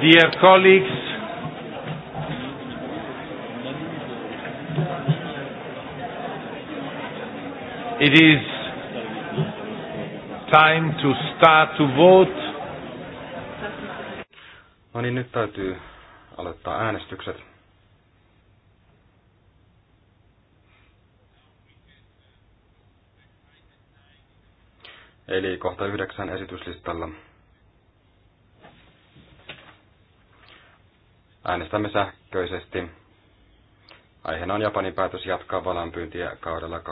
Dear colleagues, it is time to start to vote. No niin, nyt täytyy aloittaa äänestykset. Eli kohta yhdeksän esityslistalla Äänestämme sähköisesti. Aiheena on Japanin päätös jatkaa valanpyyntiä kaudella 2015-2016.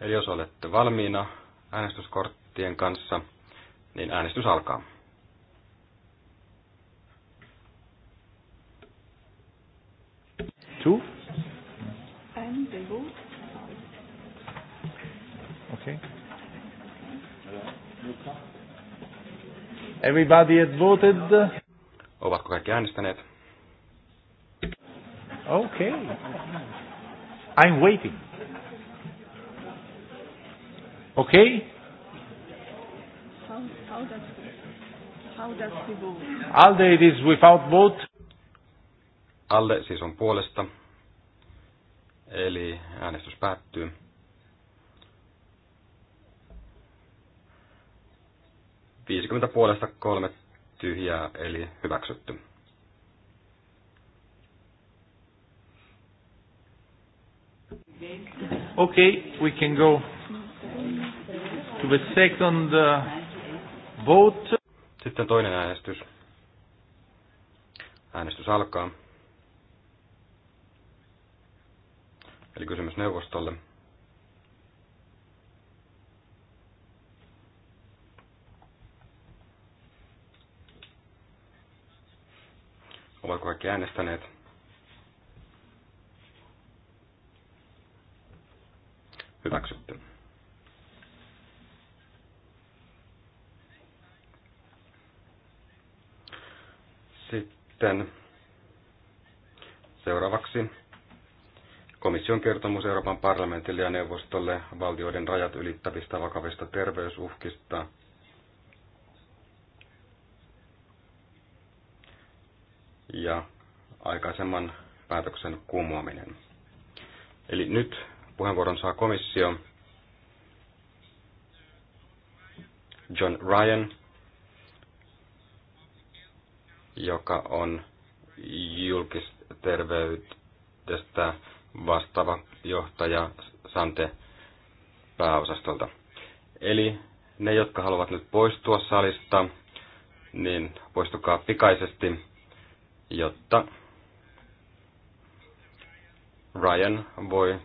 Eli jos olette valmiina äänestyskorttien kanssa, niin äänestys alkaa. Two. Okay. Everybody has voted. Ovatko kaikki äänestäneet? Okay. I'm waiting. Okay. How, how does how does he vote? Alde it is without vote. Alde siis on puolesta. Eli äänestys päättyy. 50 puolesta kolme tyhjää, eli hyväksytty. Okay, we can go to the second uh, vote. Sitten toinen äänestys. Äänestys alkaa. Eli kysymys neuvostolle. Ovatko kaikki äänestäneet? Hyväksytty. Sitten seuraavaksi komission kertomus Euroopan parlamentille ja neuvostolle valtioiden rajat ylittävistä vakavista terveysuhkista – ja aikaisemman päätöksen kumoaminen. Eli nyt puheenvuoron saa komissio John Ryan, joka on julkisterveydestä vastaava johtaja Sante pääosastolta. Eli ne, jotka haluavat nyt poistua salista, niin poistukaa pikaisesti jotta Ryan voi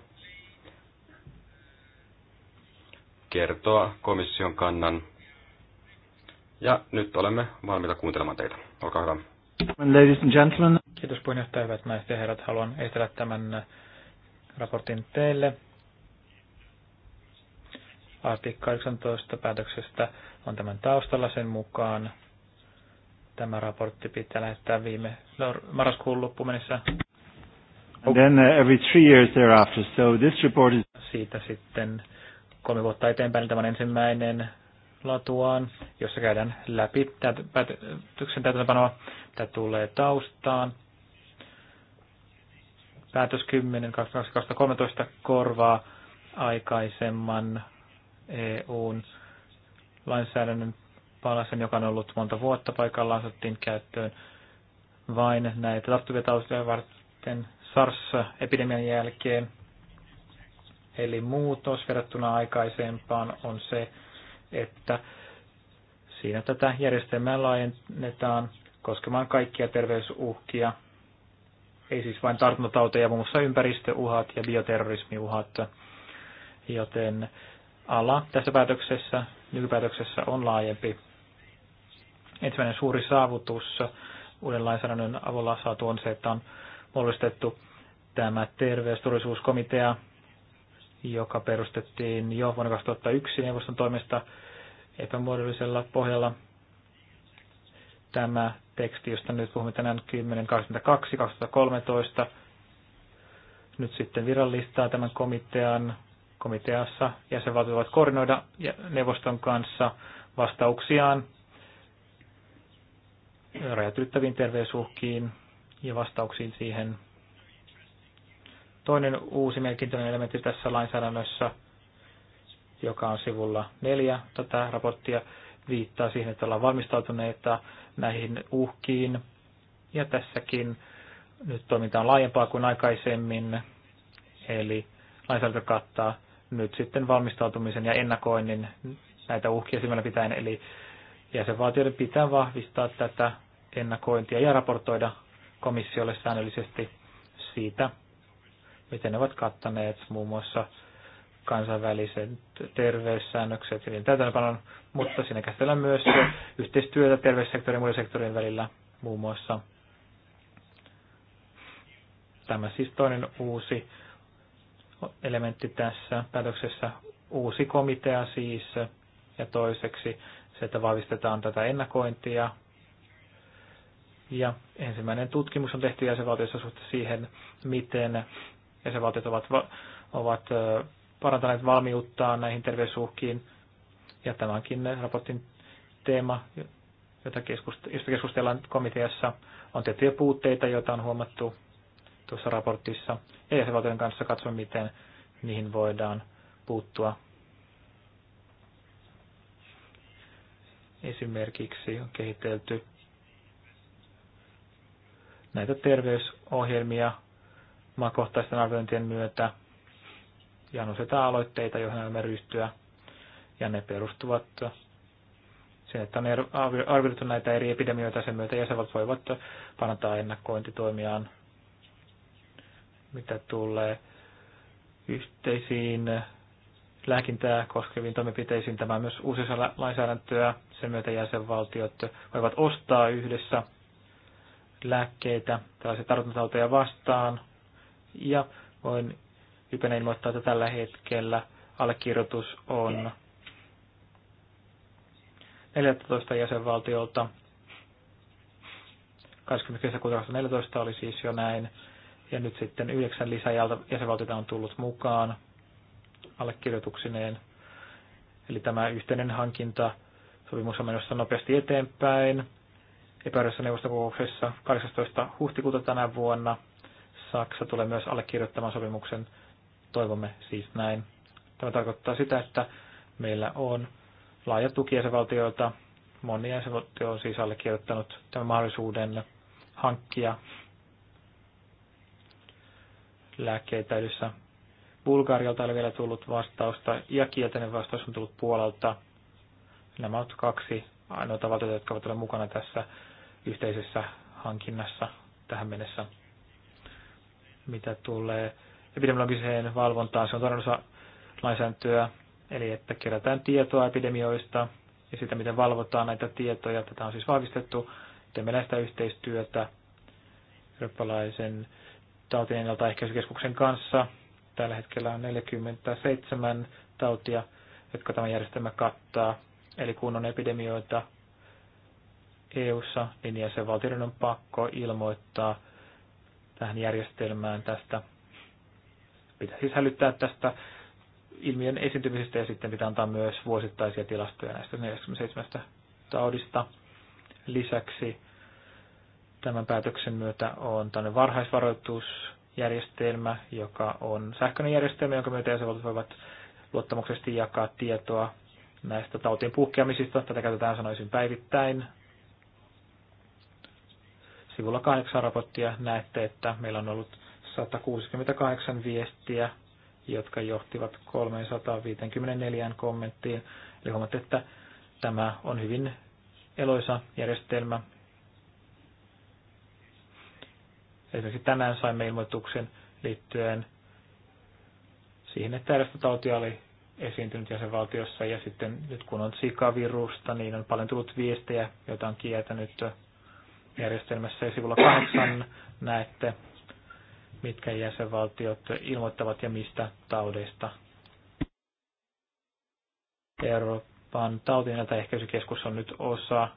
kertoa komission kannan. Ja nyt olemme valmiita kuuntelemaan teitä. Olkaa hyvä. Ladies and gentlemen. Kiitos puheenjohtaja, hyvät naiset ja herrat. Haluan esitellä tämän raportin teille. Artikka 18 päätöksestä on tämän taustalla sen mukaan. Tämä raportti pitää lähettää viime marraskuun loppuun mennessä. And then uh, every three years thereafter, so this report is... Siitä sitten kolme vuotta eteenpäin tämän ensimmäinen latuaan, jossa käydään läpi päätöksen täytäntöpanoa, Tämä tulee taustaan. Päätös 10 2013 korvaa aikaisemman EUn lainsäädännön palasen, joka on ollut monta vuotta paikallaan, otettiin käyttöön vain näitä tarttuvia tautia varten SARS-epidemian jälkeen. Eli muutos verrattuna aikaisempaan on se, että siinä tätä järjestelmää laajennetaan koskemaan kaikkia terveysuhkia, ei siis vain tartuntatauteja, muun muassa ympäristöuhat ja bioterrorismiuhat, joten ala tässä päätöksessä, nykypäätöksessä on laajempi ensimmäinen suuri saavutus uuden lainsäädännön avulla saatu on se, että on muodostettu tämä terveysturvallisuuskomitea, joka perustettiin jo vuonna 2001 neuvoston toimesta epämuodollisella pohjalla. Tämä teksti, josta nyt puhumme tänään 10.22.2013, nyt sitten virallistaa tämän komitean. Komiteassa jäsenvaltiot voivat koordinoida neuvoston kanssa vastauksiaan rajat ylittäviin terveysuhkiin ja vastauksiin siihen. Toinen uusi merkintöinen elementti tässä lainsäädännössä, joka on sivulla neljä tätä raporttia, viittaa siihen, että ollaan valmistautuneita näihin uhkiin. Ja tässäkin nyt toiminta on laajempaa kuin aikaisemmin, eli lainsäädäntö kattaa nyt sitten valmistautumisen ja ennakoinnin näitä uhkia silmällä pitäen, eli Jäsenvaltioiden pitää vahvistaa tätä ennakointia ja raportoida komissiolle säännöllisesti siitä, miten ne ovat kattaneet muun muassa kansainväliset terveyssäännökset ja niin mutta siinä käsitellään myös yhteistyötä terveyssektorin ja muiden sektorien välillä muun muassa. Tämä siis toinen uusi elementti tässä päätöksessä, uusi komitea siis, ja toiseksi se, että vahvistetaan tätä ennakointia. Ja ensimmäinen tutkimus on tehty jäsenvaltiossa suhteessa siihen, miten jäsenvaltiot ovat, ovat parantaneet valmiuttaan näihin terveysuhkiin. Ja tämänkin raportin teema, jota keskustellaan, josta keskustellaan komiteassa. On tiettyjä puutteita, joita on huomattu tuossa raportissa. Ja jäsenvaltioiden kanssa katsoa, miten niihin voidaan puuttua Esimerkiksi on kehitelty näitä terveysohjelmia maakohtaisten arviointien myötä ja on useita aloitteita, joihin aiomme ryhtyä. Ja ne perustuvat siihen, että on er- arvioitu näitä eri epidemioita sen myötä jäsenvaltiot voivat parantaa ennakointitoimiaan, mitä tulee yhteisiin lääkintää koskeviin toimenpiteisiin. Tämä myös uusi lainsäädäntöä. Sen myötä jäsenvaltiot voivat ostaa yhdessä lääkkeitä tällaisia tartuntatauteja vastaan. Ja voin Ypenä ilmoittaa, että tällä hetkellä allekirjoitus on 14 jäsenvaltiolta. 20. kesäkuuta 2014 oli siis jo näin. Ja nyt sitten yhdeksän lisää jäsenvaltiota on tullut mukaan allekirjoituksineen. Eli tämä yhteinen hankinta sopimus on menossa nopeasti eteenpäin. Epäyhdessä neuvostokokouksessa 18. huhtikuuta tänä vuonna Saksa tulee myös allekirjoittamaan sopimuksen. Toivomme siis näin. Tämä tarkoittaa sitä, että meillä on laaja tuki jäsenvaltioilta. Moni jäsenvaltio on siis allekirjoittanut tämän mahdollisuuden hankkia lääkkeitä Bulgarialta oli vielä tullut vastausta ja kielteinen vastaus on tullut Puolalta. Nämä ovat kaksi ainoita valtioita, jotka ovat olleet mukana tässä yhteisessä hankinnassa tähän mennessä. Mitä tulee epidemiologiseen valvontaan, se on toinen osa lainsäädäntöä, eli että kerätään tietoa epidemioista ja sitä, miten valvotaan näitä tietoja. Tätä on siis vahvistettu. Teemme näistä yhteistyötä eurooppalaisen tautien ennaltaehkäisykeskuksen kanssa Tällä hetkellä on 47 tautia, jotka tämä järjestelmä kattaa. Eli kun on epidemioita EU-ssa, niin jäsenvaltioiden on pakko ilmoittaa tähän järjestelmään tästä. Pitää sisällyttää tästä ilmiön esiintymisestä ja sitten pitää antaa myös vuosittaisia tilastoja näistä 47 taudista. Lisäksi tämän päätöksen myötä on tämmöinen varhaisvaroitus järjestelmä, joka on sähköinen järjestelmä, jonka myötä jäsenvaltiot voivat luottamuksesti jakaa tietoa näistä tautien puhkeamisista. Tätä käytetään sanoisin päivittäin. Sivulla kahdeksan raporttia näette, että meillä on ollut 168 viestiä, jotka johtivat 354 kommenttiin. Eli huomaatte, että tämä on hyvin eloisa järjestelmä, Esimerkiksi tänään saimme ilmoituksen liittyen siihen, että RSV-tautia oli esiintynyt jäsenvaltiossa ja sitten nyt kun on sikavirusta, niin on paljon tullut viestejä, joita on kieltänyt järjestelmässä ja sivulla kahdeksan näette, mitkä jäsenvaltiot ilmoittavat ja mistä taudeista. Euroopan tautien ehkäisykeskus on nyt osa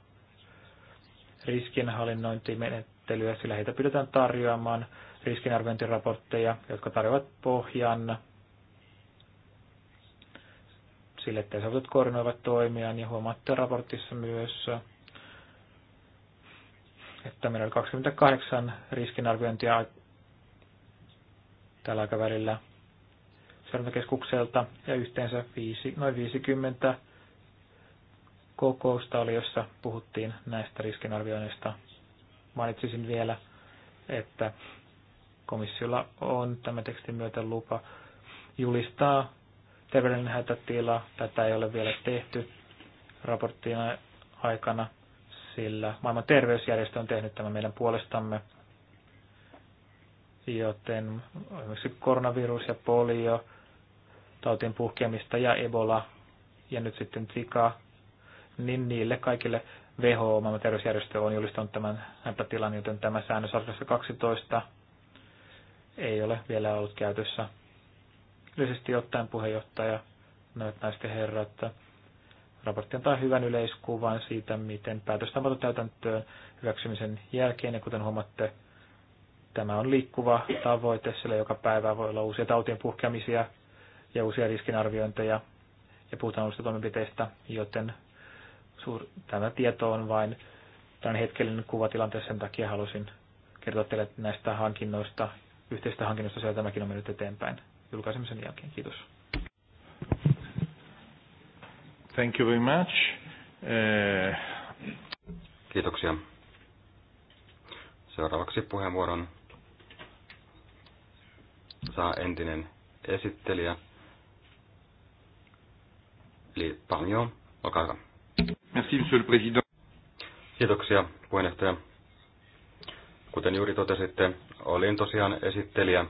riskinhallinnointimenettelyä menettelyä, sillä heitä pyydetään tarjoamaan riskinarviointiraportteja, jotka tarjoavat pohjan sille, että saavutat koordinoivat toimiaan ja huomaatte raportissa myös, että meillä oli 28 riskinarviointia tällä aikavälillä seurantakeskukselta ja yhteensä viisi, noin 50 kokousta oli, jossa puhuttiin näistä riskinarvioinnista. Mainitsisin vielä, että komissiolla on tämä tekstin myötä lupa julistaa terveydellinen hätätila. Tätä ei ole vielä tehty raporttien aikana, sillä maailman terveysjärjestö on tehnyt tämän meidän puolestamme. Joten esimerkiksi koronavirus ja polio, tautien puhkeamista ja ebola ja nyt sitten Zika, niin niille kaikille WHO, maailman terveysjärjestö, on julistanut tämän hätätilan, joten tämä säännös artikassa 12 ei ole vielä ollut käytössä. Yleisesti ottaen puheenjohtaja, noit näistä herrat, raportti antaa hyvän yleiskuvan siitä, miten päätöstä on täytäntöön hyväksymisen jälkeen, ja kuten huomatte, tämä on liikkuva tavoite, sillä joka päivä voi olla uusia tautien puhkeamisia ja uusia riskinarviointeja, ja puhutaan uusista toimenpiteistä, joten Suur, tämä tieto on vain tämän hetkellinen kuvatilanteessa, sen takia halusin kertoa teille näistä hankinnoista, yhteistä hankinnoista, sillä tämäkin on mennyt eteenpäin julkaisemisen jälkeen. Kiitos. Thank you very much. Uh... Kiitoksia. Seuraavaksi puheenvuoron saa entinen esittelijä, eli Panjo, olkaa hyvä. Merci, monsieur le président. Kiitoksia, puheenjohtaja. Kuten juuri totesitte, olin tosiaan esittelijä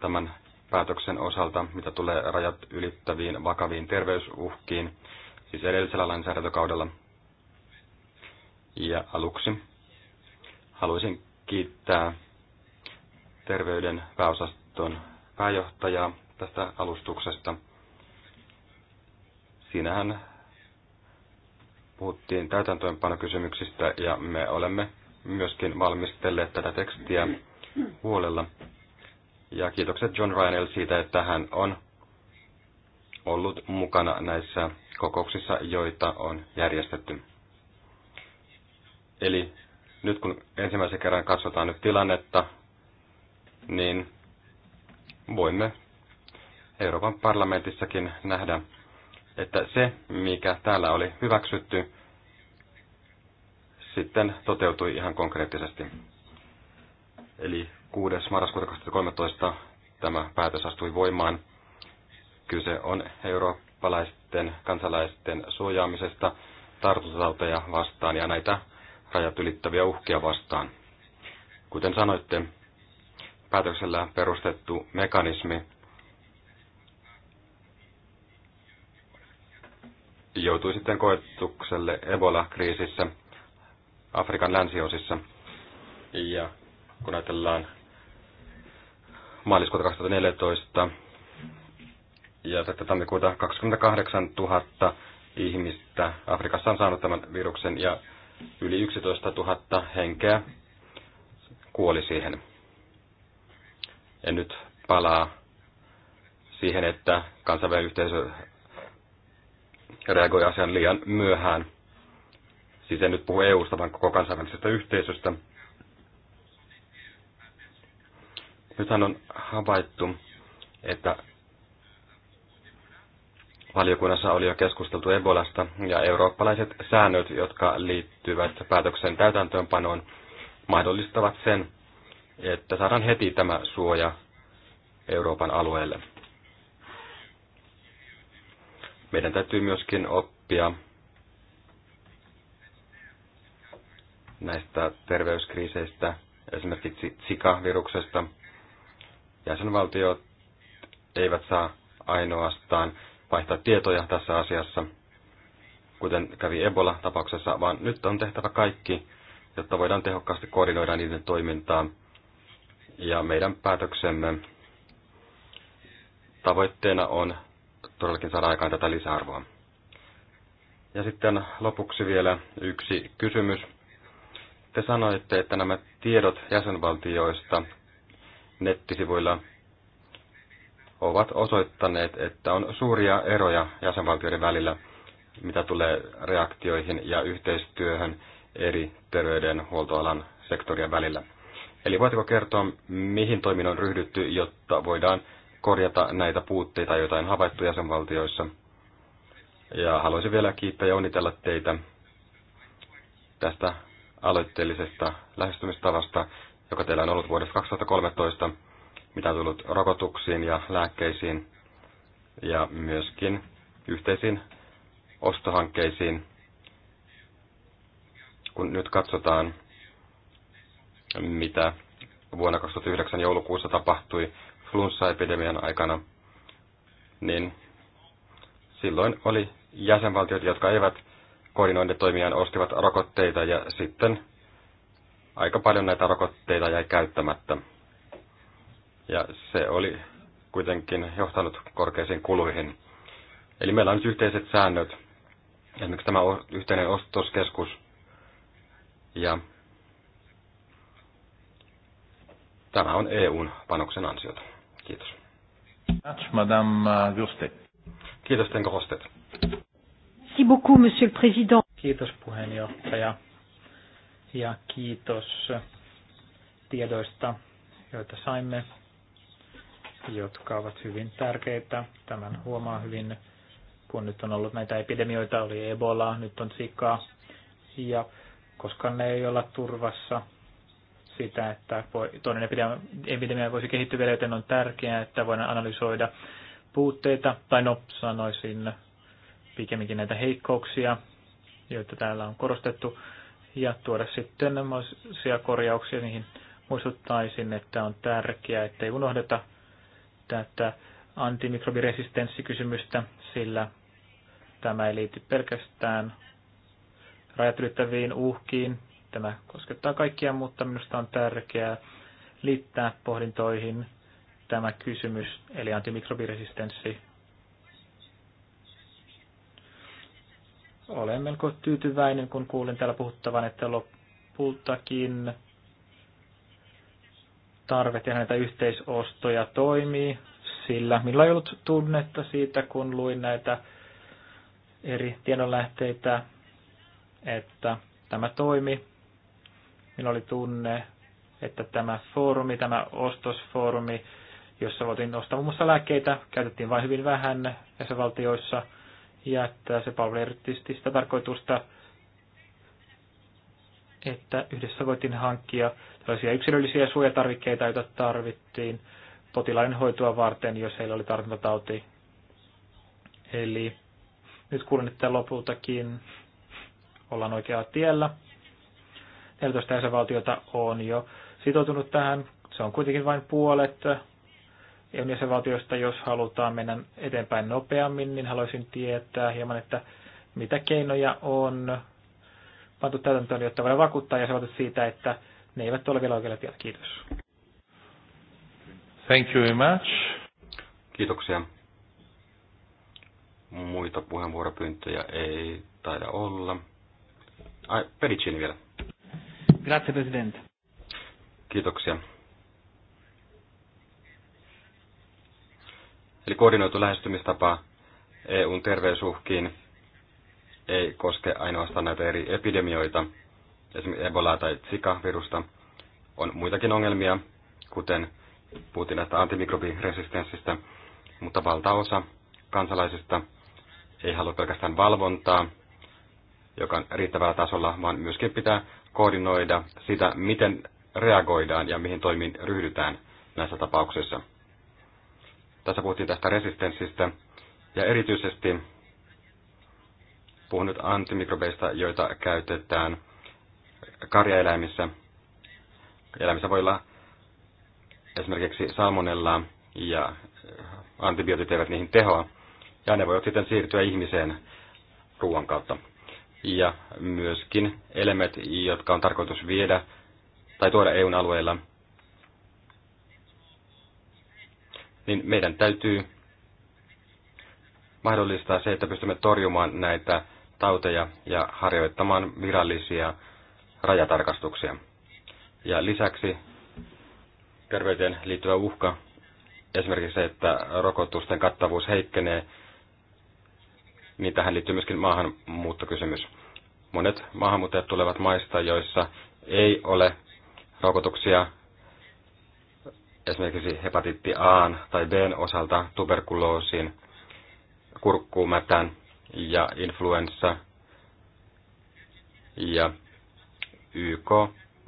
tämän päätöksen osalta, mitä tulee rajat ylittäviin vakaviin terveysuhkiin, siis edellisellä lainsäädäntökaudella. Ja aluksi haluaisin kiittää terveyden pääosaston pääjohtajaa tästä alustuksesta. Siinähän puhuttiin täytäntöönpanokysymyksistä ja me olemme myöskin valmistelleet tätä tekstiä huolella. Ja kiitokset John Ryanel siitä, että hän on ollut mukana näissä kokouksissa, joita on järjestetty. Eli nyt kun ensimmäisen kerran katsotaan nyt tilannetta, niin voimme Euroopan parlamentissakin nähdä, että se, mikä täällä oli hyväksytty, sitten toteutui ihan konkreettisesti. Eli 6. marraskuuta 2013 tämä päätös astui voimaan. Kyse on eurooppalaisten kansalaisten suojaamisesta tartuntatauteja vastaan ja näitä rajat ylittäviä uhkia vastaan. Kuten sanoitte, päätöksellä perustettu mekanismi joutui sitten koetukselle Ebola-kriisissä Afrikan länsiosissa. Ja kun ajatellaan maaliskuuta 2014 ja tätä tammikuuta 28 000 ihmistä Afrikassa on saanut tämän viruksen ja yli 11 000 henkeä kuoli siihen. En nyt palaa siihen, että kansainvälinen yhteisö reagoi asian liian myöhään. Siis en nyt puhu EU-sta, vaan koko kansainvälisestä yhteisöstä. Nythän on havaittu, että valiokunnassa oli jo keskusteltu Ebolasta ja eurooppalaiset säännöt, jotka liittyvät päätöksen täytäntöönpanoon, mahdollistavat sen, että saadaan heti tämä suoja Euroopan alueelle. Meidän täytyy myöskin oppia näistä terveyskriiseistä, esimerkiksi Zika-viruksesta. Jäsenvaltiot eivät saa ainoastaan vaihtaa tietoja tässä asiassa, kuten kävi Ebola-tapauksessa, vaan nyt on tehtävä kaikki, jotta voidaan tehokkaasti koordinoida niiden toimintaa. Ja meidän päätöksemme tavoitteena on todellakin saada aikaan tätä lisäarvoa. Ja sitten lopuksi vielä yksi kysymys. Te sanoitte, että nämä tiedot jäsenvaltioista nettisivuilla ovat osoittaneet, että on suuria eroja jäsenvaltioiden välillä, mitä tulee reaktioihin ja yhteistyöhön eri terveydenhuoltoalan sektorien välillä. Eli voitteko kertoa, mihin toiminnon on ryhdytty, jotta voidaan korjata näitä puutteita, joita on havaittu jäsenvaltioissa. Ja haluaisin vielä kiittää ja onnitella teitä tästä aloitteellisesta lähestymistavasta, joka teillä on ollut vuodesta 2013, mitä on tullut rokotuksiin ja lääkkeisiin ja myöskin yhteisiin ostohankkeisiin. Kun nyt katsotaan, mitä vuonna 2009 joulukuussa tapahtui flunssaepidemian aikana, niin silloin oli jäsenvaltiot, jotka eivät koordinoineet toimijan ostivat rokotteita ja sitten aika paljon näitä rokotteita jäi käyttämättä. Ja se oli kuitenkin johtanut korkeisiin kuluihin. Eli meillä on nyt yhteiset säännöt, esimerkiksi tämä yhteinen ostoskeskus ja tämä on EUn panoksen ansiota. Kiitos. Madame Grostet. Euh, kiitos, Tenko Hostet. Kiitos puheenjohtaja ja kiitos tiedoista, joita saimme, jotka ovat hyvin tärkeitä. Tämän huomaa hyvin, kun nyt on ollut näitä epidemioita, oli Ebola, nyt on Zika ja koska ne ei olla turvassa, sitä, että voi, toinen epidemia voisi kehittyä vielä, joten on tärkeää, että voidaan analysoida puutteita, tai no sanoisin pikemminkin näitä heikkouksia, joita täällä on korostettu, ja tuoda sitten nämä korjauksia niihin muistuttaisin, että on tärkeää, ettei unohdeta tätä antimikrobiresistenssikysymystä, sillä tämä ei liity pelkästään rajat uhkiin, Tämä koskettaa kaikkia, mutta minusta on tärkeää liittää pohdintoihin tämä kysymys, eli antimikrobiresistenssi. Olen melko tyytyväinen, kun kuulin täällä puhuttavan, että lopultakin tarve tehdä näitä yhteisostoja toimii, sillä millä ei ollut tunnetta siitä, kun luin näitä eri tiedonlähteitä, että tämä toimi. Minulla oli tunne, että tämä foorumi, tämä ostosfoorumi, jossa voitiin ostaa muun muassa lääkkeitä, käytettiin vain hyvin vähän jäsenvaltioissa, ja että se palveli erityisesti sitä tarkoitusta, että yhdessä voitiin hankkia tällaisia yksilöllisiä suojatarvikkeita, joita tarvittiin potilaiden hoitoa varten, jos heillä oli tartuntatauti. Eli nyt kuulen, että lopultakin ollaan oikealla tiellä. 14 jäsenvaltiota on jo sitoutunut tähän. Se on kuitenkin vain puolet EUn jäsenvaltioista. Jos halutaan mennä eteenpäin nopeammin, niin haluaisin tietää hieman, että mitä keinoja on pantu täytäntöön, jotta voidaan vakuuttaa jäsenvaltiot siitä, että ne eivät ole vielä oikealla tiellä. Kiitos. Thank you very much. Kiitoksia. Muita puheenvuoropyyntöjä ei taida olla. Ai, Pericini vielä. Grazie, Presidente. Kiitoksia. Eli koordinoitu lähestymistapa EUn terveysuhkiin ei koske ainoastaan näitä eri epidemioita, esimerkiksi Ebola tai Zika-virusta. On muitakin ongelmia, kuten puhuttiin näistä antimikrobiresistenssistä, mutta valtaosa kansalaisista ei halua pelkästään valvontaa, joka on riittävällä tasolla, vaan myöskin pitää koordinoida sitä, miten reagoidaan ja mihin toimiin ryhdytään näissä tapauksissa. Tässä puhuttiin tästä resistenssistä ja erityisesti puhun nyt antimikrobeista, joita käytetään karjaeläimissä. Eläimissä voi olla esimerkiksi salmonellaa ja antibiootit eivät niihin tehoa, ja ne voivat sitten siirtyä ihmiseen ruoan kautta ja myöskin elemet, jotka on tarkoitus viedä tai tuoda EUn alueella, niin meidän täytyy mahdollistaa se, että pystymme torjumaan näitä tauteja ja harjoittamaan virallisia rajatarkastuksia. Ja lisäksi terveyteen liittyvä uhka, esimerkiksi se, että rokotusten kattavuus heikkenee niin tähän liittyy myöskin maahanmuuttokysymys. Monet maahanmuuttajat tulevat maista, joissa ei ole rokotuksia esimerkiksi hepatiitti A tai B osalta tuberkuloosiin, kurkkuumätän ja influenssa. Ja YK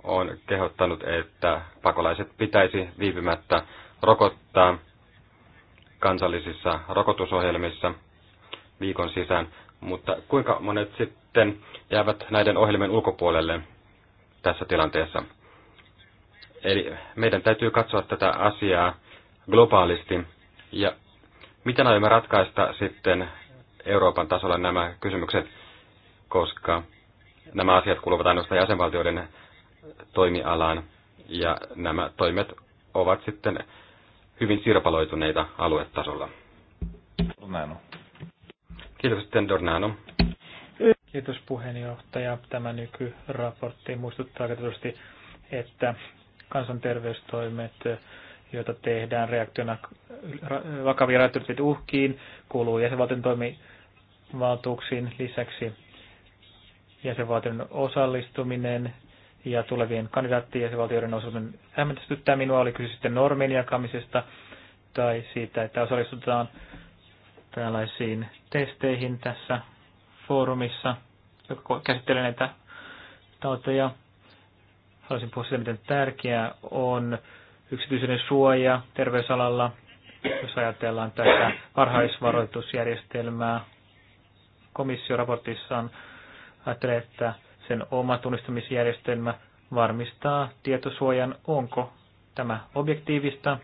on kehottanut, että pakolaiset pitäisi viipymättä rokottaa kansallisissa rokotusohjelmissa – viikon sisään, mutta kuinka monet sitten jäävät näiden ohjelmien ulkopuolelle tässä tilanteessa? Eli meidän täytyy katsoa tätä asiaa globaalisti ja miten aiomme ratkaista sitten Euroopan tasolla nämä kysymykset, koska nämä asiat kuuluvat ainoastaan jäsenvaltioiden toimialaan ja nämä toimet ovat sitten hyvin sirpaloituneita aluetasolla. Näin on. Kiitos sitten Dornano. Kiitos puheenjohtaja. Tämä nykyraportti muistuttaa tietysti, että kansanterveystoimet, joita tehdään reaktiona vakaviin rajoitettuihin uhkiin, kuuluu jäsenvaltion toimivaltuuksiin lisäksi jäsenvaltion osallistuminen ja tulevien jäsenvaltioiden osallistuminen hämmästyttää minua, oli kyse sitten normien jakamisesta tai siitä, että osallistutaan tällaisiin testeihin tässä foorumissa, joka käsittelee näitä tauteja. Haluaisin puhua siitä, miten tärkeää on yksityisyyden suoja terveysalalla, jos ajatellaan tätä varhaisvaroitusjärjestelmää. Komissio raportissaan ajattelee, että sen oma tunnistamisjärjestelmä varmistaa tietosuojan, onko tämä objektiivista,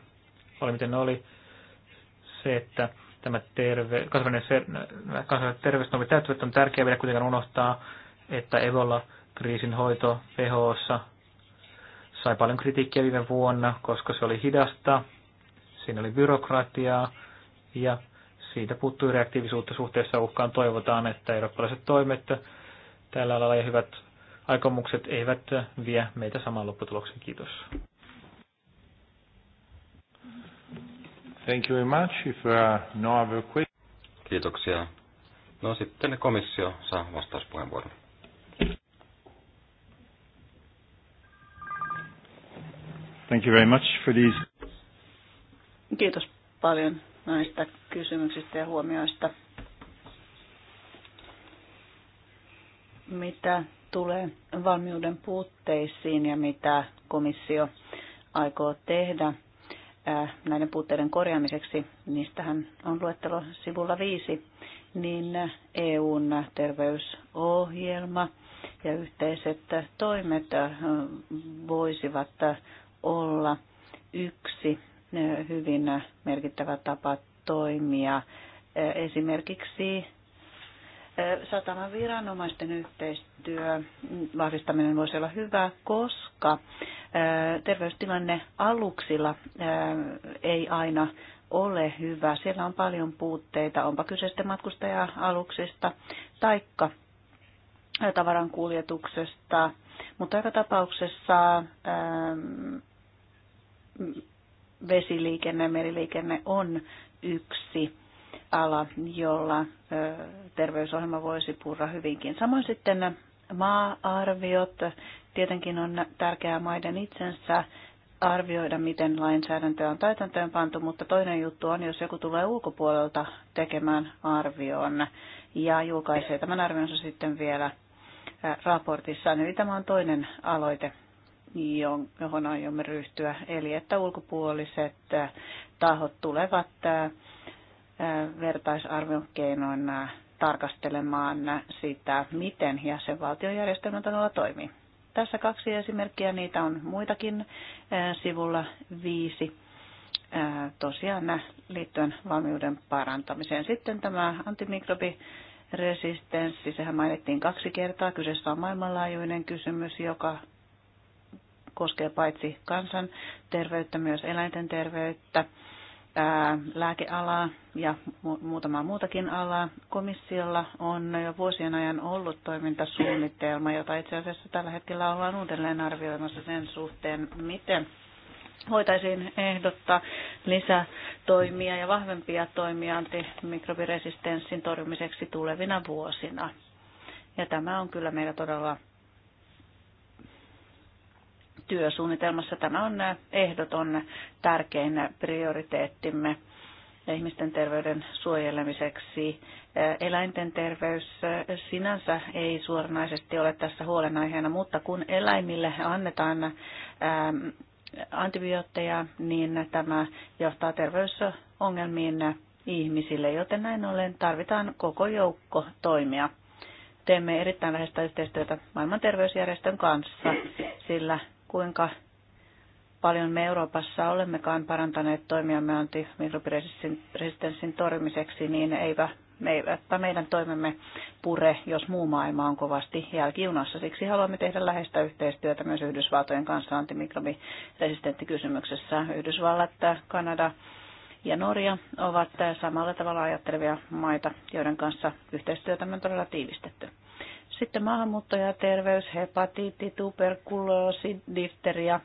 oli miten oli, se, että tämä terve, kansainvälinen terveysnormi täyttyvät, on tärkeää vielä kuitenkaan unohtaa, että Ebola-kriisin hoito WHOssa sai paljon kritiikkiä viime vuonna, koska se oli hidasta, siinä oli byrokratiaa ja siitä puuttui reaktiivisuutta suhteessa uhkaan. Toivotaan, että eurooppalaiset toimet tällä alalla ja hyvät aikomukset eivät vie meitä samaan lopputulokseen. Kiitos. Thank you very much. If no other questions. Kiitoksia. No sitten komissio saa vastauspuheenvuoron. Thank you very much for these. Kiitos paljon näistä kysymyksistä ja huomioista. Mitä tulee valmiuden puutteisiin ja mitä komissio aikoo tehdä näiden puutteiden korjaamiseksi, niistähän on luettelo sivulla viisi, niin EUn terveysohjelma ja yhteiset toimet voisivat olla yksi hyvin merkittävä tapa toimia. Esimerkiksi sataman viranomaisten yhteistyö mm, vahvistaminen voisi olla hyvä, koska terveystilanne aluksilla ei aina ole hyvä. Siellä on paljon puutteita, onpa kyseistä matkustaja-aluksista taikka tavaran kuljetuksesta, mutta joka tapauksessa vesiliikenne ja meriliikenne on yksi ala, jolla terveysohjelma voisi purra hyvinkin. Samoin sitten maa-arviot. Tietenkin on tärkeää maiden itsensä arvioida, miten lainsäädäntöä on täytäntöön pantu, mutta toinen juttu on, jos joku tulee ulkopuolelta tekemään arvion ja julkaisee tämän arvionsa sitten vielä raportissa, Eli tämä on toinen aloite, johon aiomme ryhtyä, eli että ulkopuoliset tahot tulevat vertaisarvion keinoin tarkastelemaan sitä, miten jäsenvaltiojärjestelmä todella toimii. Tässä kaksi esimerkkiä, niitä on muitakin sivulla viisi tosiaan liittyen valmiuden parantamiseen. Sitten tämä antimikrobi resistenssi, sehän mainittiin kaksi kertaa. Kyseessä on maailmanlaajuinen kysymys, joka koskee paitsi kansan terveyttä, myös eläinten terveyttä lääkealaa ja muutamaa muutakin alaa. Komissiolla on jo vuosien ajan ollut toimintasuunnitelma, jota itse asiassa tällä hetkellä ollaan uudelleen arvioimassa sen suhteen, miten voitaisiin ehdottaa lisätoimia ja vahvempia toimia antimikrobiresistenssin torjumiseksi tulevina vuosina. Ja tämä on kyllä meillä todella työsuunnitelmassa. Tämä on ehdoton tärkein prioriteettimme ihmisten terveyden suojelemiseksi. Eläinten terveys sinänsä ei suoranaisesti ole tässä huolenaiheena, mutta kun eläimille annetaan antibiootteja, niin tämä johtaa terveysongelmiin ihmisille, joten näin ollen tarvitaan koko joukko toimia. Teemme erittäin läheistä yhteistyötä maailman terveysjärjestön kanssa, sillä kuinka paljon me Euroopassa olemmekaan parantaneet toimiamme antimikrobiresistenssin torjumiseksi, niin eivä, eivätpä meidän toimemme pure, jos muu maailma on kovasti jälkijunassa. Siksi haluamme tehdä läheistä yhteistyötä myös Yhdysvaltojen kanssa antimikrobiresistenttikysymyksessä. Yhdysvallat, Kanada ja Norja ovat samalla tavalla ajattelevia maita, joiden kanssa yhteistyötä on todella tiivistetty. Sitten maahanmuuttaja, terveys, hepatiitti, tuberkuloosi, difteria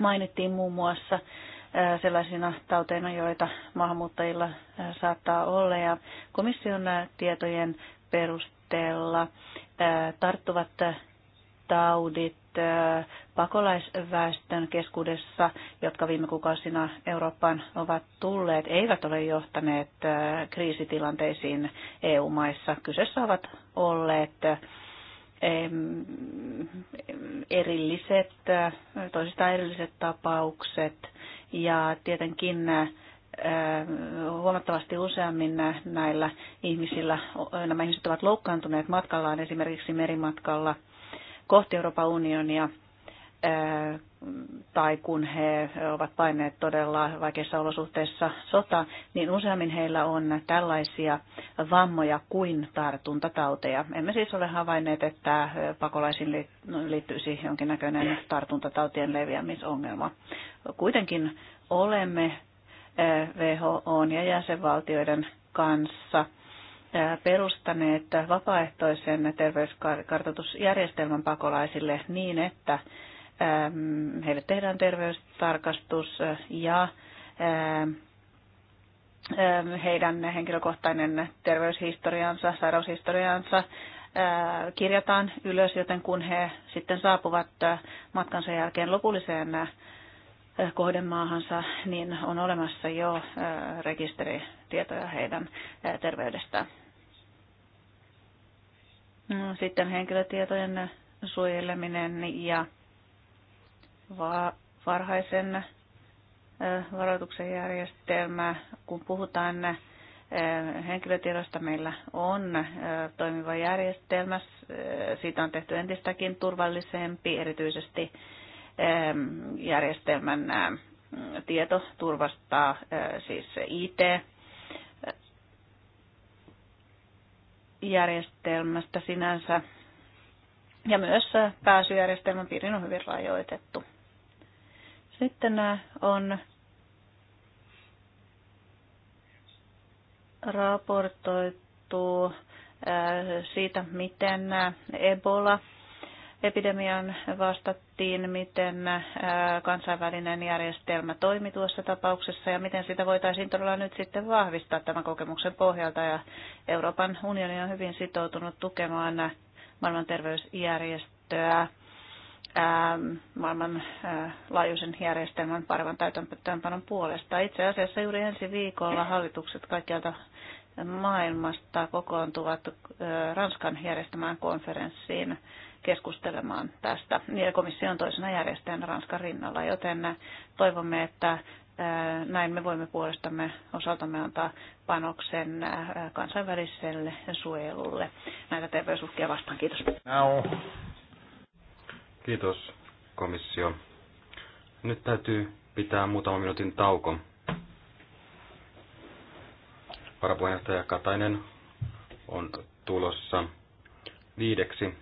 mainittiin muun muassa sellaisina tauteina, joita maahanmuuttajilla saattaa olla. Ja komission tietojen perusteella tarttuvat taudit pakolaisväestön keskuudessa, jotka viime kuukausina Eurooppaan ovat tulleet, eivät ole johtaneet kriisitilanteisiin EU-maissa. Kyseessä ovat olleet erilliset, toisistaan erilliset tapaukset ja tietenkin huomattavasti useammin näillä ihmisillä, nämä ihmiset ovat loukkaantuneet matkallaan esimerkiksi merimatkalla – kohti Euroopan unionia tai kun he ovat paineet todella vaikeissa olosuhteissa sota, niin useammin heillä on tällaisia vammoja kuin tartuntatauteja. Emme siis ole havainneet, että pakolaisiin liittyisi jonkinnäköinen tartuntatautien leviämisongelma. Kuitenkin olemme WHOn ja jäsenvaltioiden kanssa – perustaneet vapaaehtoisen terveyskartoitusjärjestelmän pakolaisille niin, että heille tehdään terveystarkastus ja heidän henkilökohtainen terveyshistoriansa, sairaushistoriansa kirjataan ylös, joten kun he sitten saapuvat matkansa jälkeen lopulliseen kohdemaahansa, niin on olemassa jo äh, rekisteritietoja heidän äh, terveydestään. No, sitten henkilötietojen suojeleminen ja varhaisen äh, varoituksen järjestelmä. Kun puhutaan henkilötiedosta, meillä on toimiva järjestelmä. Siitä on tehty entistäkin turvallisempi, erityisesti järjestelmän tietoturvasta, siis IT, järjestelmästä sinänsä. Ja myös pääsyjärjestelmän piirin on hyvin rajoitettu. Sitten on raportoitu siitä, miten Ebola epidemiaan vastattiin, miten kansainvälinen järjestelmä toimi tuossa tapauksessa ja miten sitä voitaisiin todella nyt sitten vahvistaa tämän kokemuksen pohjalta. Ja Euroopan unioni on hyvin sitoutunut tukemaan maailman terveysjärjestöä maailman laajuisen järjestelmän paremman täytäntöönpanon puolesta. Itse asiassa juuri ensi viikolla hallitukset kaikkialta maailmasta kokoontuvat Ranskan järjestämään konferenssiin keskustelemaan tästä. Ja komissio on toisena järjestäjänä Ranskan rinnalla, joten toivomme, että näin me voimme puolestamme osaltamme antaa panoksen kansainväliselle suojelulle näitä terveysuhkia vastaan. Kiitos. Now. Kiitos komissio. Nyt täytyy pitää muutama minuutin tauko. Varapuheenjohtaja Katainen on tulossa viideksi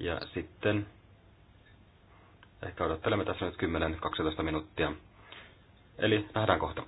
ja sitten ehkä odottelemme tässä nyt 10-12 minuuttia. Eli nähdään kohta.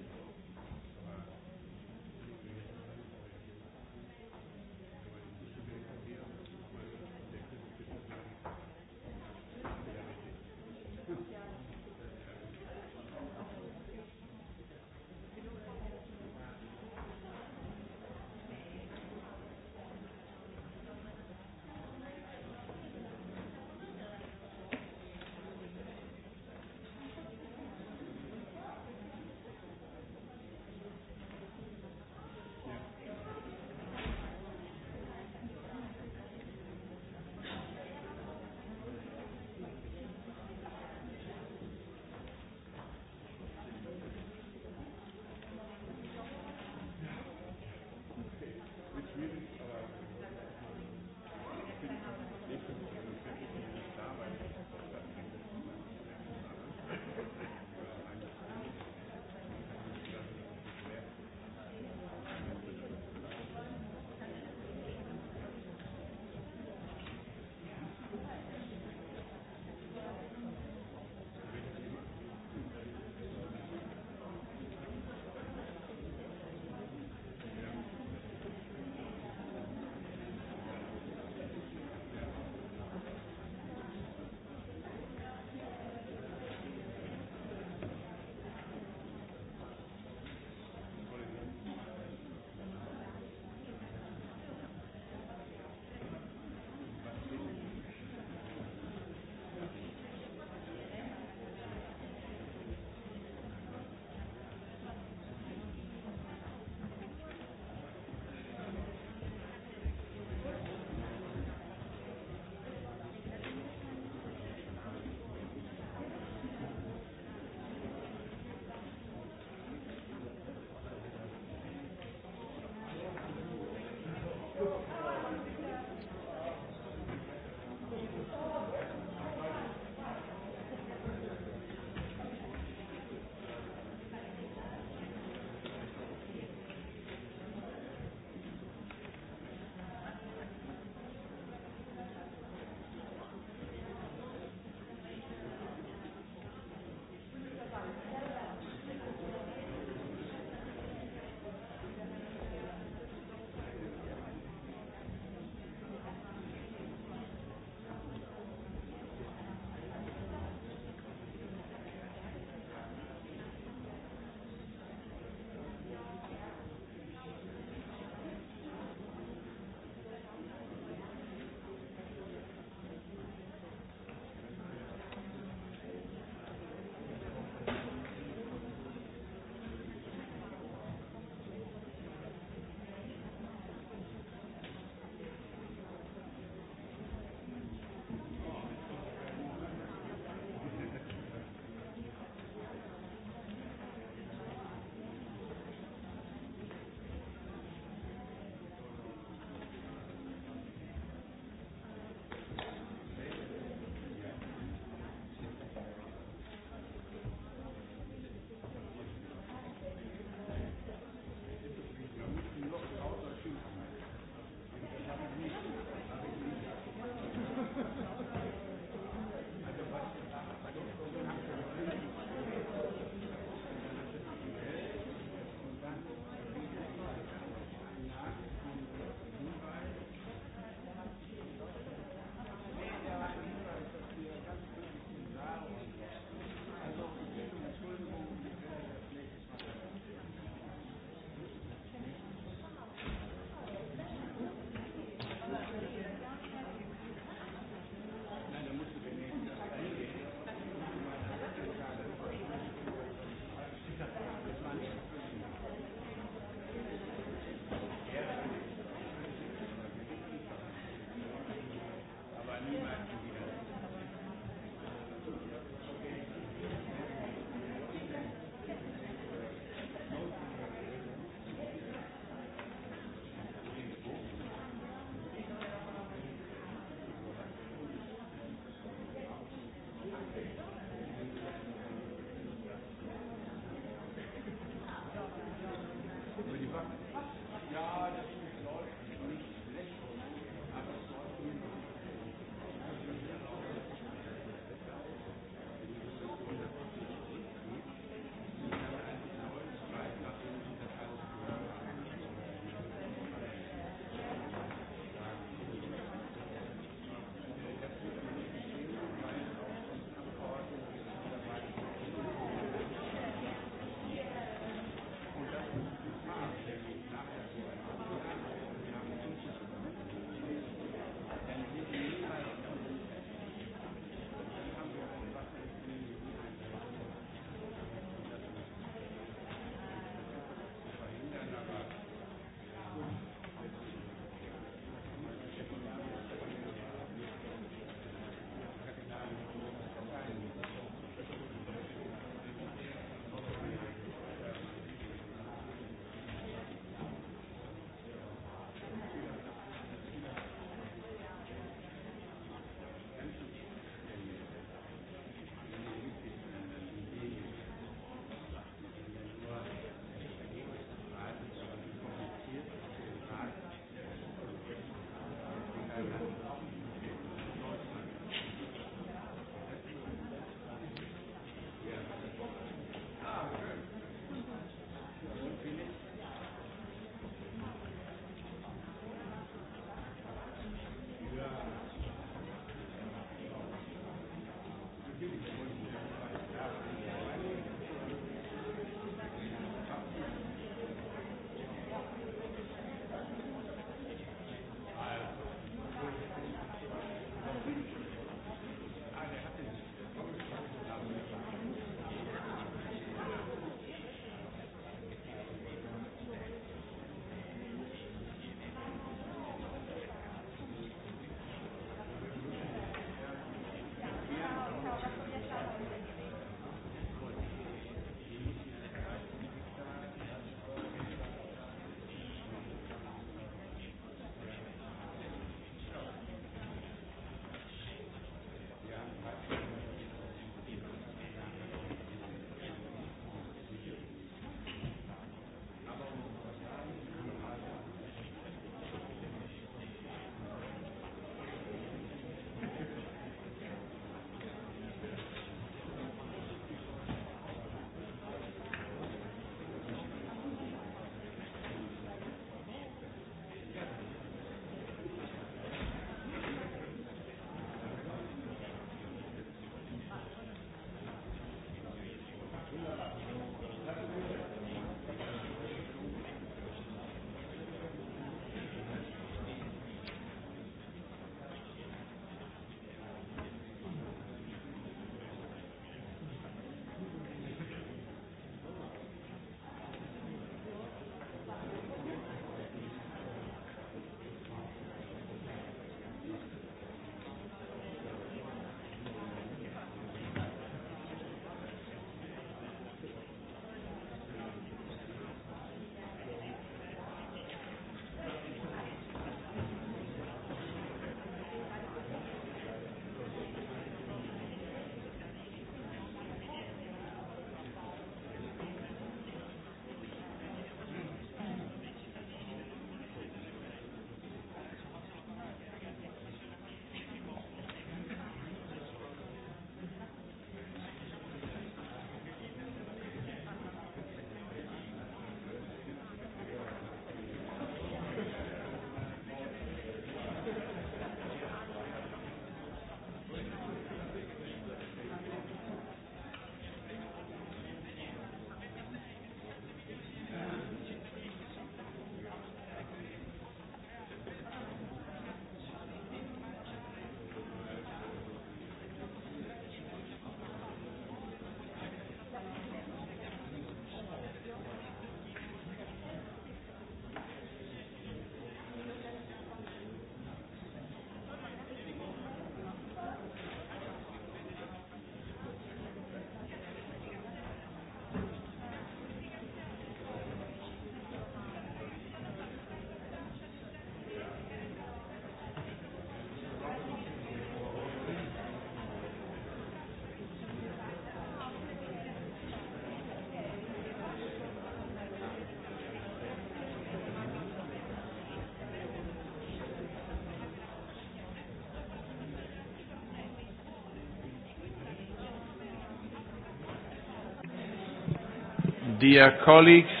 Dear colleagues,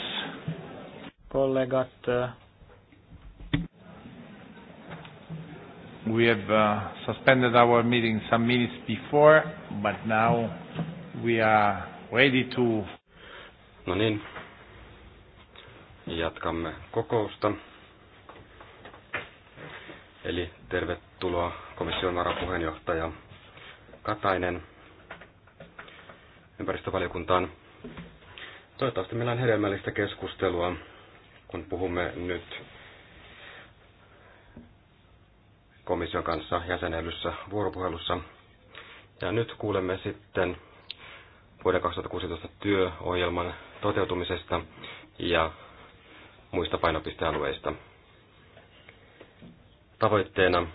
kollegat, eh, we have uh, suspended our meeting some minutes before, but now we are ready to. No niin, jatkamme kokousta. Eli tervetuloa komission varapuheenjohtaja Katainen ympäristövaliokuntaan. Toivottavasti meillä on hedelmällistä keskustelua, kun puhumme nyt komission kanssa jäsenellyssä vuoropuhelussa. Ja nyt kuulemme sitten vuoden 2016 työohjelman toteutumisesta ja muista painopistealueista. Tavoitteena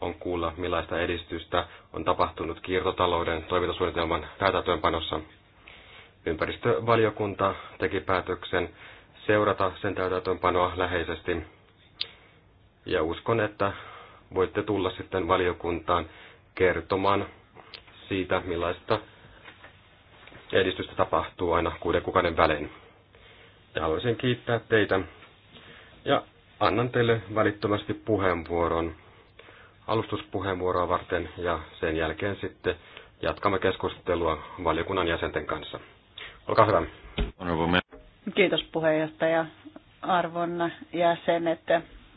on kuulla, millaista edistystä on tapahtunut kiertotalouden toimintasuunnitelman täytäntöönpanossa – Ympäristövaliokunta teki päätöksen seurata sen täytäntöönpanoa läheisesti. Ja uskon, että voitte tulla sitten valiokuntaan kertomaan siitä, millaista edistystä tapahtuu aina kuuden kuukauden välein. Ja haluaisin kiittää teitä ja annan teille välittömästi puheenvuoron alustuspuheenvuoroa varten ja sen jälkeen sitten jatkamme keskustelua valiokunnan jäsenten kanssa. Olkaa hyvä. Kiitos puheenjohtaja arvon jäsenet.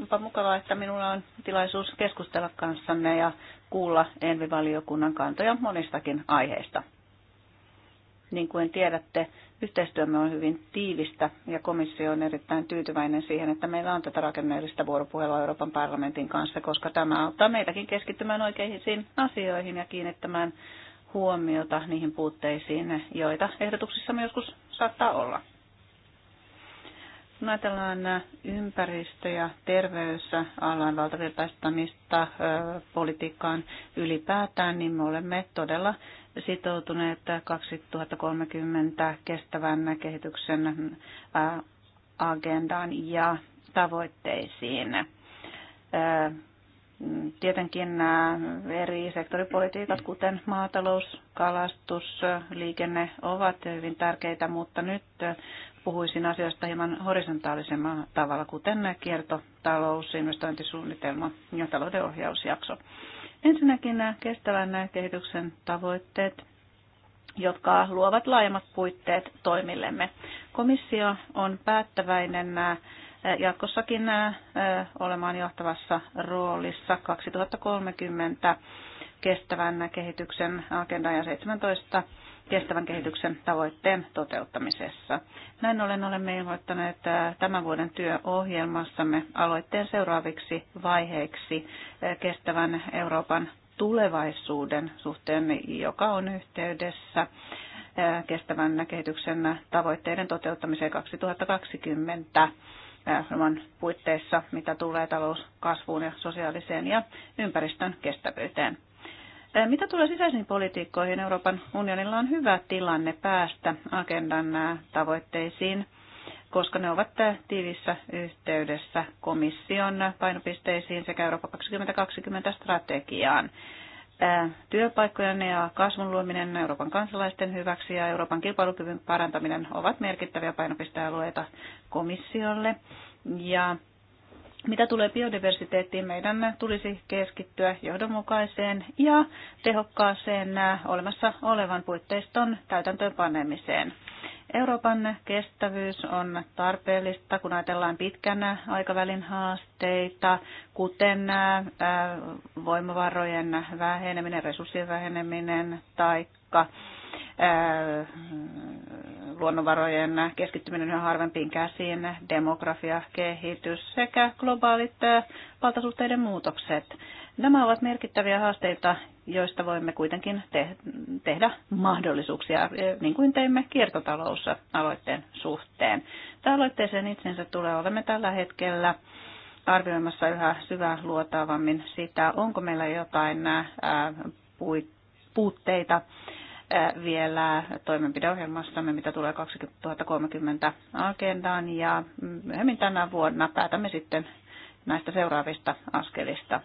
Onpa mukavaa, että minulla on tilaisuus keskustella kanssanne ja kuulla Envi-valiokunnan kantoja monistakin aiheista. Niin kuin tiedätte, yhteistyömme on hyvin tiivistä ja komissio on erittäin tyytyväinen siihen, että meillä on tätä rakenneellista vuoropuhelua Euroopan parlamentin kanssa, koska tämä auttaa meitäkin keskittymään oikeisiin asioihin ja kiinnittämään huomiota niihin puutteisiin, joita ehdotuksissamme joskus saattaa olla. Kun ajatellaan ympäristö- ja terveysalan valtavirtaistamista politiikkaan ylipäätään, niin me olemme todella sitoutuneet 2030 kestävän kehityksen agendaan ja tavoitteisiin. Tietenkin nämä äh, eri sektoripolitiikat, kuten maatalous, kalastus, liikenne, ovat hyvin tärkeitä, mutta nyt äh, puhuisin asioista hieman horisontaalisemmalla tavalla, kuten kiertotalous, investointisuunnitelma ja talouden ohjausjakso. Ensinnäkin nämä äh, kestävän kehityksen tavoitteet, jotka luovat laajemmat puitteet toimillemme. Komissio on päättäväinen jatkossakin olemaan johtavassa roolissa 2030 kestävän kehityksen agenda ja 17 kestävän kehityksen tavoitteen toteuttamisessa. Näin ollen olemme ilmoittaneet tämän vuoden työohjelmassamme aloitteen seuraaviksi vaiheiksi kestävän Euroopan tulevaisuuden suhteen, joka on yhteydessä kestävän kehityksen tavoitteiden toteuttamiseen 2020 ohjelman puitteissa, mitä tulee talouskasvuun ja sosiaaliseen ja ympäristön kestävyyteen. Mitä tulee sisäisiin politiikkoihin, Euroopan unionilla on hyvä tilanne päästä agendan tavoitteisiin, koska ne ovat tiivissä yhteydessä komission painopisteisiin sekä Eurooppa 2020 strategiaan. Työpaikkojen ja kasvun luominen Euroopan kansalaisten hyväksi ja Euroopan kilpailukyvyn parantaminen ovat merkittäviä painopistealueita komissiolle. Ja mitä tulee biodiversiteettiin, meidän tulisi keskittyä johdonmukaiseen ja tehokkaaseen olemassa olevan puitteiston täytäntöönpanemiseen. Euroopan kestävyys on tarpeellista, kun ajatellaan pitkän aikavälin haasteita, kuten voimavarojen väheneminen, resurssien väheneminen tai luonnonvarojen keskittyminen yhä harvempiin käsiin, demografia, kehitys sekä globaalit valtasuhteiden muutokset. Nämä ovat merkittäviä haasteita, joista voimme kuitenkin te- tehdä mahdollisuuksia, eh, niin kuin teimme kiertotaloussa aloitteen suhteen. Tämä aloitteeseen itsensä tulee olemme tällä hetkellä arvioimassa yhä syvää luotaavammin sitä, onko meillä jotain ää, eh, puutteita eh, vielä toimenpideohjelmassamme, mitä tulee 2030 agendaan ja myöhemmin tänä vuonna päätämme sitten näistä seuraavista askelista.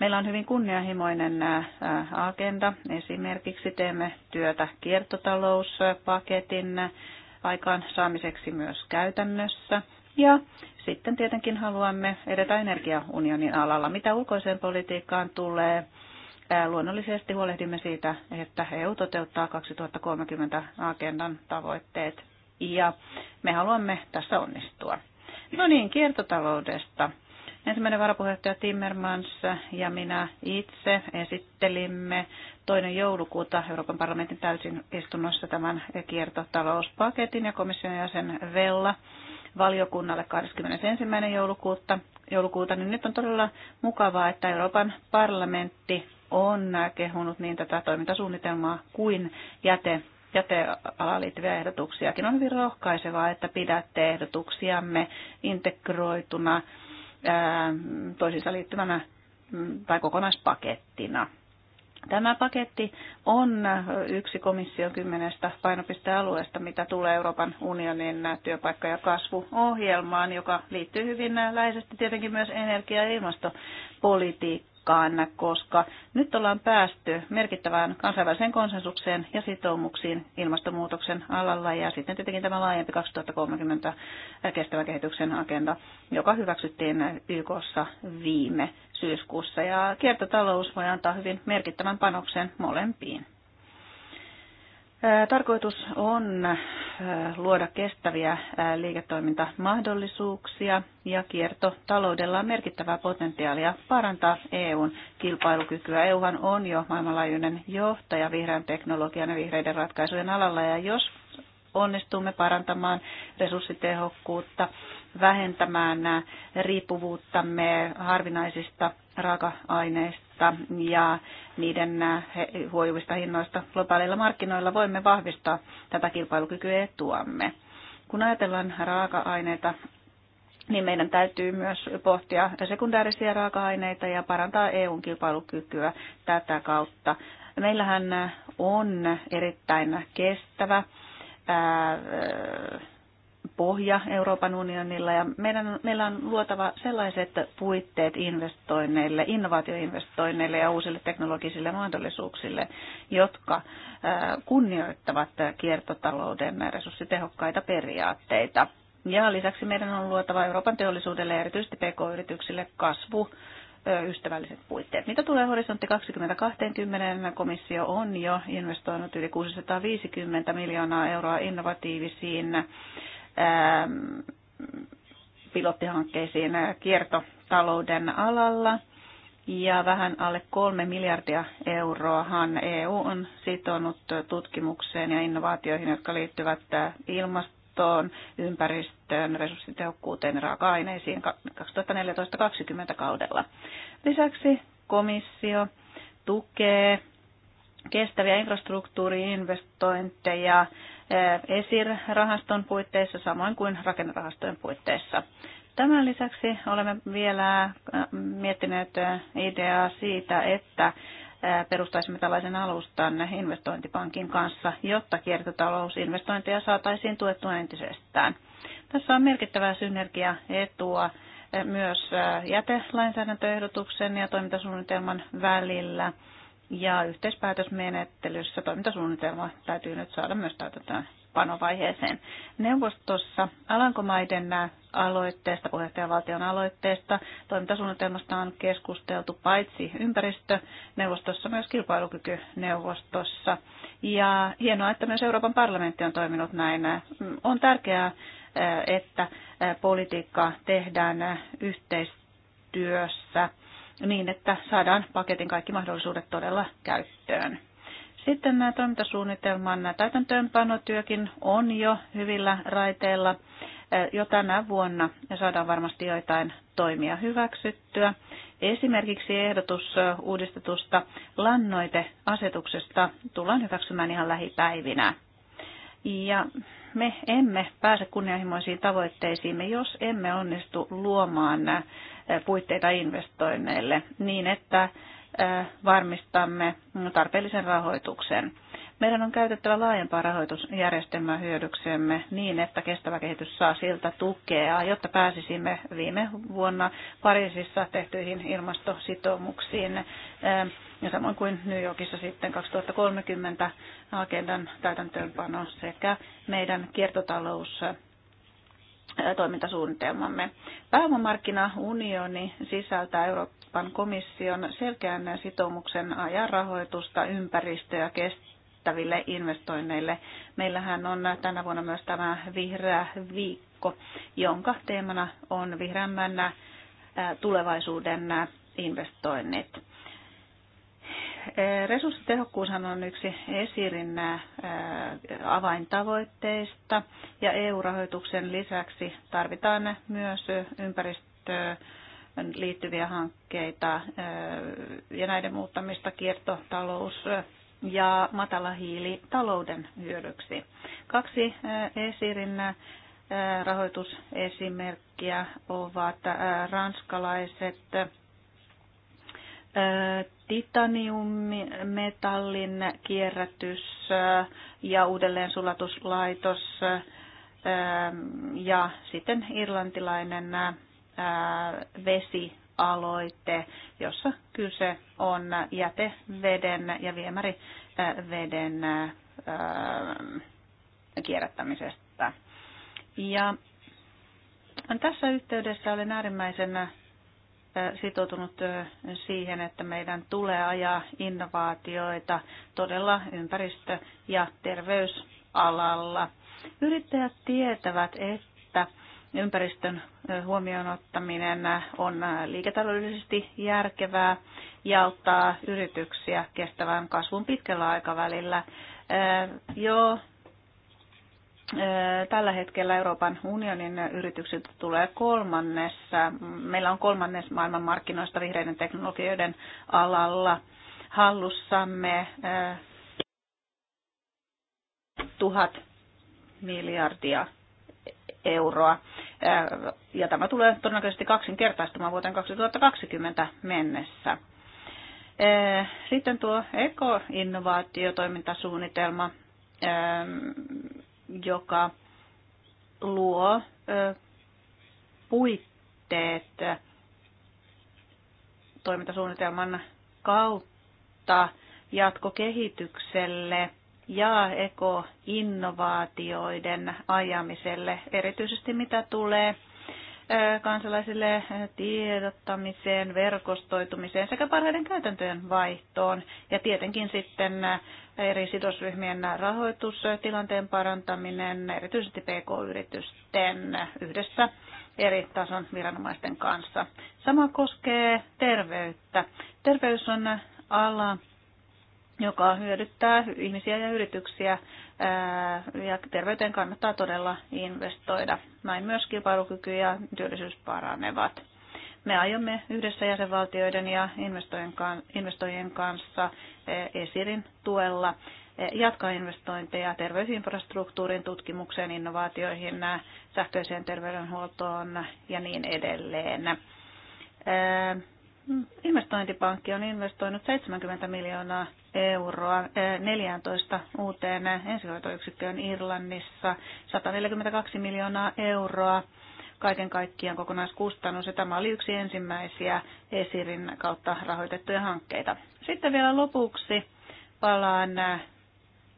Meillä on hyvin kunnianhimoinen äh, agenda. Esimerkiksi teemme työtä kiertotalouspaketin aikaan saamiseksi myös käytännössä. Ja sitten tietenkin haluamme edetä energiaunionin alalla. Mitä ulkoiseen politiikkaan tulee, äh, luonnollisesti huolehdimme siitä, että EU toteuttaa 2030 agendan tavoitteet. Ja me haluamme tässä onnistua. No niin, kiertotaloudesta. Ensimmäinen varapuheenjohtaja Timmermans ja minä itse esittelimme toinen joulukuuta Euroopan parlamentin täysistunnossa tämän kiertotalouspaketin ja komission jäsen Vella valiokunnalle 21. joulukuuta, joulukuuta, niin nyt on todella mukavaa, että Euroopan parlamentti on kehunut niin tätä toimintasuunnitelmaa kuin jäte jätealaan liittyviä ehdotuksiakin. On hyvin rohkaisevaa, että pidätte ehdotuksiamme integroituna toisiinsa liittyvänä mm, tai kokonaispakettina. Tämä paketti on yksi komission kymmenestä painopistealueesta, mitä tulee Euroopan unionin työpaikka- ja kasvuohjelmaan, joka liittyy hyvin läheisesti tietenkin myös energia- ja ilmastopolitiikkaan kuitenkaan, koska nyt ollaan päästy merkittävään kansainväliseen konsensukseen ja sitoumuksiin ilmastonmuutoksen alalla ja sitten tietenkin tämä laajempi 2030 kestävän kehityksen agenda, joka hyväksyttiin YKssa viime syyskuussa ja kiertotalous voi antaa hyvin merkittävän panoksen molempiin. Tarkoitus on luoda kestäviä liiketoimintamahdollisuuksia ja kiertotaloudella on merkittävää potentiaalia parantaa EUn kilpailukykyä. EUhan on jo maailmanlaajuinen johtaja vihreän teknologian ja vihreiden ratkaisujen alalla ja jos onnistumme parantamaan resurssitehokkuutta, vähentämään riippuvuuttamme harvinaisista raaka-aineista ja niiden huojuvista hinnoista globaaleilla markkinoilla voimme vahvistaa tätä kilpailukykyetuamme. Kun ajatellaan raaka-aineita, niin meidän täytyy myös pohtia sekundäärisiä raaka-aineita ja parantaa EUn kilpailukykyä tätä kautta. Meillähän on erittäin kestävä pohja Euroopan unionilla ja meidän, meillä on luotava sellaiset puitteet investoinneille, innovaatioinvestoinneille ja uusille teknologisille mahdollisuuksille, jotka kunnioittavat kiertotalouden resurssitehokkaita periaatteita. Ja lisäksi meidän on luotava Euroopan teollisuudelle ja erityisesti pk-yrityksille kasvu ystävälliset puitteet. Mitä tulee horisontti 2020, komissio on jo investoinut yli 650 miljoonaa euroa innovatiivisiin Ähm, pilottihankkeisiin kiertotalouden alalla. Ja vähän alle kolme miljardia euroahan EU on sitonut tutkimukseen ja innovaatioihin, jotka liittyvät äh, ilmastoon, ympäristöön, resurssitehokkuuteen ja raaka-aineisiin 2014-2020 kaudella. Lisäksi komissio tukee kestäviä infrastruktuuriinvestointeja ESIR-rahaston puitteissa samoin kuin rakennerahastojen puitteissa. Tämän lisäksi olemme vielä miettineet ideaa siitä, että perustaisimme tällaisen alustan investointipankin kanssa, jotta kiertotalousinvestointeja saataisiin tuettua entisestään. Tässä on merkittävää synergiaetua myös jätelainsäädäntöehdotuksen ja toimintasuunnitelman välillä ja yhteispäätösmenettelyssä toimintasuunnitelma täytyy nyt saada myös täytetään panovaiheeseen. Neuvostossa Alankomaiden aloitteesta, puheenjohtajavaltion aloitteesta, toimintasuunnitelmasta on keskusteltu paitsi ympäristöneuvostossa, myös kilpailukykyneuvostossa. Ja hienoa, että myös Euroopan parlamentti on toiminut näin. On tärkeää, että politiikkaa tehdään yhteistyössä niin, että saadaan paketin kaikki mahdollisuudet todella käyttöön. Sitten nämä toimintasuunnitelman täytäntöönpanotyökin on jo hyvillä raiteilla. Jo tänä vuonna ja saadaan varmasti joitain toimia hyväksyttyä. Esimerkiksi ehdotus uudistetusta lannoiteasetuksesta tullaan hyväksymään ihan lähipäivinä. Ja me emme pääse kunnianhimoisiin tavoitteisiimme, jos emme onnistu luomaan puitteita investoinneille niin, että varmistamme tarpeellisen rahoituksen. Meidän on käytettävä laajempaa rahoitusjärjestelmää hyödyksemme niin, että kestävä kehitys saa siltä tukea, jotta pääsisimme viime vuonna Pariisissa tehtyihin ilmastositoumuksiin ja samoin kuin New Yorkissa sitten 2030 agendan täytäntöönpano sekä meidän kiertotalous toimintasuunnitelmamme. Pääomamarkkinaunioni sisältää Euroopan komission selkeän sitoumuksen ajan rahoitusta ympäristö- ja kestäville investoinneille. Meillähän on tänä vuonna myös tämä vihreä viikko, jonka teemana on vihreämmän tulevaisuuden investoinnit. Resurssitehokkuushan on yksi esirin avaintavoitteista ja EU-rahoituksen lisäksi tarvitaan myös ympäristöön liittyviä hankkeita ja näiden muuttamista kiertotalous ja matalahiilitalouden hyödyksi. Kaksi esirin rahoitusesimerkkiä ovat ranskalaiset titaniummetallin kierrätys äh, ja uudelleen sulatuslaitos äh, ja sitten irlantilainen äh, vesialoite, jossa kyse on jäteveden ja viemäriveden kierrättämisestä. Ja tässä yhteydessä olen äärimmäisen sitoutunut siihen, että meidän tulee ajaa innovaatioita todella ympäristö- ja terveysalalla. Yrittäjät tietävät, että ympäristön huomioon ottaminen on liiketaloudellisesti järkevää ja auttaa yrityksiä kestävään kasvun pitkällä aikavälillä. Jo tällä hetkellä Euroopan unionin yritykset tulee kolmannessa. Meillä on kolmannes maailman markkinoista vihreiden teknologioiden alalla hallussamme tuhat miljardia euroa. Ja tämä tulee todennäköisesti kaksinkertaistumaan vuoteen 2020 mennessä. Sitten tuo ekoinnovaatiotoimintasuunnitelma joka luo puitteet toimintasuunnitelman kautta jatkokehitykselle ja ekoinnovaatioiden ajamiselle, erityisesti mitä tulee kansalaisille tiedottamiseen, verkostoitumiseen sekä parhaiden käytäntöjen vaihtoon ja tietenkin sitten eri sidosryhmien rahoitustilanteen parantaminen, erityisesti PK-yritysten yhdessä eri tason viranomaisten kanssa. Sama koskee terveyttä. Terveys on ala, joka hyödyttää ihmisiä ja yrityksiä ja terveyteen kannattaa todella investoida. Näin myös kilpailukyky ja työllisyys paranevat. Me aiomme yhdessä jäsenvaltioiden ja investoijien kanssa esirin tuella jatkaa investointeja terveysinfrastruktuurin tutkimukseen, innovaatioihin, sähköiseen terveydenhuoltoon ja niin edelleen. Investointipankki on investoinut 70 miljoonaa euroa 14 eh, uuteen ensihoitoyksikköön Irlannissa, 142 miljoonaa euroa kaiken kaikkiaan kokonaiskustannus, ja tämä oli yksi ensimmäisiä esirin kautta rahoitettuja hankkeita. Sitten vielä lopuksi palaan eh,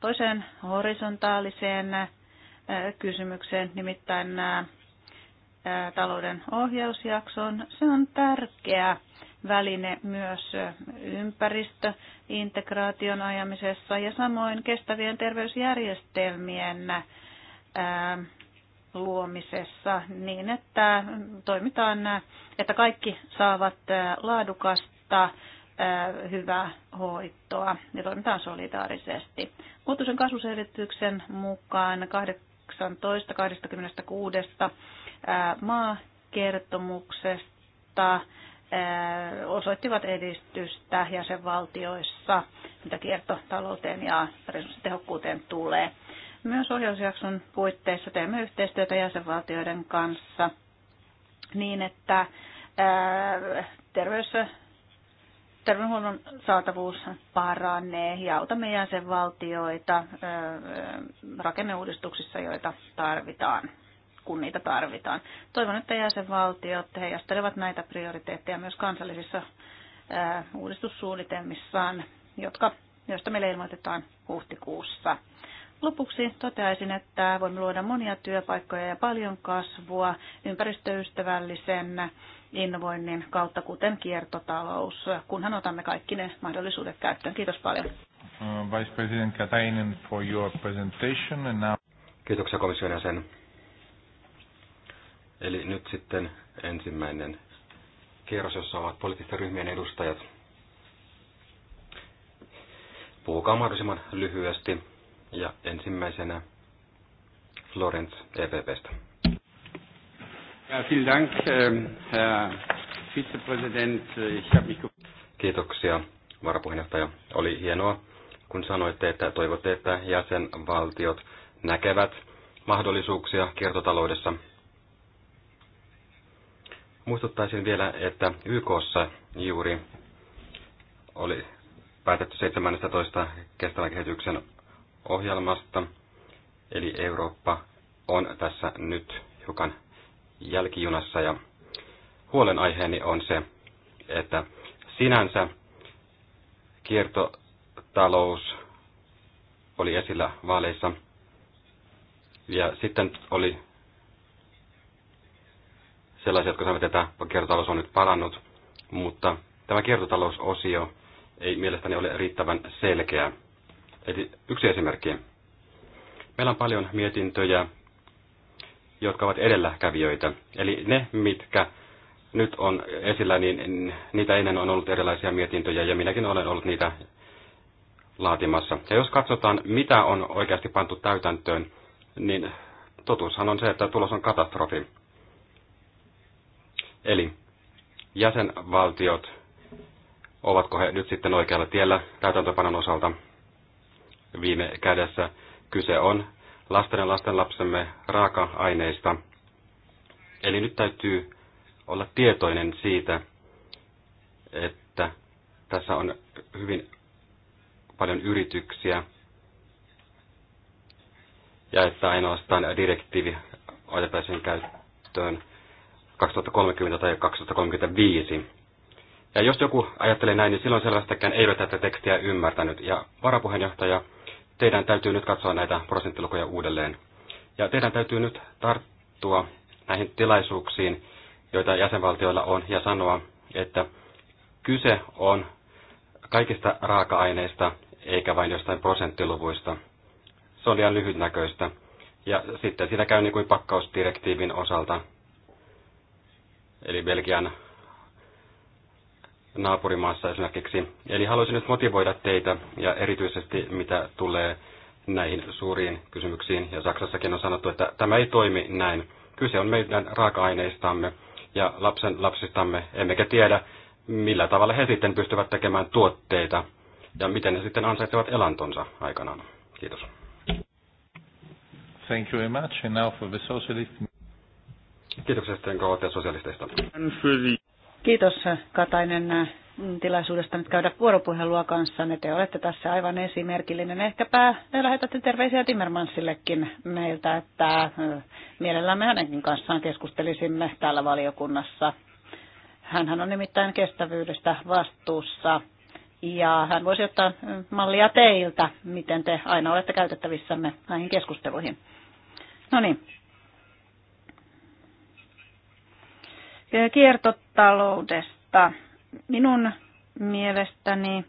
toiseen horisontaaliseen eh, kysymykseen, nimittäin talouden ohjausjaksoon. Se on tärkeä väline myös ympäristöintegraation ajamisessa ja samoin kestävien terveysjärjestelmien luomisessa niin, että toimitaan, että kaikki saavat laadukasta hyvää hoitoa ja toimitaan solidaarisesti. Kuutusen kasvuselityksen mukaan 18-26 maakertomuksesta osoittivat edistystä jäsenvaltioissa, mitä kiertotalouteen ja resurssitehokkuuteen tulee. Myös ohjausjakson puitteissa teemme yhteistyötä jäsenvaltioiden kanssa niin, että terveys, terveydenhuollon saatavuus paranee ja autamme jäsenvaltioita rakenneuudistuksissa, joita tarvitaan kun niitä tarvitaan. Toivon, että jäsenvaltiot heijastelevat näitä prioriteetteja myös kansallisissa ää, uudistussuunnitelmissaan, jotka, joista meille ilmoitetaan huhtikuussa. Lopuksi toteaisin, että voimme luoda monia työpaikkoja ja paljon kasvua ympäristöystävällisen innovoinnin kautta, kuten kiertotalous, kunhan otamme kaikki ne mahdollisuudet käyttöön. Kiitos paljon. Uh, Vice President Katainen for your presentation and now... Kiitoksia komission jäsen. Eli nyt sitten ensimmäinen kierros, jossa ovat poliittisten ryhmien edustajat. Puhukaa mahdollisimman lyhyesti ja ensimmäisenä Florence EPPstä. Ja, ähm, Kiitoksia, varapuheenjohtaja. Oli hienoa, kun sanoitte, että toivotte, että jäsenvaltiot näkevät mahdollisuuksia kiertotaloudessa Muistuttaisin vielä, että YKssa juuri oli päätetty 17 kestävän kehityksen ohjelmasta, eli Eurooppa on tässä nyt hiukan jälkijunassa ja huolenaiheeni on se, että sinänsä kiertotalous oli esillä vaaleissa ja sitten oli sellaisia, jotka saavat tätä kiertotalous on nyt parannut, mutta tämä kiertotalousosio ei mielestäni ole riittävän selkeä. Eli yksi esimerkki. Meillä on paljon mietintöjä, jotka ovat edelläkävijöitä. Eli ne, mitkä nyt on esillä, niin niitä ennen on ollut erilaisia mietintöjä ja minäkin olen ollut niitä laatimassa. Ja jos katsotaan, mitä on oikeasti pantu täytäntöön, niin totuushan on se, että tulos on katastrofi. Eli jäsenvaltiot, ovatko he nyt sitten oikealla tiellä täytäntöpanon osalta viime kädessä? Kyse on lasten ja lapsemme raaka-aineista. Eli nyt täytyy olla tietoinen siitä, että tässä on hyvin paljon yrityksiä ja että ainoastaan direktiivi otettaisiin käyttöön 2030 tai 2035. Ja jos joku ajattelee näin, niin silloin selvästäkään ei ole tätä tekstiä ymmärtänyt. Ja varapuheenjohtaja, teidän täytyy nyt katsoa näitä prosenttilukuja uudelleen. Ja teidän täytyy nyt tarttua näihin tilaisuuksiin, joita jäsenvaltioilla on, ja sanoa, että kyse on kaikista raaka-aineista, eikä vain jostain prosenttiluvuista. Se on liian lyhytnäköistä. Ja sitten siinä käy niin kuin pakkausdirektiivin osalta eli Belgian naapurimaassa esimerkiksi. Eli haluaisin nyt motivoida teitä ja erityisesti mitä tulee näihin suuriin kysymyksiin. Ja Saksassakin on sanottu, että tämä ei toimi näin. Kyse on meidän raaka-aineistamme ja lapsen lapsistamme, emmekä tiedä, millä tavalla he sitten pystyvät tekemään tuotteita ja miten he sitten ansaitsevat elantonsa aikanaan. Kiitos. Thank you very much. And now for the socialist... Kiitoksia sitten KT sosialisteista. Kiitos Katainen tilaisuudesta nyt käydä vuoropuhelua kanssanne. Te olette tässä aivan esimerkillinen. Ehkäpä me lähetätte terveisiä Timmermansillekin meiltä, että mielellämme hänenkin kanssaan keskustelisimme täällä valiokunnassa. Hänhän on nimittäin kestävyydestä vastuussa. Ja hän voisi ottaa mallia teiltä, miten te aina olette käytettävissämme näihin keskusteluihin. No niin, kiertotaloudesta. Minun mielestäni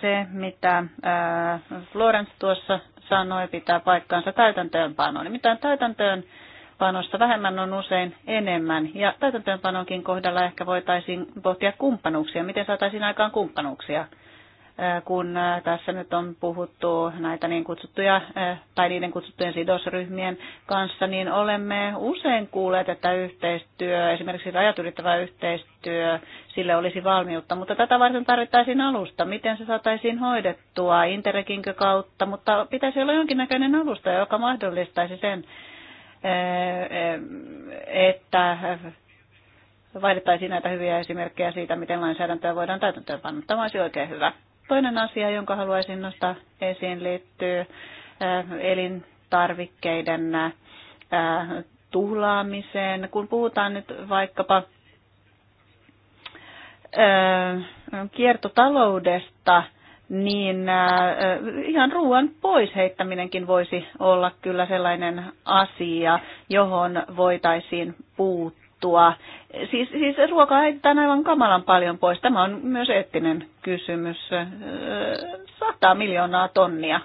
se, mitä äh, Florence tuossa sanoi, pitää paikkaansa täytäntöönpanoon. Nimittäin mitään täytäntöönpanosta vähemmän on usein enemmän. Ja täytäntöönpanonkin kohdalla ehkä voitaisiin pohtia kumppanuuksia. Miten saataisiin aikaan kumppanuuksia? kun tässä nyt on puhuttu näitä niin kutsuttuja tai niiden kutsuttujen sidosryhmien kanssa, niin olemme usein kuulleet, että yhteistyö, esimerkiksi rajat ylittävä yhteistyö, sille olisi valmiutta, mutta tätä varten tarvittaisiin alusta. Miten se saataisiin hoidettua Interreginkö kautta, mutta pitäisi olla jonkinnäköinen alusta, joka mahdollistaisi sen, että vaihdettaisiin näitä hyviä esimerkkejä siitä, miten lainsäädäntöä voidaan panna. Tämä olisi oikein hyvä. Toinen asia, jonka haluaisin nostaa esiin, liittyy äh, elintarvikkeiden äh, tuhlaamiseen. Kun puhutaan nyt vaikkapa äh, kiertotaloudesta, niin ihan ruoan pois heittäminenkin voisi olla kyllä sellainen asia, johon voitaisiin puuttua laatua. Siis, siis ruoka heitetään aivan kamalan paljon pois. Tämä on myös eettinen kysymys. 100 miljoonaa tonnia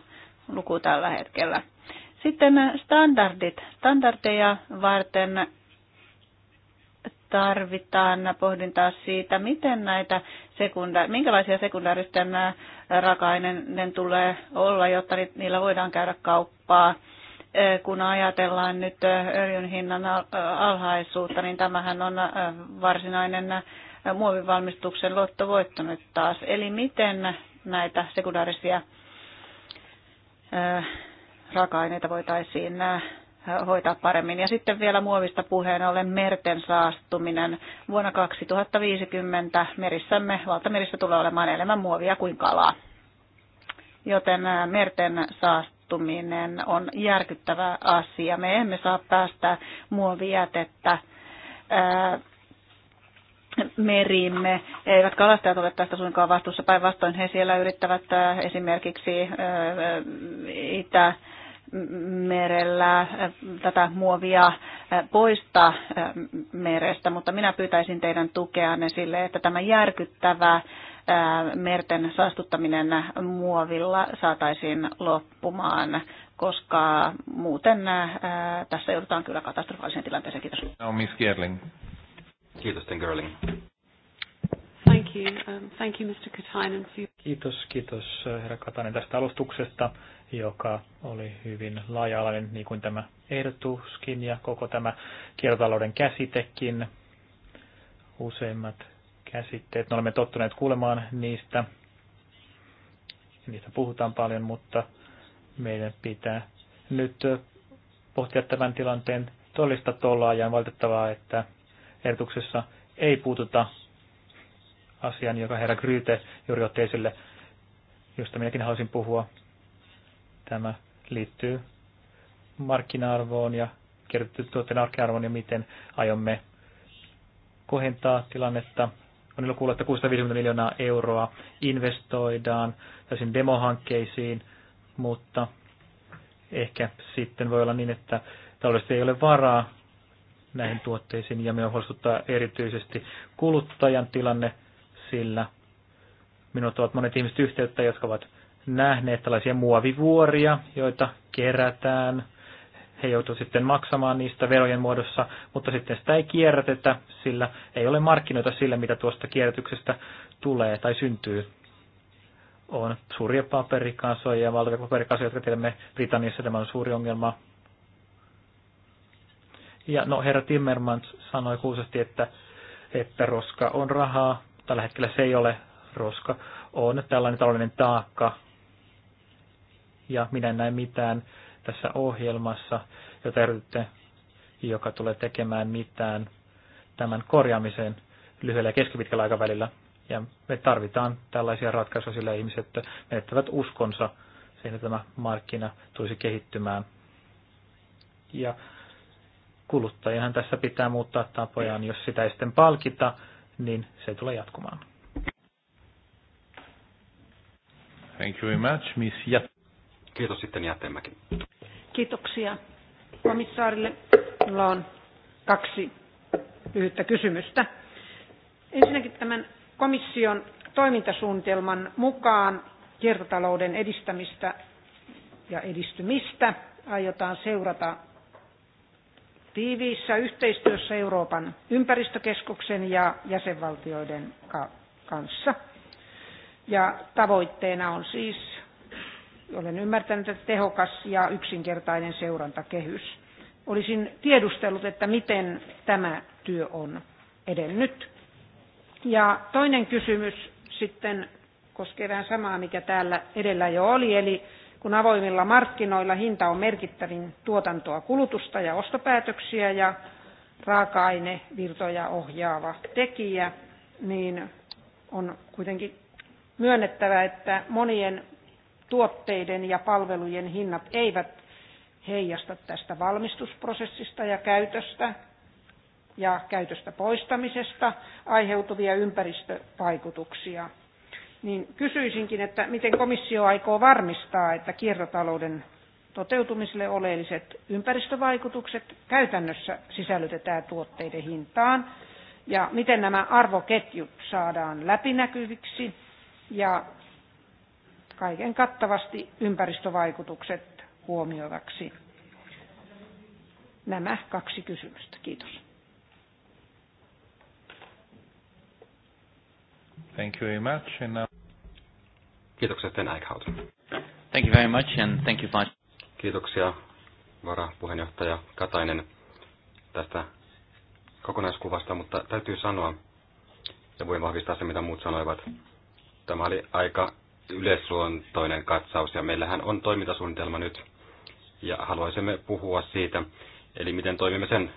luku tällä hetkellä. Sitten standardit. Standardeja varten tarvitaan pohdintaa siitä, miten näitä sekunda- minkälaisia sekundaaristen raaka-aineiden tulee olla, jotta niillä voidaan käydä kauppaa kun ajatellaan nyt öljyn hinnan alhaisuutta, niin tämähän on varsinainen muovivalmistuksen lottovoitto nyt taas. Eli miten näitä sekundaarisia raaka-aineita voitaisiin hoitaa paremmin. Ja sitten vielä muovista puheen ollen merten saastuminen. Vuonna 2050 merissämme, valtamerissä tulee olemaan enemmän muovia kuin kalaa. Joten merten saastuminen muuttuminen on järkyttävä asia. Me emme saa päästä muovijätettä merimme. Eivät kalastajat ole tästä suinkaan vastuussa. Päinvastoin he siellä yrittävät esimerkiksi Itä merellä tätä muovia poista merestä, mutta minä pyytäisin teidän tukeanne sille, että tämä järkyttävä merten saastuttaminen muovilla saataisiin loppumaan, koska muuten tässä joudutaan kyllä katastrofaaliseen tilanteeseen. Kiitos. No, Miss Gerling. Kiitos, Ten Gerling. Thank you. Um, thank you, Mr. Katainen. Kiitos, kiitos herra Katainen tästä alustuksesta, joka oli hyvin laaja-alainen, niin kuin tämä ehdotuskin ja koko tämä kiertotalouden käsitekin. Useimmat käsitteet. Me olemme tottuneet kuulemaan niistä. Niistä puhutaan paljon, mutta meidän pitää nyt pohtia tämän tilanteen todellista tollaa ja on valitettavaa, että ehdotuksessa ei puututa asian, joka herra Gryte juuri otti esille, josta minäkin halusin puhua. Tämä liittyy markkina-arvoon ja kerrottu tuotteen arkearvoon ja miten aiomme kohentaa tilannetta on ilo kuulla, että 650 miljoonaa euroa investoidaan täysin demohankkeisiin, mutta ehkä sitten voi olla niin, että taloudellisesti ei ole varaa näihin tuotteisiin ja on huolestuttaa erityisesti kuluttajan tilanne, sillä minut ovat monet ihmiset yhteyttä, jotka ovat nähneet tällaisia muovivuoria, joita kerätään – he joutuvat sitten maksamaan niistä verojen muodossa, mutta sitten sitä ei kierrätetä, sillä ei ole markkinoita sillä, mitä tuosta kierrätyksestä tulee tai syntyy. On suuria paperikasoja ja valtavia paperikasoja, jotka tiedämme Britanniassa, tämä on suuri ongelma. Ja no, herra Timmermans sanoi kuusasti, että, että roska on rahaa. Tällä hetkellä se ei ole roska, on tällainen taloudellinen taakka. Ja minä en näe mitään tässä ohjelmassa, jo ehdotitte, joka tulee tekemään mitään tämän korjaamisen lyhyellä ja keskipitkällä aikavälillä. Ja me tarvitaan tällaisia ratkaisuja, sillä ihmiset menettävät uskonsa siihen, että tämä markkina tulisi kehittymään. Ja kuluttajahan tässä pitää muuttaa tapojaan. Jos sitä ei sitten palkita, niin se tulee jatkumaan. Thank you very much, Miss Kiitos sitten Jätemäki. Kiitoksia komissaarille. Minulla on kaksi lyhyttä kysymystä. Ensinnäkin tämän komission toimintasuunnitelman mukaan kiertotalouden edistämistä ja edistymistä aiotaan seurata tiiviissä yhteistyössä Euroopan ympäristökeskuksen ja jäsenvaltioiden kanssa. Ja tavoitteena on siis olen ymmärtänyt, että tehokas ja yksinkertainen seurantakehys. Olisin tiedustellut, että miten tämä työ on edennyt. Ja toinen kysymys sitten koskee vähän samaa, mikä täällä edellä jo oli, eli kun avoimilla markkinoilla hinta on merkittävin tuotantoa kulutusta ja ostopäätöksiä ja raaka-ainevirtoja ohjaava tekijä, niin on kuitenkin myönnettävä, että monien tuotteiden ja palvelujen hinnat eivät heijasta tästä valmistusprosessista ja käytöstä ja käytöstä poistamisesta aiheutuvia ympäristövaikutuksia. Niin kysyisinkin, että miten komissio aikoo varmistaa, että kiertotalouden toteutumiselle oleelliset ympäristövaikutukset käytännössä sisällytetään tuotteiden hintaan ja miten nämä arvoketjut saadaan läpinäkyviksi ja kaiken kattavasti ympäristövaikutukset huomioivaksi. Nämä kaksi kysymystä. Kiitos. Thank you very much. And now... Kiitokset Ben Eichhout. Thank you very much and thank you much. Kiitoksia varapuheenjohtaja Katainen tästä kokonaiskuvasta, mutta täytyy sanoa, ja voin vahvistaa se, mitä muut sanoivat. Tämä oli aika yleisluontoinen katsaus ja meillähän on toimintasuunnitelma nyt ja haluaisimme puhua siitä, eli miten toimimme sen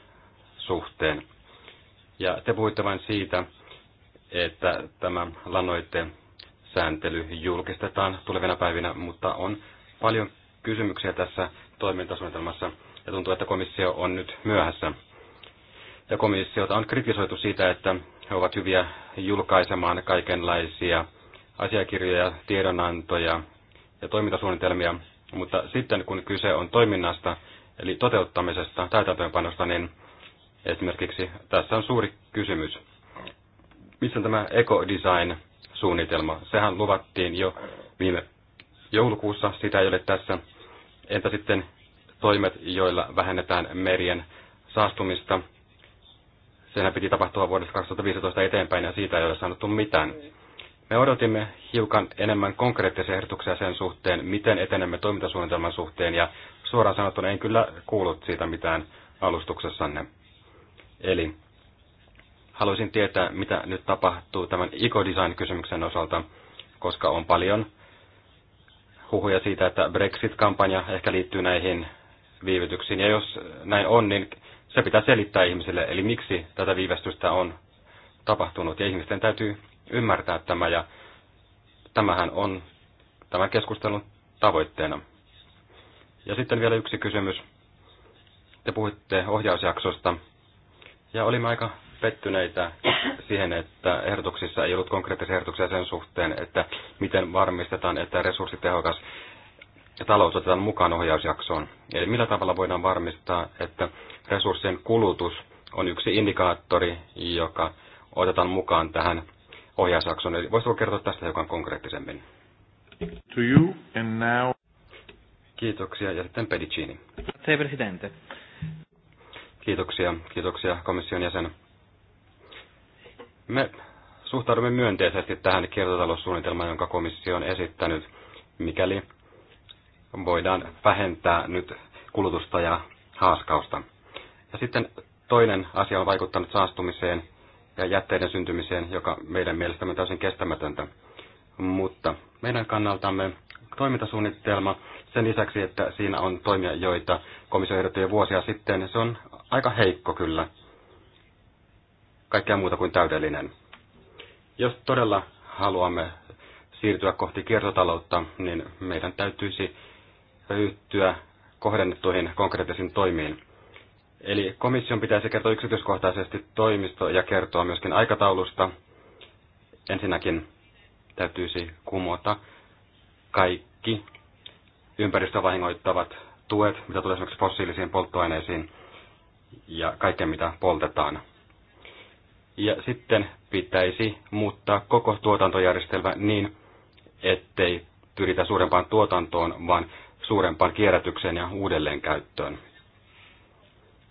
suhteen. Ja te puhuitte vain siitä, että tämä lannoitteen sääntely julkistetaan tulevina päivinä, mutta on paljon kysymyksiä tässä toimintasuunnitelmassa ja tuntuu, että komissio on nyt myöhässä. Ja komissiota on kritisoitu siitä, että he ovat hyviä julkaisemaan kaikenlaisia asiakirjoja, tiedonantoja ja toimintasuunnitelmia, mutta sitten kun kyse on toiminnasta, eli toteuttamisesta, täytäntöönpanosta, niin esimerkiksi tässä on suuri kysymys. Missä on tämä ekodesign-suunnitelma? Sehän luvattiin jo viime joulukuussa, sitä ei ole tässä. Entä sitten toimet, joilla vähennetään merien saastumista? Sehän piti tapahtua vuodesta 2015 eteenpäin ja siitä ei ole sanottu mitään. Me odotimme hiukan enemmän konkreettisia ehdotuksia sen suhteen, miten etenemme toimintasuunnitelman suhteen, ja suoraan sanottuna en kyllä kuullut siitä mitään alustuksessanne. Eli haluaisin tietää, mitä nyt tapahtuu tämän ecodesign-kysymyksen osalta, koska on paljon huhuja siitä, että Brexit-kampanja ehkä liittyy näihin viivytyksiin. Ja jos näin on, niin se pitää selittää ihmisille, eli miksi tätä viivästystä on tapahtunut. Ja ihmisten täytyy ymmärtää tämä ja tämähän on tämän keskustelun tavoitteena. Ja sitten vielä yksi kysymys. Te puhuitte ohjausjaksosta ja olimme aika pettyneitä siihen, että ehdotuksissa ei ollut konkreettisia ehdotuksia sen suhteen, että miten varmistetaan, että resurssitehokas ja talous otetaan mukaan ohjausjaksoon. Eli millä tavalla voidaan varmistaa, että resurssien kulutus on yksi indikaattori, joka otetaan mukaan tähän ohjausjakson. Eli voisitko kertoa tästä hiukan konkreettisemmin? To you and now. Kiitoksia. Ja sitten Pedicini. Se presidente. Kiitoksia. Kiitoksia komission jäsen. Me suhtaudumme myönteisesti tähän kiertotaloussuunnitelmaan, jonka komissio on esittänyt, mikäli voidaan vähentää nyt kulutusta ja haaskausta. Ja sitten toinen asia on vaikuttanut saastumiseen, ja jätteiden syntymiseen, joka meidän mielestämme täysin kestämätöntä. Mutta meidän kannaltamme toimintasuunnitelma, sen lisäksi, että siinä on toimia, joita komissio ehdotti jo vuosia sitten, se on aika heikko kyllä. Kaikkea muuta kuin täydellinen. Jos todella haluamme siirtyä kohti kiertotaloutta, niin meidän täytyisi ryhtyä kohdennettuihin konkreettisiin toimiin. Eli komission pitäisi kertoa yksityiskohtaisesti toimisto ja kertoa myöskin aikataulusta. Ensinnäkin täytyisi kumota kaikki ympäristövahingoittavat tuet, mitä tulee esimerkiksi fossiilisiin polttoaineisiin ja kaiken, mitä poltetaan. Ja sitten pitäisi muuttaa koko tuotantojärjestelmä niin, ettei pyritä suurempaan tuotantoon, vaan suurempaan kierrätykseen ja uudelleenkäyttöön.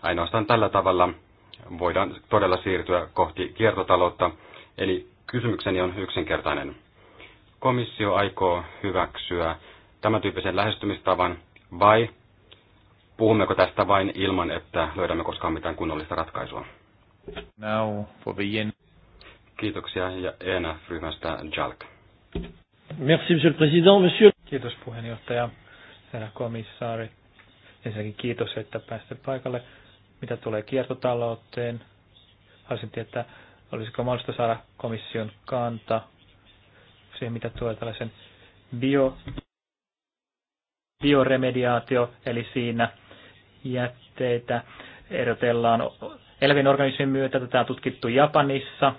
Ainoastaan tällä tavalla voidaan todella siirtyä kohti kiertotaloutta, eli kysymykseni on yksinkertainen. Komissio aikoo hyväksyä tämän tyyppisen lähestymistavan vai puhummeko tästä vain ilman, että löydämme koskaan mitään kunnollista ratkaisua? Now for the end. Kiitoksia ja ENF-ryhmästä Jalk. Merci, monsieur le président, monsieur. Kiitos puheenjohtaja, herra komissaari. Ensinnäkin kiitos, että pääsitte paikalle mitä tulee kiertotalouteen. Haluaisin tietää, olisiko mahdollista saada komission kanta siihen, mitä tulee tällaisen bio, bioremediaatio, eli siinä jätteitä erotellaan elävien organismin myötä. Tätä on tutkittu Japanissa.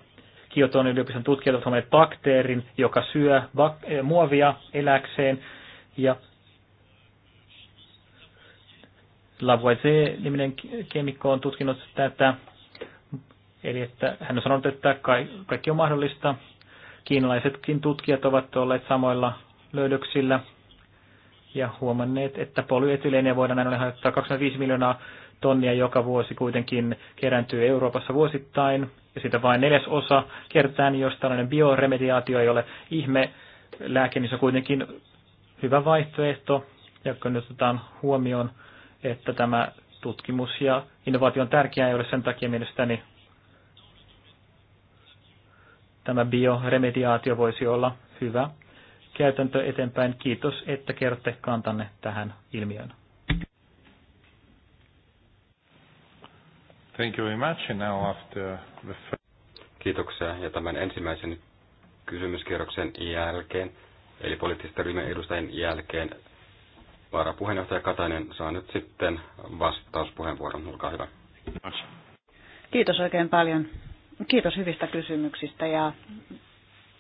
Kioton yliopiston tutkijat ovat bakteerin, joka syö muovia eläkseen. Ja Lavoisier-niminen kemikko on tutkinut tätä, eli että hän on sanonut, että kaikki on mahdollista. Kiinalaisetkin tutkijat ovat olleet samoilla löydöksillä ja huomanneet, että polyetyleeniä voidaan näin ollen 25 miljoonaa tonnia joka vuosi kuitenkin kerääntyy Euroopassa vuosittain, ja sitä vain neljäs osa kertaan, jos tällainen bioremediaatio ei ole ihme lääke, niin se on kuitenkin hyvä vaihtoehto, ja nyt otetaan huomioon että tämä tutkimus ja innovaatio on tärkeää, ei ole sen takia mielestäni tämä bioremediaatio voisi olla hyvä käytäntö eteenpäin. Kiitos, että kerrotte kantanne tähän ilmiöön. Thank you very much. And now after the Kiitoksia. Ja tämän ensimmäisen kysymyskierroksen jälkeen, eli poliittisten ryhmän edustajien jälkeen, varapuheenjohtaja Katainen saa nyt sitten vastauspuheenvuoron. Olkaa hyvä. Kiitos oikein paljon. Kiitos hyvistä kysymyksistä ja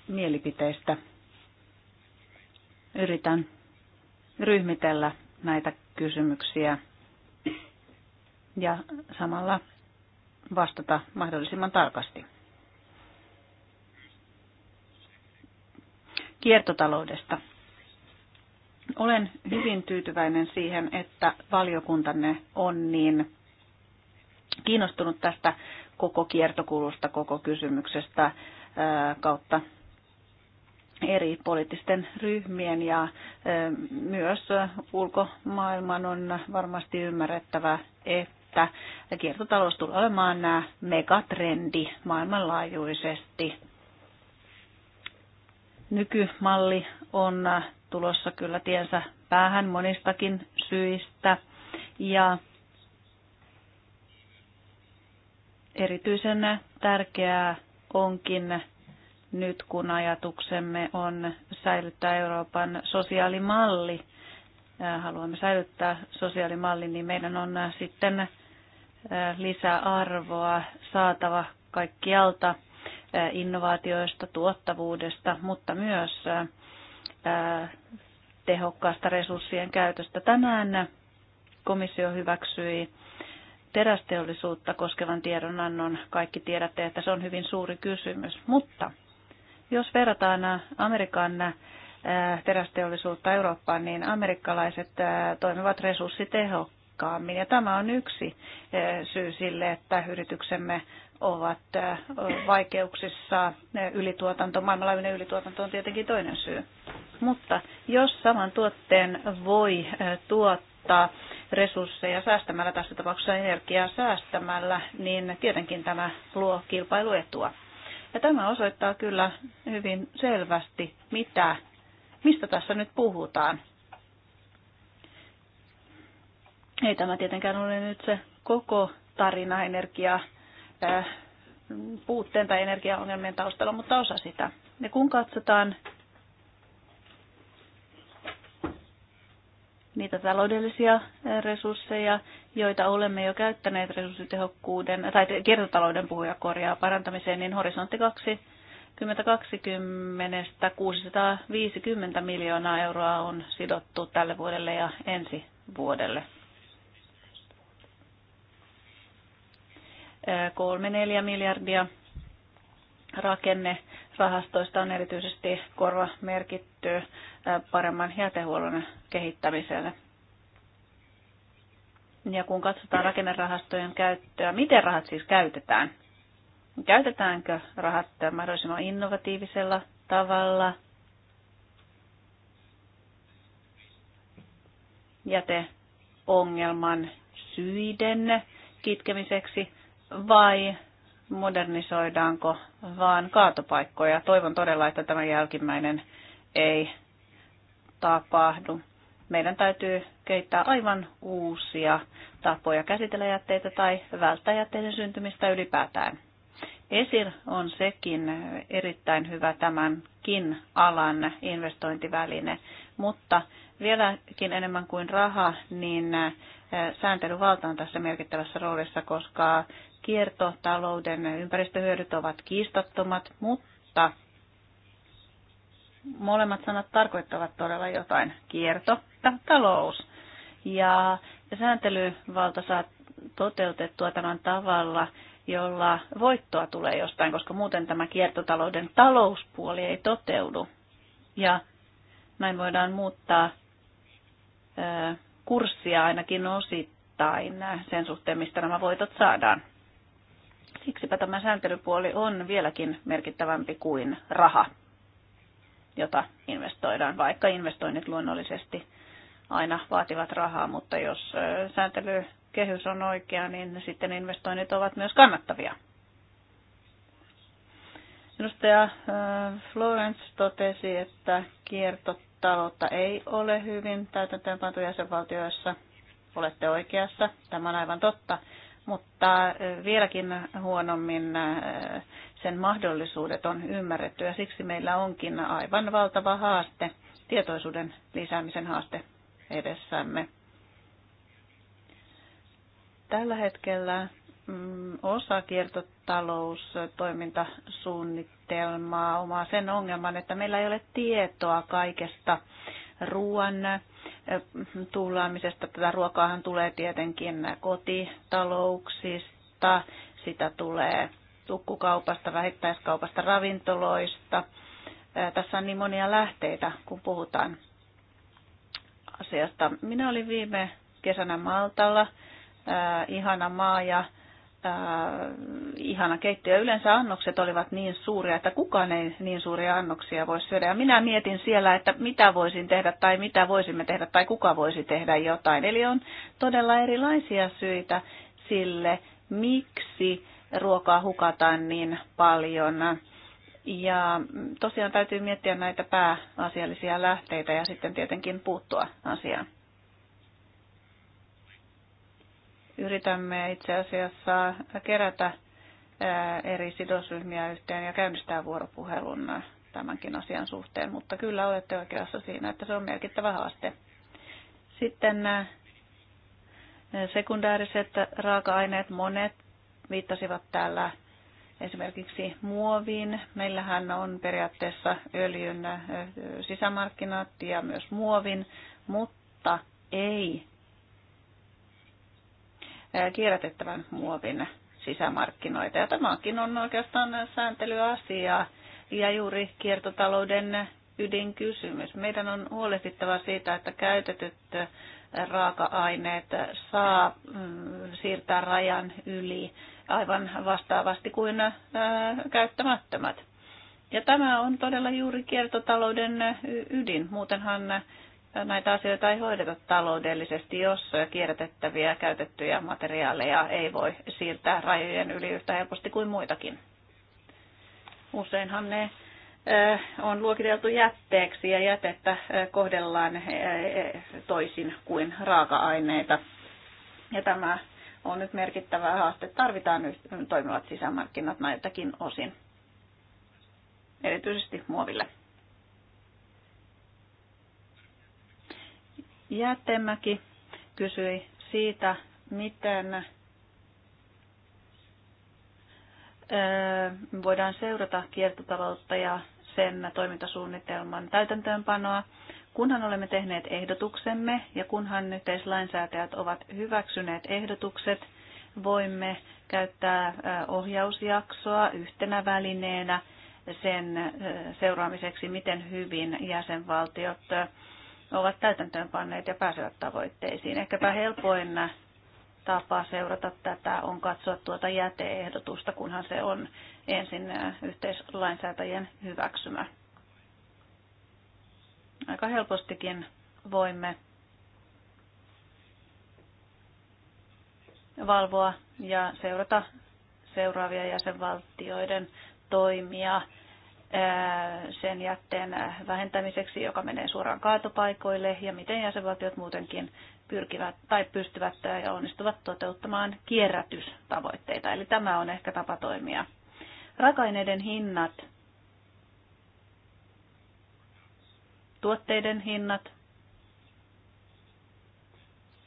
mielipiteistä. Yritän ryhmitellä näitä kysymyksiä ja samalla vastata mahdollisimman tarkasti. Kiertotaloudesta olen hyvin tyytyväinen siihen, että valiokuntanne on niin kiinnostunut tästä koko kiertokulusta, koko kysymyksestä kautta eri poliittisten ryhmien ja myös ulkomaailman on varmasti ymmärrettävä, että kiertotalous tulee olemaan nämä megatrendi maailmanlaajuisesti. Nykymalli on tulossa kyllä tiensä päähän monistakin syistä. Ja erityisen tärkeää onkin nyt, kun ajatuksemme on säilyttää Euroopan sosiaalimalli, äh, haluamme säilyttää sosiaalimalli, niin meidän on äh, sitten äh, lisäarvoa saatava kaikkialta innovaatioista, tuottavuudesta, mutta myös tehokkaasta resurssien käytöstä. Tänään komissio hyväksyi terästeollisuutta koskevan tiedonannon. Kaikki tiedätte, että se on hyvin suuri kysymys. Mutta jos verrataan Amerikan terästeollisuutta Eurooppaan, niin amerikkalaiset toimivat resurssitehokkaasti tehokkaammin. Ja tämä on yksi syy sille, että yrityksemme ovat vaikeuksissa. Ylituotanto, maailmanlaajuinen ylituotanto on tietenkin toinen syy. Mutta jos saman tuotteen voi tuottaa resursseja säästämällä, tässä tapauksessa energiaa säästämällä, niin tietenkin tämä luo kilpailuetua. Ja tämä osoittaa kyllä hyvin selvästi, mitä, mistä tässä nyt puhutaan. Ei tämä tietenkään ole nyt se koko tarina energiaa puutteen tai energiaongelmien taustalla, mutta osa sitä. Ja kun katsotaan niitä taloudellisia resursseja, joita olemme jo käyttäneet resurssitehokkuuden tai kiertotalouden puhuja korjaa parantamiseen, niin horisontti 2020 650 miljoonaa euroa on sidottu tälle vuodelle ja ensi vuodelle. 3-4 miljardia rakennerahastoista on erityisesti korva merkitty paremman jätehuollon kehittämiselle. Ja kun katsotaan rakennerahastojen käyttöä, miten rahat siis käytetään? Käytetäänkö rahat mahdollisimman innovatiivisella tavalla? Jäteongelman syiden kitkemiseksi vai modernisoidaanko vaan kaatopaikkoja. Toivon todella, että tämä jälkimmäinen ei tapahdu. Meidän täytyy keittää aivan uusia tapoja käsitellä jätteitä tai välttää jätteiden syntymistä ylipäätään. ESIR on sekin erittäin hyvä tämänkin alan investointiväline, mutta vieläkin enemmän kuin raha, niin sääntelyvalta on tässä merkittävässä roolissa, koska kiertotalouden ympäristöhyödyt ovat kiistattomat, mutta molemmat sanat tarkoittavat todella jotain. Kierto ja talous. Ja sääntelyvalta saa toteutettua tämän tavalla, jolla voittoa tulee jostain, koska muuten tämä kiertotalouden talouspuoli ei toteudu. Ja näin voidaan muuttaa kurssia ainakin osittain sen suhteen, mistä nämä voitot saadaan. Siksipä tämä sääntelypuoli on vieläkin merkittävämpi kuin raha, jota investoidaan, vaikka investoinnit luonnollisesti aina vaativat rahaa, mutta jos sääntelykehys on oikea, niin sitten investoinnit ovat myös kannattavia. Edustaja Florence totesi, että kiertotaloutta ei ole hyvin täytäntöönpantu jäsenvaltioissa. Olette oikeassa, tämä on aivan totta mutta vieläkin huonommin sen mahdollisuudet on ymmärretty ja siksi meillä onkin aivan valtava haaste, tietoisuuden lisäämisen haaste edessämme. Tällä hetkellä mm, osa kiertotaloustoimintasuunnitelmaa omaa sen ongelman, että meillä ei ole tietoa kaikesta ruoan tuhlaamisesta. Tätä ruokaahan tulee tietenkin kotitalouksista, sitä tulee tukkukaupasta, vähittäiskaupasta, ravintoloista. Tässä on niin monia lähteitä, kun puhutaan asiasta. Minä olin viime kesänä Maltalla, ihana maa ja Äh, ihana keittiö. Yleensä annokset olivat niin suuria, että kukaan ei niin suuria annoksia voisi syödä. Ja minä mietin siellä, että mitä voisin tehdä tai mitä voisimme tehdä tai kuka voisi tehdä jotain. Eli on todella erilaisia syitä sille, miksi ruokaa hukataan niin paljon. Ja tosiaan täytyy miettiä näitä pääasiallisia lähteitä ja sitten tietenkin puuttua asiaan. yritämme itse asiassa kerätä eri sidosryhmiä yhteen ja käynnistää vuoropuhelun tämänkin asian suhteen, mutta kyllä olette oikeassa siinä, että se on merkittävä haaste. Sitten sekundääriset raaka-aineet, monet viittasivat täällä esimerkiksi muoviin. Meillähän on periaatteessa öljyn sisämarkkinat ja myös muovin, mutta ei kierrätettävän muovin sisämarkkinoita. Ja tämäkin on oikeastaan sääntelyasia ja juuri kiertotalouden ydinkysymys. Meidän on huolehdittava siitä, että käytetyt raaka-aineet saa mm, siirtää rajan yli aivan vastaavasti kuin käyttämättömät. Ja tämä on todella juuri kiertotalouden ydin. Muutenhan näitä asioita ei hoideta taloudellisesti, jos kierrätettäviä käytettyjä materiaaleja ei voi siirtää rajojen yli yhtä helposti kuin muitakin. Useinhan ne eh, on luokiteltu jätteeksi ja jätettä eh, kohdellaan eh, toisin kuin raaka-aineita. Ja tämä on nyt merkittävä haaste. Tarvitaan nyt toimivat sisämarkkinat näiltäkin osin, erityisesti muoville. Jäätemäki kysyi siitä, miten voidaan seurata kiertotaloutta ja sen toimintasuunnitelman täytäntöönpanoa. Kunhan olemme tehneet ehdotuksemme ja kunhan yhteislainsäätäjät ovat hyväksyneet ehdotukset, voimme käyttää ohjausjaksoa yhtenä välineenä sen seuraamiseksi, miten hyvin jäsenvaltiot ovat täytäntöönpanneet ja pääsevät tavoitteisiin. Ehkäpä helpoin tapa seurata tätä on katsoa tuota jäteehdotusta, kunhan se on ensin yhteislainsäätäjien hyväksymä. Aika helpostikin voimme valvoa ja seurata seuraavia jäsenvaltioiden toimia sen jätteen vähentämiseksi, joka menee suoraan kaatopaikoille, ja miten jäsenvaltiot muutenkin pyrkivät tai pystyvät ja onnistuvat toteuttamaan kierrätystavoitteita. Eli tämä on ehkä tapa toimia. Rakaineiden hinnat, tuotteiden hinnat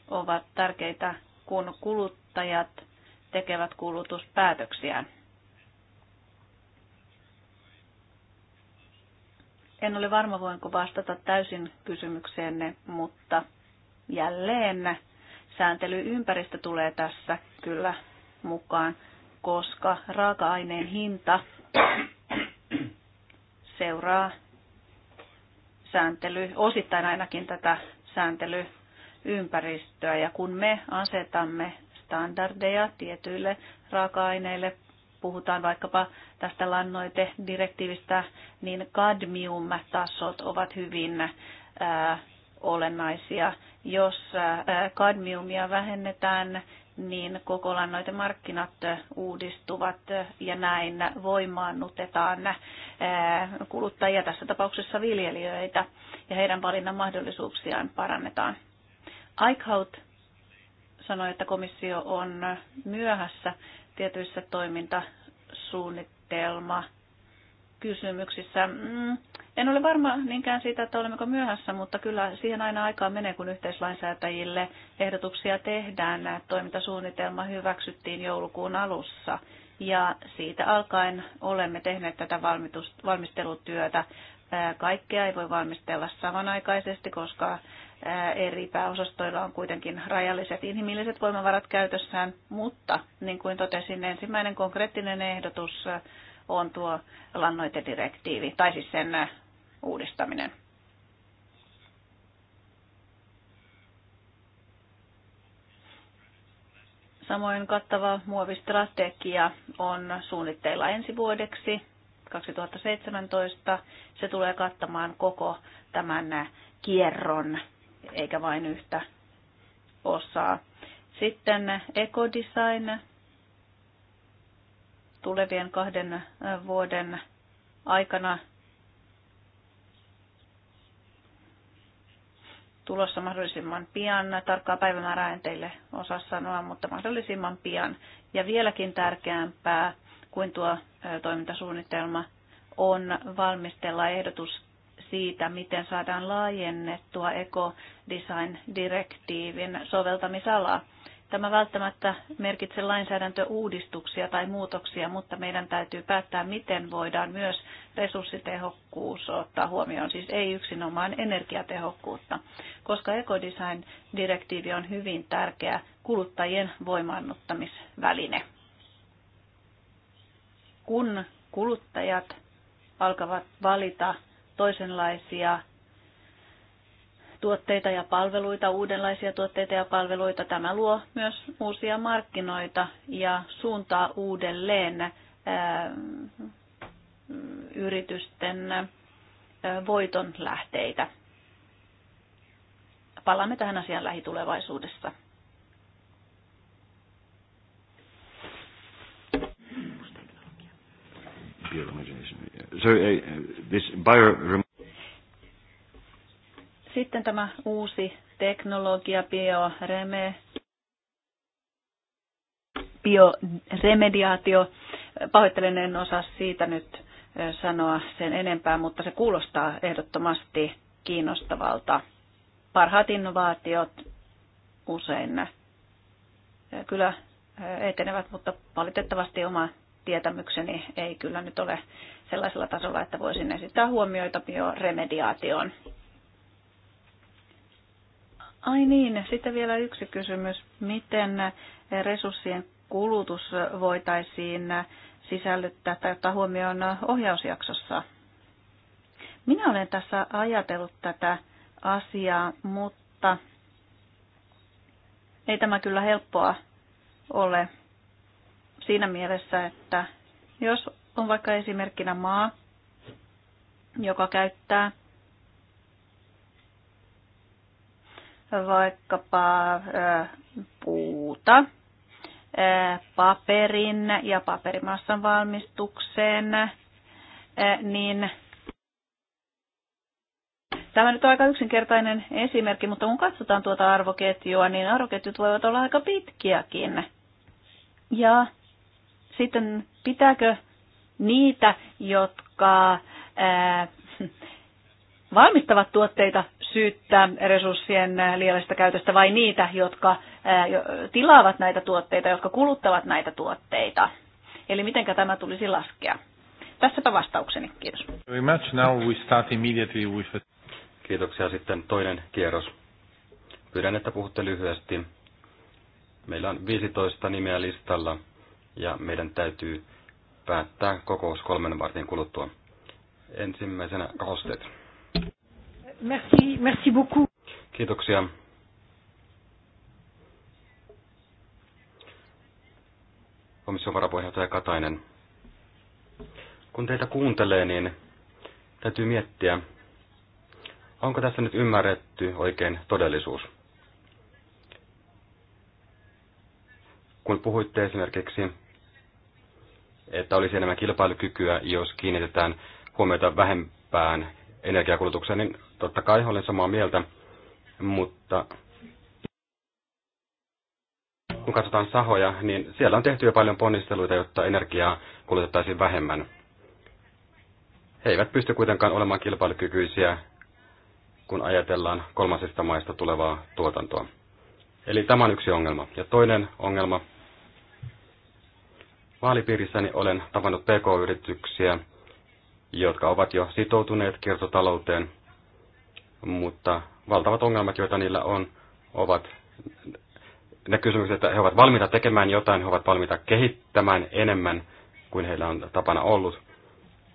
ovat tärkeitä, kun kuluttajat tekevät kulutuspäätöksiään En ole varma, voinko vastata täysin kysymykseenne, mutta jälleen sääntelyympäristö tulee tässä kyllä mukaan, koska raaka-aineen hinta seuraa sääntely, osittain ainakin tätä sääntelyympäristöä. Ja kun me asetamme standardeja tietyille raaka-aineille, puhutaan vaikkapa tästä lannoitedirektiivistä, niin kadmiumtasot ovat hyvin olennaisia. Jos kadmiumia vähennetään, niin koko lannoitemarkkinat uudistuvat ja näin voimaannutetaan kuluttajia, tässä tapauksessa viljelijöitä, ja heidän valinnan mahdollisuuksiaan parannetaan. Eichhout sanoi, että komissio on myöhässä tietyissä toimintasuunnitelma kysymyksissä. Mm, en ole varma niinkään siitä, että olemmeko myöhässä, mutta kyllä siihen aina aikaa menee, kun yhteislainsäätäjille ehdotuksia tehdään. Toimintasuunnitelma hyväksyttiin joulukuun alussa ja siitä alkaen olemme tehneet tätä valmistelutyötä. Kaikkea ei voi valmistella samanaikaisesti, koska eri pääosastoilla on kuitenkin rajalliset inhimilliset voimavarat käytössään, mutta niin kuin totesin, ensimmäinen konkreettinen ehdotus on tuo lannoitedirektiivi, tai siis sen uudistaminen. Samoin kattava muovistrategia on suunnitteilla ensi vuodeksi 2017. Se tulee kattamaan koko tämän kierron eikä vain yhtä osaa. Sitten ekodesign tulevien kahden äh, vuoden aikana tulossa mahdollisimman pian. Tarkkaa päivämäärää en teille osaa sanoa, mutta mahdollisimman pian. Ja vieläkin tärkeämpää kuin tuo äh, toimintasuunnitelma on valmistella ehdotus siitä, miten saadaan laajennettua ekodesign-direktiivin soveltamisalaa. Tämä välttämättä merkitsee lainsäädäntöuudistuksia tai muutoksia, mutta meidän täytyy päättää, miten voidaan myös resurssitehokkuus ottaa huomioon, siis ei yksinomaan energiatehokkuutta, koska ekodesign-direktiivi on hyvin tärkeä kuluttajien voimaannuttamisväline. Kun kuluttajat alkavat valita toisenlaisia tuotteita ja palveluita, uudenlaisia tuotteita ja palveluita. Tämä luo myös uusia markkinoita ja suuntaa uudelleen yritysten voiton lähteitä. Palaamme tähän asiaan lähitulevaisuudessa. Pure sorry, uh, this bio... Sitten tämä uusi teknologia, bioreme, bioremediaatio. Pahoittelen, en osaa siitä nyt sanoa sen enempää, mutta se kuulostaa ehdottomasti kiinnostavalta. Parhaat innovaatiot usein kyllä etenevät, mutta valitettavasti oma tietämykseni ei kyllä nyt ole sellaisella tasolla, että voisin esittää huomioita bioremediaatioon. Ai niin, sitten vielä yksi kysymys. Miten resurssien kulutus voitaisiin sisällyttää tai ottaa huomioon ohjausjaksossa? Minä olen tässä ajatellut tätä asiaa, mutta ei tämä kyllä helppoa ole siinä mielessä, että jos on vaikka esimerkkinä maa, joka käyttää vaikkapa puuta paperin ja paperimassan valmistukseen, niin Tämä nyt on aika yksinkertainen esimerkki, mutta kun katsotaan tuota arvoketjua, niin arvoketjut voivat olla aika pitkiäkin. Ja sitten pitääkö niitä, jotka ää, valmistavat tuotteita syyttää resurssien liiallisesta käytöstä vai niitä, jotka ää, tilaavat näitä tuotteita, jotka kuluttavat näitä tuotteita? Eli miten tämä tulisi laskea? Tässäpä vastaukseni. Kiitos. Now we start immediately with Kiitoksia. Sitten toinen kierros. Pyydän, että puhutte lyhyesti. Meillä on 15 nimeä listalla ja meidän täytyy päättää kokous kolmen vartin kuluttua. Ensimmäisenä kahosteet. Merci, merci beaucoup. Kiitoksia. Komission varapuheenjohtaja Katainen. Kun teitä kuuntelee, niin täytyy miettiä, onko tässä nyt ymmärretty oikein todellisuus. Kun puhuitte esimerkiksi että olisi enemmän kilpailukykyä, jos kiinnitetään huomiota vähempään energiakulutukseen, niin totta kai olen samaa mieltä, mutta kun katsotaan sahoja, niin siellä on tehty jo paljon ponnisteluita, jotta energiaa kulutettaisiin vähemmän. He eivät pysty kuitenkaan olemaan kilpailukykyisiä, kun ajatellaan kolmansista maista tulevaa tuotantoa. Eli tämä on yksi ongelma. Ja toinen ongelma vaalipiirissäni olen tavannut pk-yrityksiä, jotka ovat jo sitoutuneet kiertotalouteen, mutta valtavat ongelmat, joita niillä on, ovat ne kysymykset, että he ovat valmiita tekemään jotain, he ovat valmiita kehittämään enemmän kuin heillä on tapana ollut.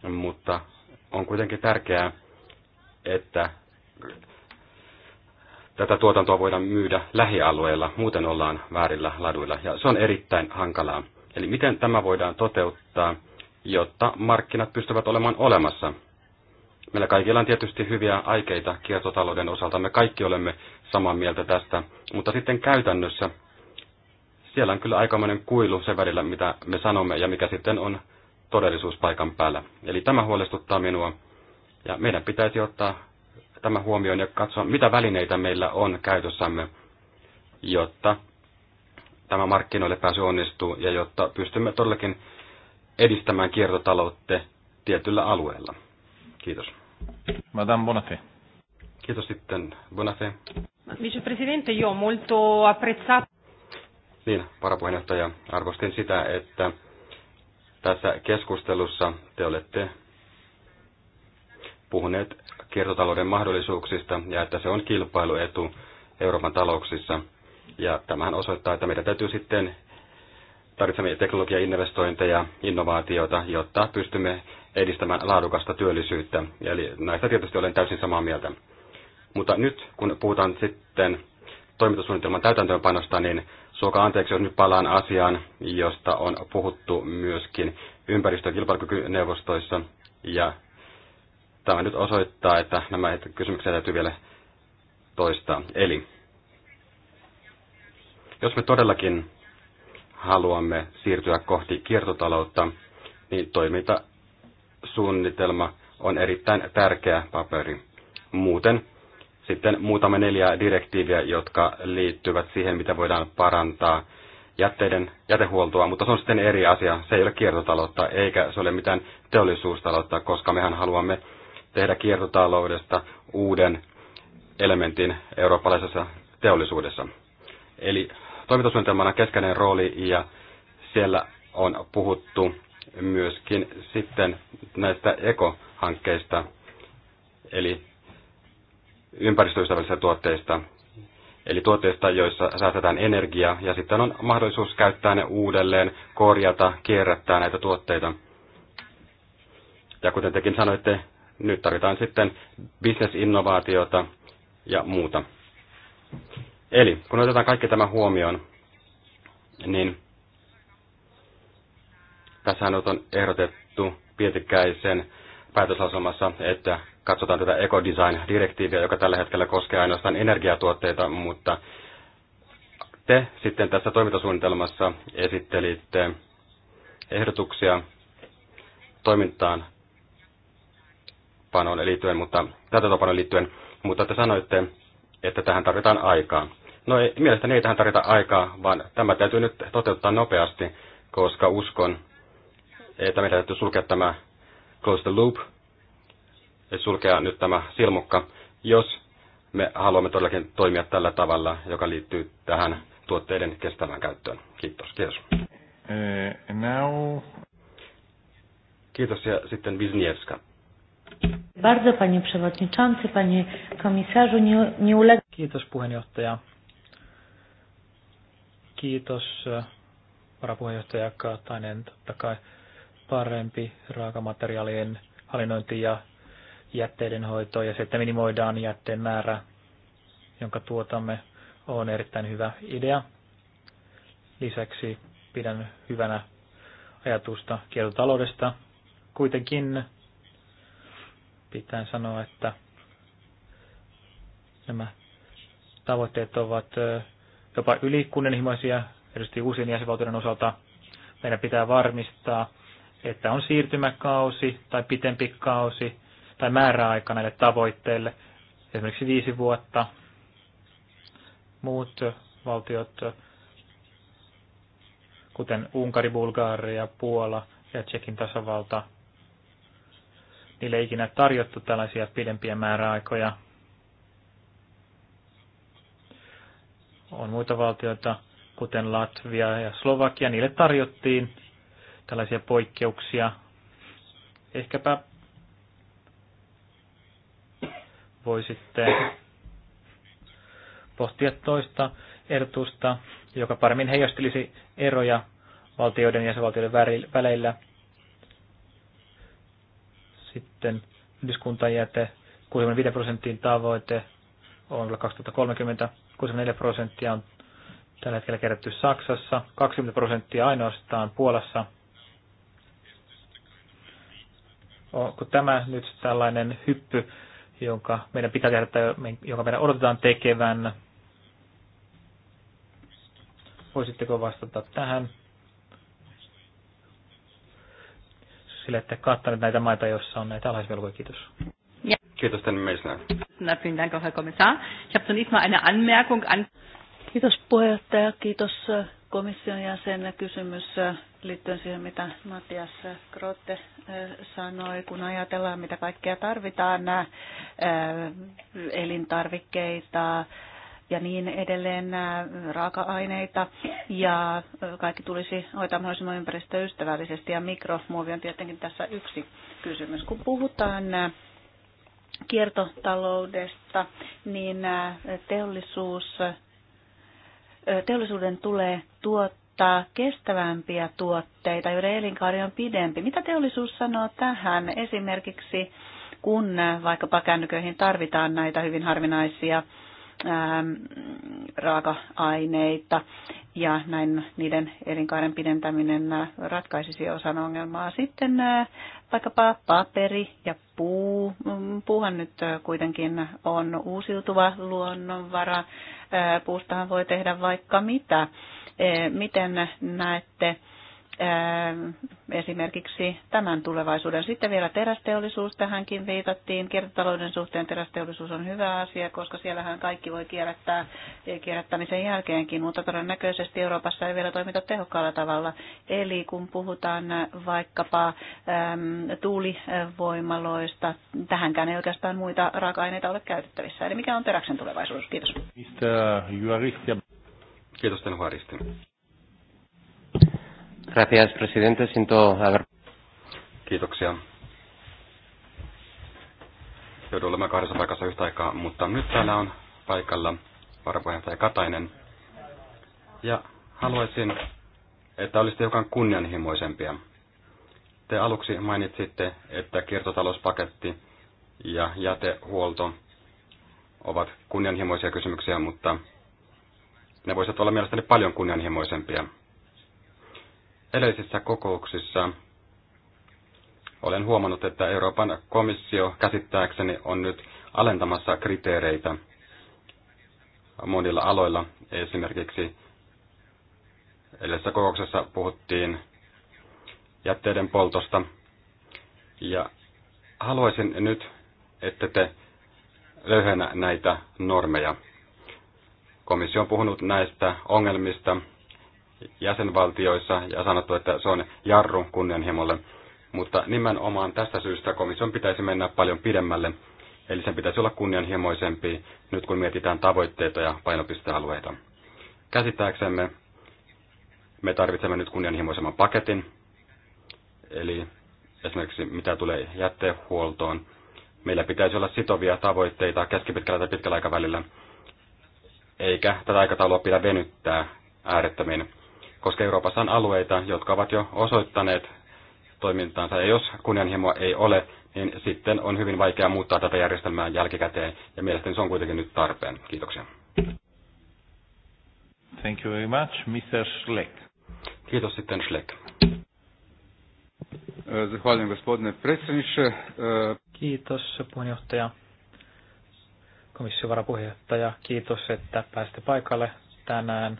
Mutta on kuitenkin tärkeää, että tätä tuotantoa voidaan myydä lähialueilla, muuten ollaan väärillä laduilla, ja se on erittäin hankalaa. Eli miten tämä voidaan toteuttaa, jotta markkinat pystyvät olemaan olemassa? Meillä kaikilla on tietysti hyviä aikeita kiertotalouden osalta, me kaikki olemme samaa mieltä tästä, mutta sitten käytännössä siellä on kyllä aikamoinen kuilu sen välillä, mitä me sanomme ja mikä sitten on todellisuus paikan päällä. Eli tämä huolestuttaa minua ja meidän pitäisi ottaa tämä huomioon ja katsoa, mitä välineitä meillä on käytössämme, jotta tämä markkinoille pääsy onnistuu ja jotta pystymme todellakin edistämään kiertotaloutta tietyllä alueella. Kiitos. Madame Bonafé. Kiitos sitten, Bonafé. Vicepresidente, io molto apprezzato. Niin, varapuheenjohtaja, arvostin sitä, että tässä keskustelussa te olette puhuneet kiertotalouden mahdollisuuksista ja että se on kilpailuetu Euroopan talouksissa – ja tämähän osoittaa, että meidän täytyy sitten tarvitsemme teknologiainvestointeja, innovaatioita, jotta pystymme edistämään laadukasta työllisyyttä. Eli näistä tietysti olen täysin samaa mieltä. Mutta nyt kun puhutaan sitten toimintasuunnitelman täytäntöönpanosta, niin suoka anteeksi, jos nyt palaan asiaan, josta on puhuttu myöskin ympäristö- ja kilpailukykyneuvostoissa. Ja tämä nyt osoittaa, että nämä kysymykset täytyy vielä toistaa. Eli jos me todellakin haluamme siirtyä kohti kiertotaloutta, niin toimintasuunnitelma on erittäin tärkeä paperi. Muuten sitten muutama neljä direktiiviä, jotka liittyvät siihen, mitä voidaan parantaa jätteiden jätehuoltoa, mutta se on sitten eri asia. Se ei ole kiertotaloutta eikä se ole mitään teollisuustaloutta, koska mehän haluamme tehdä kiertotaloudesta uuden elementin eurooppalaisessa teollisuudessa. Eli toimintasuunnitelmana keskeinen rooli ja siellä on puhuttu myöskin sitten näistä ekohankkeista, eli ympäristöystävällisistä tuotteista, eli tuotteista, joissa säästetään energiaa, ja sitten on mahdollisuus käyttää ne uudelleen, korjata, kierrättää näitä tuotteita. Ja kuten tekin sanoitte, nyt tarvitaan sitten bisnesinnovaatiota ja muuta. Eli kun otetaan kaikki tämä huomioon, niin tässä on ehdotettu pietikäisen päätöslauselmassa, että katsotaan tätä ekodesign-direktiiviä, joka tällä hetkellä koskee ainoastaan energiatuotteita, mutta te sitten tässä toimintasuunnitelmassa esittelitte ehdotuksia toimintaan panoon liittyen, mutta täytäntöpanoon liittyen, mutta te sanoitte, että tähän tarvitaan aikaa. No ei, mielestäni ei tähän tarvita aikaa, vaan tämä täytyy nyt toteuttaa nopeasti, koska uskon, että meidän täytyy sulkea tämä close the loop, eli sulkea nyt tämä silmukka, jos me haluamme todellakin toimia tällä tavalla, joka liittyy tähän tuotteiden kestävään käyttöön. Kiitos. Kiitos. Uh, now... Kiitos ja sitten Wisniewska. Bardzo panie przewodniczący, panie komisarzu, nie, nie ulega... Kiitos puheenjohtaja. Kiitos varapuheenjohtaja Kaatainen. Totta kai parempi raakamateriaalien hallinnointi ja jätteiden hoito ja se, että minimoidaan jätteen määrä, jonka tuotamme, on erittäin hyvä idea. Lisäksi pidän hyvänä ajatusta kiertotaloudesta. Kuitenkin pitää sanoa, että nämä tavoitteet ovat jopa yli kunnianhimoisia, erityisesti uusien jäsenvaltioiden osalta. Meidän pitää varmistaa, että on siirtymäkausi tai pitempi kausi tai määräaika näille tavoitteille, esimerkiksi viisi vuotta. Muut valtiot, kuten Unkari, Bulgaria, Puola ja Tsekin tasavalta, niille ei ikinä tarjottu tällaisia pidempiä määräaikoja. On muita valtioita, kuten Latvia ja Slovakia, niille tarjottiin tällaisia poikkeuksia. Ehkäpä sitten pohtia toista ehdotusta, joka paremmin heijastelisi eroja valtioiden ja jäsenvaltioiden väleillä. Sitten yhdyskuntajäte 65 prosentin tavoite on 2030 64 prosenttia on tällä hetkellä kerätty Saksassa, 20 prosenttia ainoastaan Puolassa. Onko tämä nyt tällainen hyppy, jonka meidän pitää tehdä tai jonka meidän odotetaan tekevän? Voisitteko vastata tähän? Sille, että kattanut näitä maita, joissa on näitä alhaisvelkoja. Kiitos. Geht Kiitos, Tänne Meisner. Na, vielen Dank auch, Herr Kommissar. Ich habe zunächst mal eine Anmerkung an... Kiitos puheenjohtaja, kiitos äh, komission jäsen. Kysymys äh, liittyen siihen, mitä Matias äh, Grotte sanoi, kun ajatellaan, mitä kaikkea tarvitaan, nämä elintarvikkeita ja niin edelleen, nämä raaka-aineita, ja kaikki tulisi hoitaa mahdollisimman ympäristöystävällisesti, ja mikromuovi on tietenkin tässä yksi kysymys. Kun puhutaan kiertotaloudesta, niin äh, teollisuus, äh, teollisuuden tulee tuottaa kestävämpiä tuotteita, joiden elinkaari on pidempi. Mitä teollisuus sanoo tähän? Esimerkiksi kun vaikkapa kännyköihin tarvitaan näitä hyvin harvinaisia ähm, raaka-aineita ja näin niiden elinkaaren pidentäminen ratkaisisi osan ongelmaa. Sitten äh, vaikkapa paperi ja puu. Mm, puuhan nyt äh, kuitenkin on uusiutuva luonnonvara. Äh, puustahan voi tehdä vaikka mitä. Miten näette Ähm, esimerkiksi tämän tulevaisuuden. Sitten vielä terästeollisuus, tähänkin viitattiin. Kiertotalouden suhteen terästeollisuus on hyvä asia, koska siellähän kaikki voi kierrättää eh, kierrättämisen jälkeenkin, mutta todennäköisesti Euroopassa ei vielä toimita tehokkaalla tavalla. Eli kun puhutaan vaikkapa äm, tuulivoimaloista, tähänkään ei oikeastaan muita raaka-aineita ole käytettävissä. Eli mikä on teräksen tulevaisuus? Kiitos. Mistä Kiitos, Tenhuaristi. Gracias, presidente. Siento haber... Kiitoksia. Joudun olemaan kahdessa paikassa yhtä aikaa, mutta nyt täällä on paikalla varapuheenjohtaja Katainen. Ja haluaisin, että olisitte hiukan kunnianhimoisempia. Te aluksi mainitsitte, että kiertotalouspaketti ja jätehuolto ovat kunnianhimoisia kysymyksiä, mutta ne voisivat olla mielestäni paljon kunnianhimoisempia. Edellisissä kokouksissa olen huomannut, että Euroopan komissio käsittääkseni on nyt alentamassa kriteereitä monilla aloilla. Esimerkiksi edellisessä kokouksessa puhuttiin jätteiden poltosta. Ja haluaisin nyt, että te löyhennä näitä normeja. Komissio on puhunut näistä ongelmista jäsenvaltioissa ja sanottu, että se on jarru kunnianhimolle. Mutta nimenomaan tästä syystä komission pitäisi mennä paljon pidemmälle, eli sen pitäisi olla kunnianhimoisempi nyt kun mietitään tavoitteita ja painopistealueita. Käsittääksemme me tarvitsemme nyt kunnianhimoisemman paketin, eli esimerkiksi mitä tulee jätteenhuoltoon. Meillä pitäisi olla sitovia tavoitteita keskipitkällä tai pitkällä aikavälillä, eikä tätä aikataulua pidä venyttää äärettömin koska Euroopassa on alueita, jotka ovat jo osoittaneet toimintaansa. Ja jos kunnianhimoa ei ole, niin sitten on hyvin vaikea muuttaa tätä järjestelmää jälkikäteen, ja mielestäni se on kuitenkin nyt tarpeen. Kiitoksia. Thank you very much, Mr. Schleck. Kiitos sitten Schleck. E, gospodine e, Kiitos puheenjohtaja, komission varapuheenjohtaja. Kiitos, että pääsitte paikalle tänään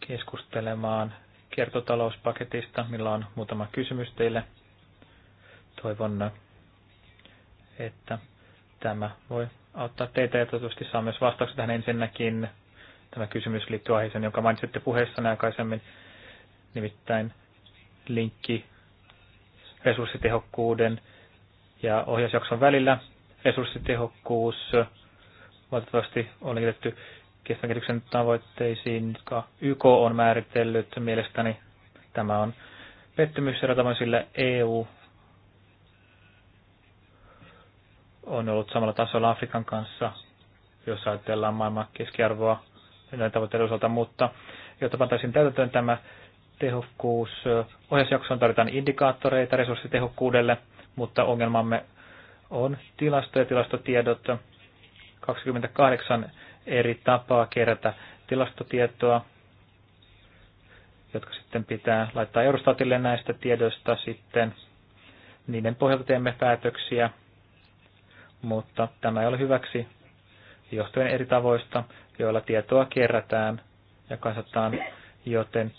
keskustelemaan kiertotalouspaketista, millä on muutama kysymys teille. Toivon, että tämä voi auttaa teitä ja toivottavasti saa myös vastauksen tähän ensinnäkin. Tämä kysymys liittyy aiheeseen, jonka mainitsitte puheessa aikaisemmin, nimittäin linkki resurssitehokkuuden ja ohjausjakson välillä. Resurssitehokkuus valitettavasti on liitetty kestävän kehityksen tavoitteisiin, jotka YK on määritellyt. Mielestäni tämä on pettymys erätavoin, sillä EU on ollut samalla tasolla Afrikan kanssa, jos ajatellaan maailman keskiarvoa näiden tavoitteiden osalta, mutta jotta pantaisiin täytäntöön tämä tehokkuus, ohjausjaksoon tarvitaan indikaattoreita resurssitehokkuudelle, mutta ongelmamme on tilasto ja tilastotiedot. 28 eri tapaa kerätä tilastotietoa, jotka sitten pitää laittaa Eurostatille näistä tiedoista sitten. Niiden pohjalta teemme päätöksiä, mutta tämä ei ole hyväksi johtuen eri tavoista, joilla tietoa kerätään ja kasataan, joten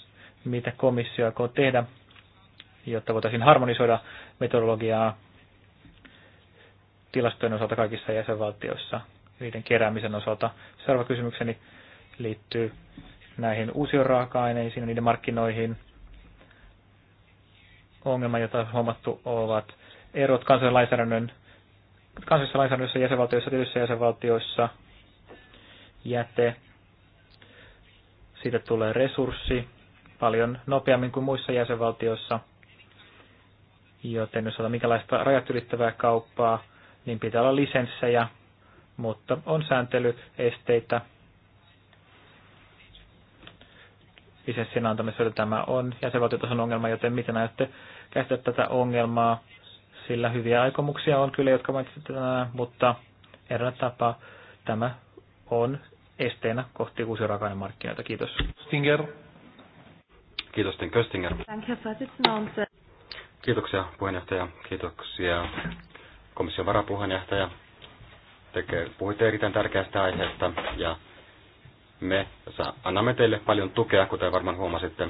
mitä komissio aikoo tehdä, jotta voitaisiin harmonisoida metodologiaa tilastojen osalta kaikissa jäsenvaltioissa niiden keräämisen osalta. Seuraava kysymykseni liittyy näihin uusiin raaka-aineisiin ja niiden markkinoihin. Ongelma, jota on huomattu, ovat erot kansallisessa lainsäädännössä jäsenvaltioissa, tietyissä jäsenvaltioissa jäte. Siitä tulee resurssi paljon nopeammin kuin muissa jäsenvaltioissa. Joten jos on minkälaista rajat ylittävää kauppaa, niin pitää olla lisenssejä mutta on sääntelyesteitä. Lisenssin antamiselle tämä on jäsenvaltiotason ongelma, joten miten aiotte käsitellä tätä ongelmaa? Sillä hyviä aikomuksia on kyllä, jotka mainitsitte tänään, mutta erään tapaa tämä on esteenä kohti uusia raaka Kiitos. Stinger. Kiitos, Sten Köstinger. Äh, kiitoksia puheenjohtaja, kiitoksia komission varapuheenjohtaja tekee, puhuitte erittäin tärkeästä aiheesta ja me annamme teille paljon tukea, kuten varmaan huomasitte.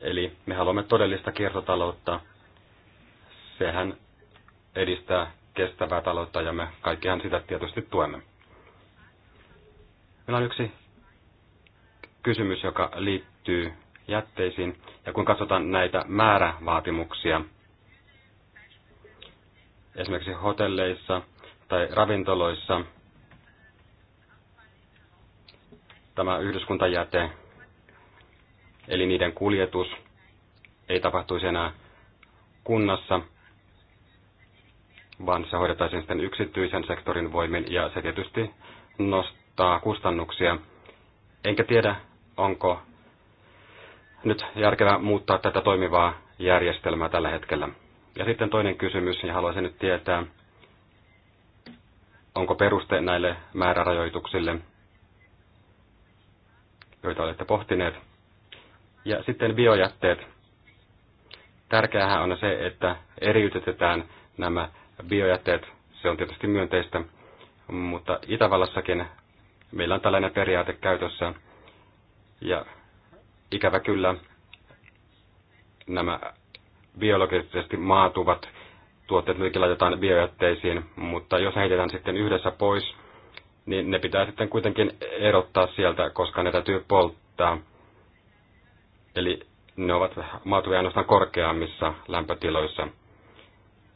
Eli me haluamme todellista kiertotaloutta. Sehän edistää kestävää taloutta ja me kaikkihan sitä tietysti tuemme. Meillä on yksi kysymys, joka liittyy jätteisiin. Ja kun katsotaan näitä määrävaatimuksia, esimerkiksi hotelleissa tai ravintoloissa tämä yhdyskuntajäte, eli niiden kuljetus, ei tapahtuisi enää kunnassa, vaan se hoidettaisiin sitten yksityisen sektorin voimin, ja se tietysti nostaa kustannuksia. Enkä tiedä, onko nyt järkevää muuttaa tätä toimivaa järjestelmää tällä hetkellä. Ja sitten toinen kysymys, ja haluaisin nyt tietää, onko peruste näille määrärajoituksille, joita olette pohtineet. Ja sitten biojätteet. Tärkeähän on se, että eriytetään nämä biojätteet. Se on tietysti myönteistä, mutta Itävallassakin meillä on tällainen periaate käytössä. Ja ikävä kyllä nämä biologisesti maatuvat tuotteet nytkin laitetaan biojätteisiin, mutta jos ne heitetään sitten yhdessä pois, niin ne pitää sitten kuitenkin erottaa sieltä, koska ne täytyy polttaa. Eli ne ovat maatuvia ainoastaan korkeammissa lämpötiloissa.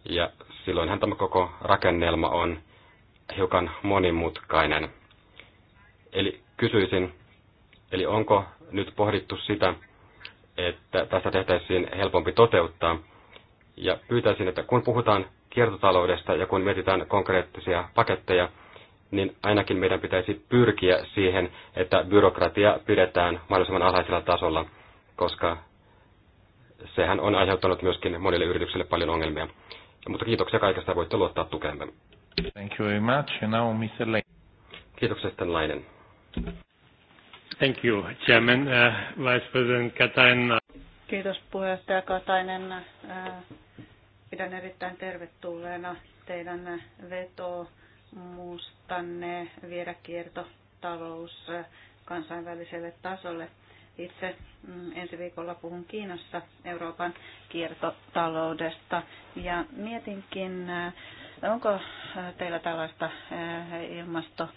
Ja silloinhan tämä koko rakennelma on hiukan monimutkainen. Eli kysyisin, eli onko nyt pohdittu sitä, että tästä tehtäisiin helpompi toteuttaa. Ja pyytäisin, että kun puhutaan kiertotaloudesta ja kun mietitään konkreettisia paketteja, niin ainakin meidän pitäisi pyrkiä siihen, että byrokratia pidetään mahdollisimman alhaisella tasolla, koska sehän on aiheuttanut myöskin monille yrityksille paljon ongelmia. Mutta kiitoksia kaikesta, voitte luottaa tukemme. Thank you very much. And now Mr. Lane. Kiitoksia sitten Lainen. Thank you, Chairman. Uh, Vice President Katainen. Uh, Kiitos puheenjohtaja Katainen. Uh, pidän erittäin tervetulleena teidän vetoomuustanne viedä kiertotalous kansainväliselle tasolle. Itse mm, ensi viikolla puhun Kiinassa Euroopan kiertotaloudesta ja mietinkin, onko teillä tällaista ilmasto-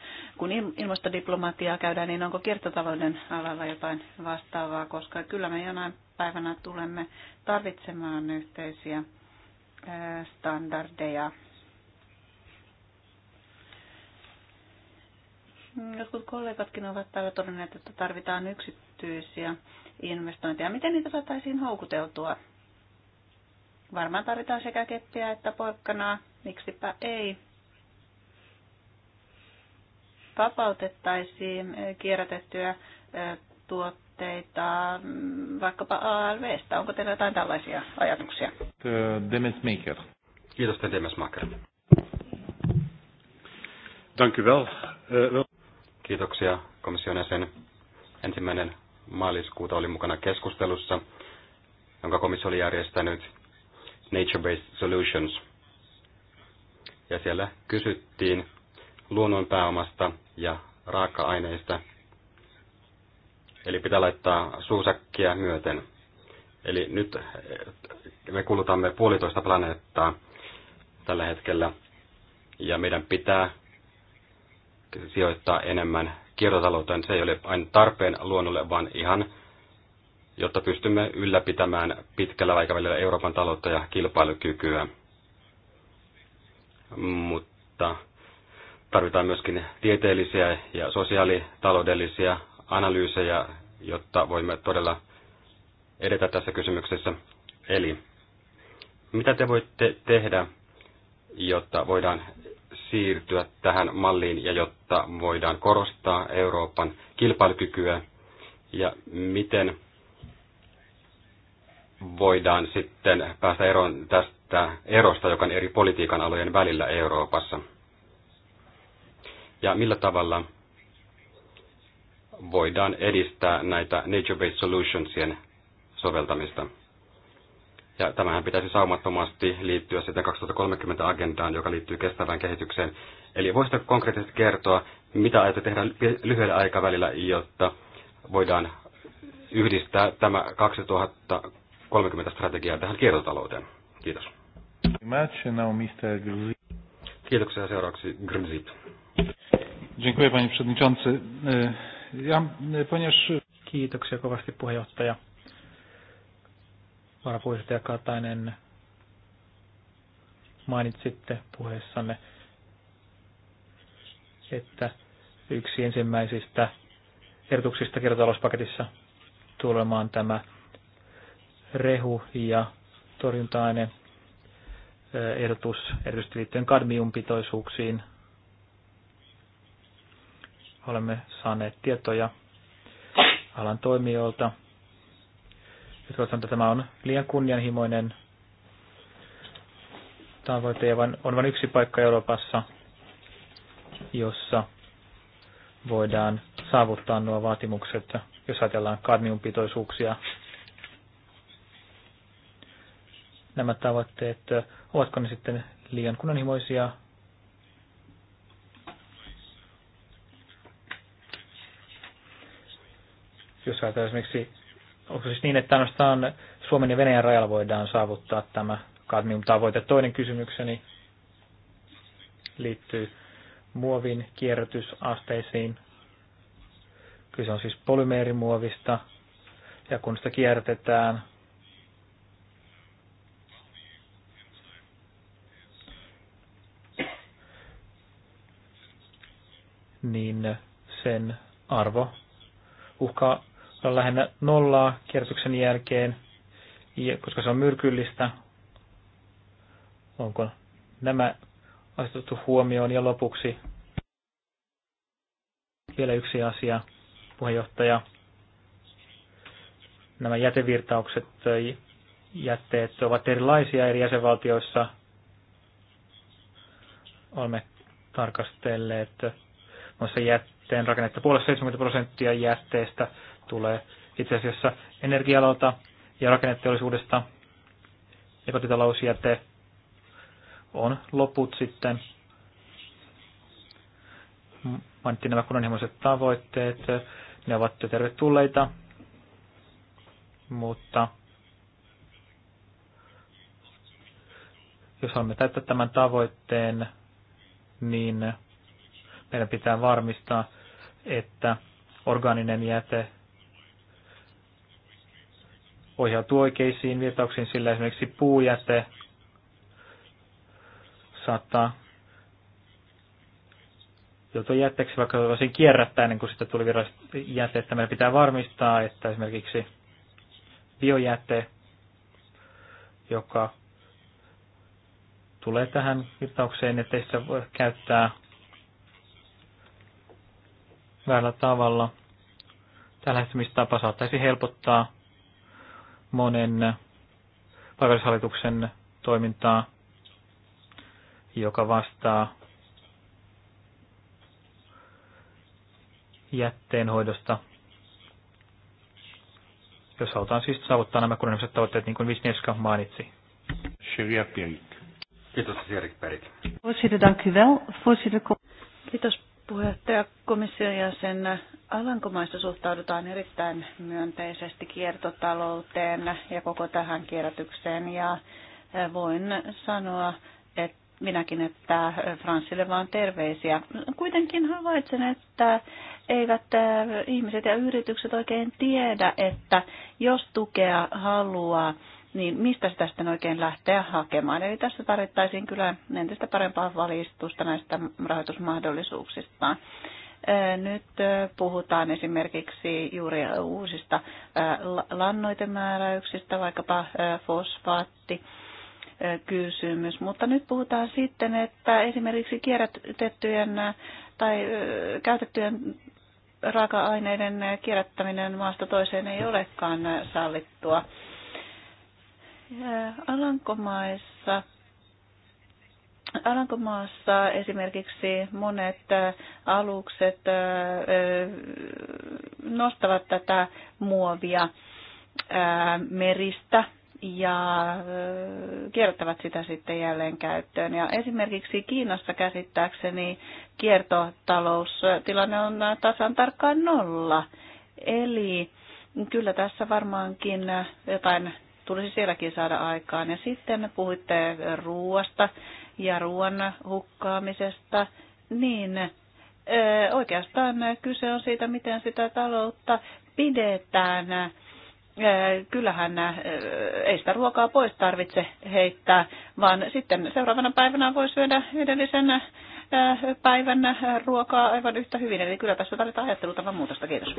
kun ilmastodiplomatiaa käydään, niin onko kiertotalouden alalla jotain vastaavaa, koska kyllä me jonain päivänä tulemme tarvitsemaan yhteisiä standardeja. Jotkut kollegatkin ovat täällä todenneet, että tarvitaan yksityisiä investointeja. Miten niitä saataisiin houkuteltua? Varmaan tarvitaan sekä keppiä että porkkanaa, miksipä ei vapautettaisiin kierrätettyä tuotteita mm, vaikkapa ALVstä. Onko teillä jotain tällaisia ajatuksia? maker. Kiitos, Demensmaker. maker. wel. Kiitoksia komission jäsen. Ensimmäinen maaliskuuta oli mukana keskustelussa, jonka komissio oli järjestänyt Nature Based Solutions. Ja siellä kysyttiin, luonnonpääomasta ja raaka-aineista. Eli pitää laittaa suusäkkiä myöten. Eli nyt eh, me kulutamme puolitoista planeettaa tällä hetkellä ja meidän pitää sijoittaa enemmän kiertotalouteen. Se ei ole aina tarpeen luonnolle, vaan ihan jotta pystymme ylläpitämään pitkällä aikavälillä Euroopan taloutta ja kilpailukykyä. Mutta tarvitaan myöskin tieteellisiä ja sosiaalitaloudellisia analyysejä, jotta voimme todella edetä tässä kysymyksessä. Eli mitä te voitte tehdä, jotta voidaan siirtyä tähän malliin ja jotta voidaan korostaa Euroopan kilpailukykyä ja miten voidaan sitten päästä eroon tästä erosta, joka on eri politiikan alojen välillä Euroopassa ja millä tavalla voidaan edistää näitä nature-based solutionsien soveltamista. Ja tämähän pitäisi saumattomasti liittyä sitten 2030 agendaan, joka liittyy kestävään kehitykseen. Eli voisitko konkreettisesti kertoa, mitä aiotte tehdä lyhyellä aikavälillä, jotta voidaan yhdistää tämä 2030 strategia tähän kiertotalouteen? Kiitos. Kiitoksia seuraavaksi Grzib. Dziękuję panie przewodniczący. E, ja, e, ponieważ... Kiitoksia kovasti puheenjohtaja. Varapuheenjohtaja Katainen, mainitsitte puheessanne, että yksi ensimmäisistä ehdotuksista kertotalouspaketissa tulemaan tämä rehu- ja torjunta-aine e, ehdotus erityisesti liittyen kadmiumpitoisuuksiin Olemme saaneet tietoja alan toimijoilta, jotka sanovat, että tämä on liian kunnianhimoinen tavoite ja on vain yksi paikka Euroopassa, jossa voidaan saavuttaa nuo vaatimukset, jos ajatellaan kadmiumpitoisuuksia. Nämä tavoitteet, ovatko ne sitten liian kunnianhimoisia Jos ajatellaan esimerkiksi, onko siis niin, että ainoastaan Suomen ja Venäjän rajalla voidaan saavuttaa tämä kadmium-tavoite. Toinen kysymykseni liittyy muovin kierrätysasteisiin. Kyse on siis polymeerimuovista, ja kun sitä kierrätetään, niin sen arvo uhkaa se on lähinnä nollaa kierrätyksen jälkeen, koska se on myrkyllistä. Onko nämä asetettu huomioon? Ja lopuksi vielä yksi asia, puheenjohtaja. Nämä jätevirtaukset, jätteet ovat erilaisia eri jäsenvaltioissa. Olemme tarkastelleet muissa jätteen rakennetta puolessa 70 prosenttia jätteestä tulee itse asiassa energialalta ja rakenneteollisuudesta. Ja kotitalousjäte on loput sitten. Mainittiin nämä kunnianhimoiset tavoitteet. Ne ovat tervetulleita, mutta jos haluamme täyttää tämän tavoitteen, niin meidän pitää varmistaa, että orgaaninen jäte ohjautuu oikeisiin virtauksiin, sillä esimerkiksi puujäte saattaa joutua jätteeksi, vaikka voisin kierrättää ennen kuin sitä tuli virallista että Meidän pitää varmistaa, että esimerkiksi biojäte, joka tulee tähän virtaukseen, että sitä voi käyttää väärällä tavalla. Tämä lähestymistapa saattaisi helpottaa monen paikallishallituksen toimintaa, joka vastaa jätteenhoidosta. Jos halutaan siis saavuttaa nämä kunnianhimoiset tavoitteet, niin kuin Visnieska mainitsi. Kiitos, Erik Perik. Voorzitter, Kiitos Puheenjohtaja komission jäsen Alankomaissa suhtaudutaan erittäin myönteisesti kiertotalouteen ja koko tähän kierrätykseen ja eh, voin sanoa, että minäkin, että eh, Franssille vaan terveisiä. Kuitenkin havaitsen, että eivät eh, ihmiset ja yritykset oikein tiedä, että jos tukea haluaa, niin mistä sitä sitten oikein lähteä hakemaan. Eli tässä tarvittaisiin kyllä entistä parempaa valistusta näistä rahoitusmahdollisuuksista. Nyt puhutaan esimerkiksi juuri uusista lannoitemääräyksistä, vaikkapa fosfaatti kysymys, mutta nyt puhutaan sitten, että esimerkiksi kierrätettyjen tai käytettyjen raaka-aineiden kierrättäminen maasta toiseen ei olekaan sallittua Äh, Alankomaissa Alankomaassa esimerkiksi monet äh, alukset äh, nostavat tätä muovia meristä ja kierrättävät sitä sitten jälleen käyttöön. Ja esimerkiksi Kiinassa käsittääkseni kiertotaloustilanne on tasan tarkkaan nolla. Eli kyllä tässä varmaankin jotain tulisi sielläkin saada aikaan. Ja sitten puhuitte ruoasta ja ruoan hukkaamisesta, niin oikeastaan kyse on siitä, miten sitä taloutta pidetään. Kyllähän ei sitä ruokaa pois tarvitse heittää, vaan sitten seuraavana päivänä voi syödä edellisen päivän ruokaa aivan yhtä hyvin. Eli kyllä tässä tarvitaan ajattelutavan muutosta. Kiitos.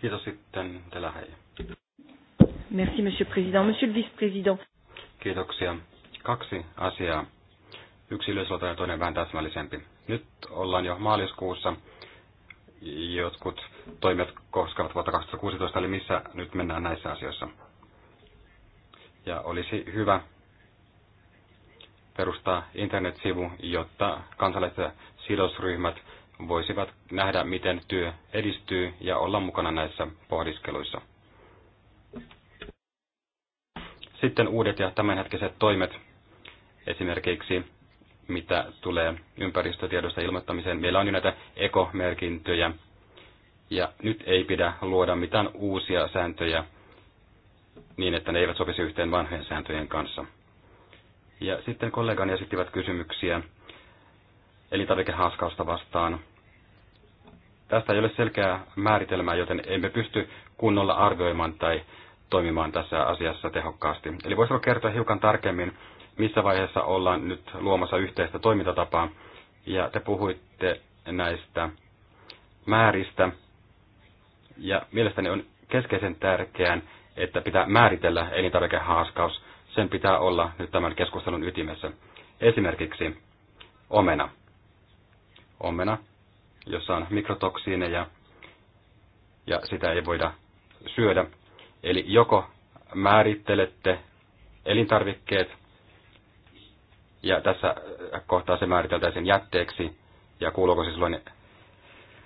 Kiitos sitten. Teillä Merci, monsieur président. Monsieur le vice-président. Kiitoksia. Kaksi asiaa. Yksi yleisluontoinen ja toinen vähän täsmällisempi. Nyt ollaan jo maaliskuussa. Jotkut toimet koskevat vuotta 2016, eli missä nyt mennään näissä asioissa. Ja olisi hyvä perustaa internetsivu, jotta kansalaiset ja sidosryhmät voisivat nähdä, miten työ edistyy ja olla mukana näissä pohdiskeluissa. Sitten uudet ja tämänhetkiset toimet, esimerkiksi mitä tulee ympäristötiedosta ilmoittamiseen. Meillä on jo näitä ekomerkintöjä, ja nyt ei pidä luoda mitään uusia sääntöjä niin, että ne eivät sopisi yhteen vanhojen sääntöjen kanssa. Ja sitten kollegani esittivät kysymyksiä elintarvikehaaskausta vastaan. Tästä ei ole selkeää määritelmää, joten emme pysty kunnolla arvioimaan tai toimimaan tässä asiassa tehokkaasti. Eli voisiko kertoa hiukan tarkemmin, missä vaiheessa ollaan nyt luomassa yhteistä toimintatapaa, ja te puhuitte näistä määristä, ja mielestäni on keskeisen tärkeää, että pitää määritellä elintarvikehaaskaus. Sen pitää olla nyt tämän keskustelun ytimessä. Esimerkiksi omena. Omena, jossa on mikrotoksiineja ja sitä ei voida syödä. Eli joko määrittelette elintarvikkeet, ja tässä kohtaa se määriteltäisiin jätteeksi, ja kuuluuko se silloin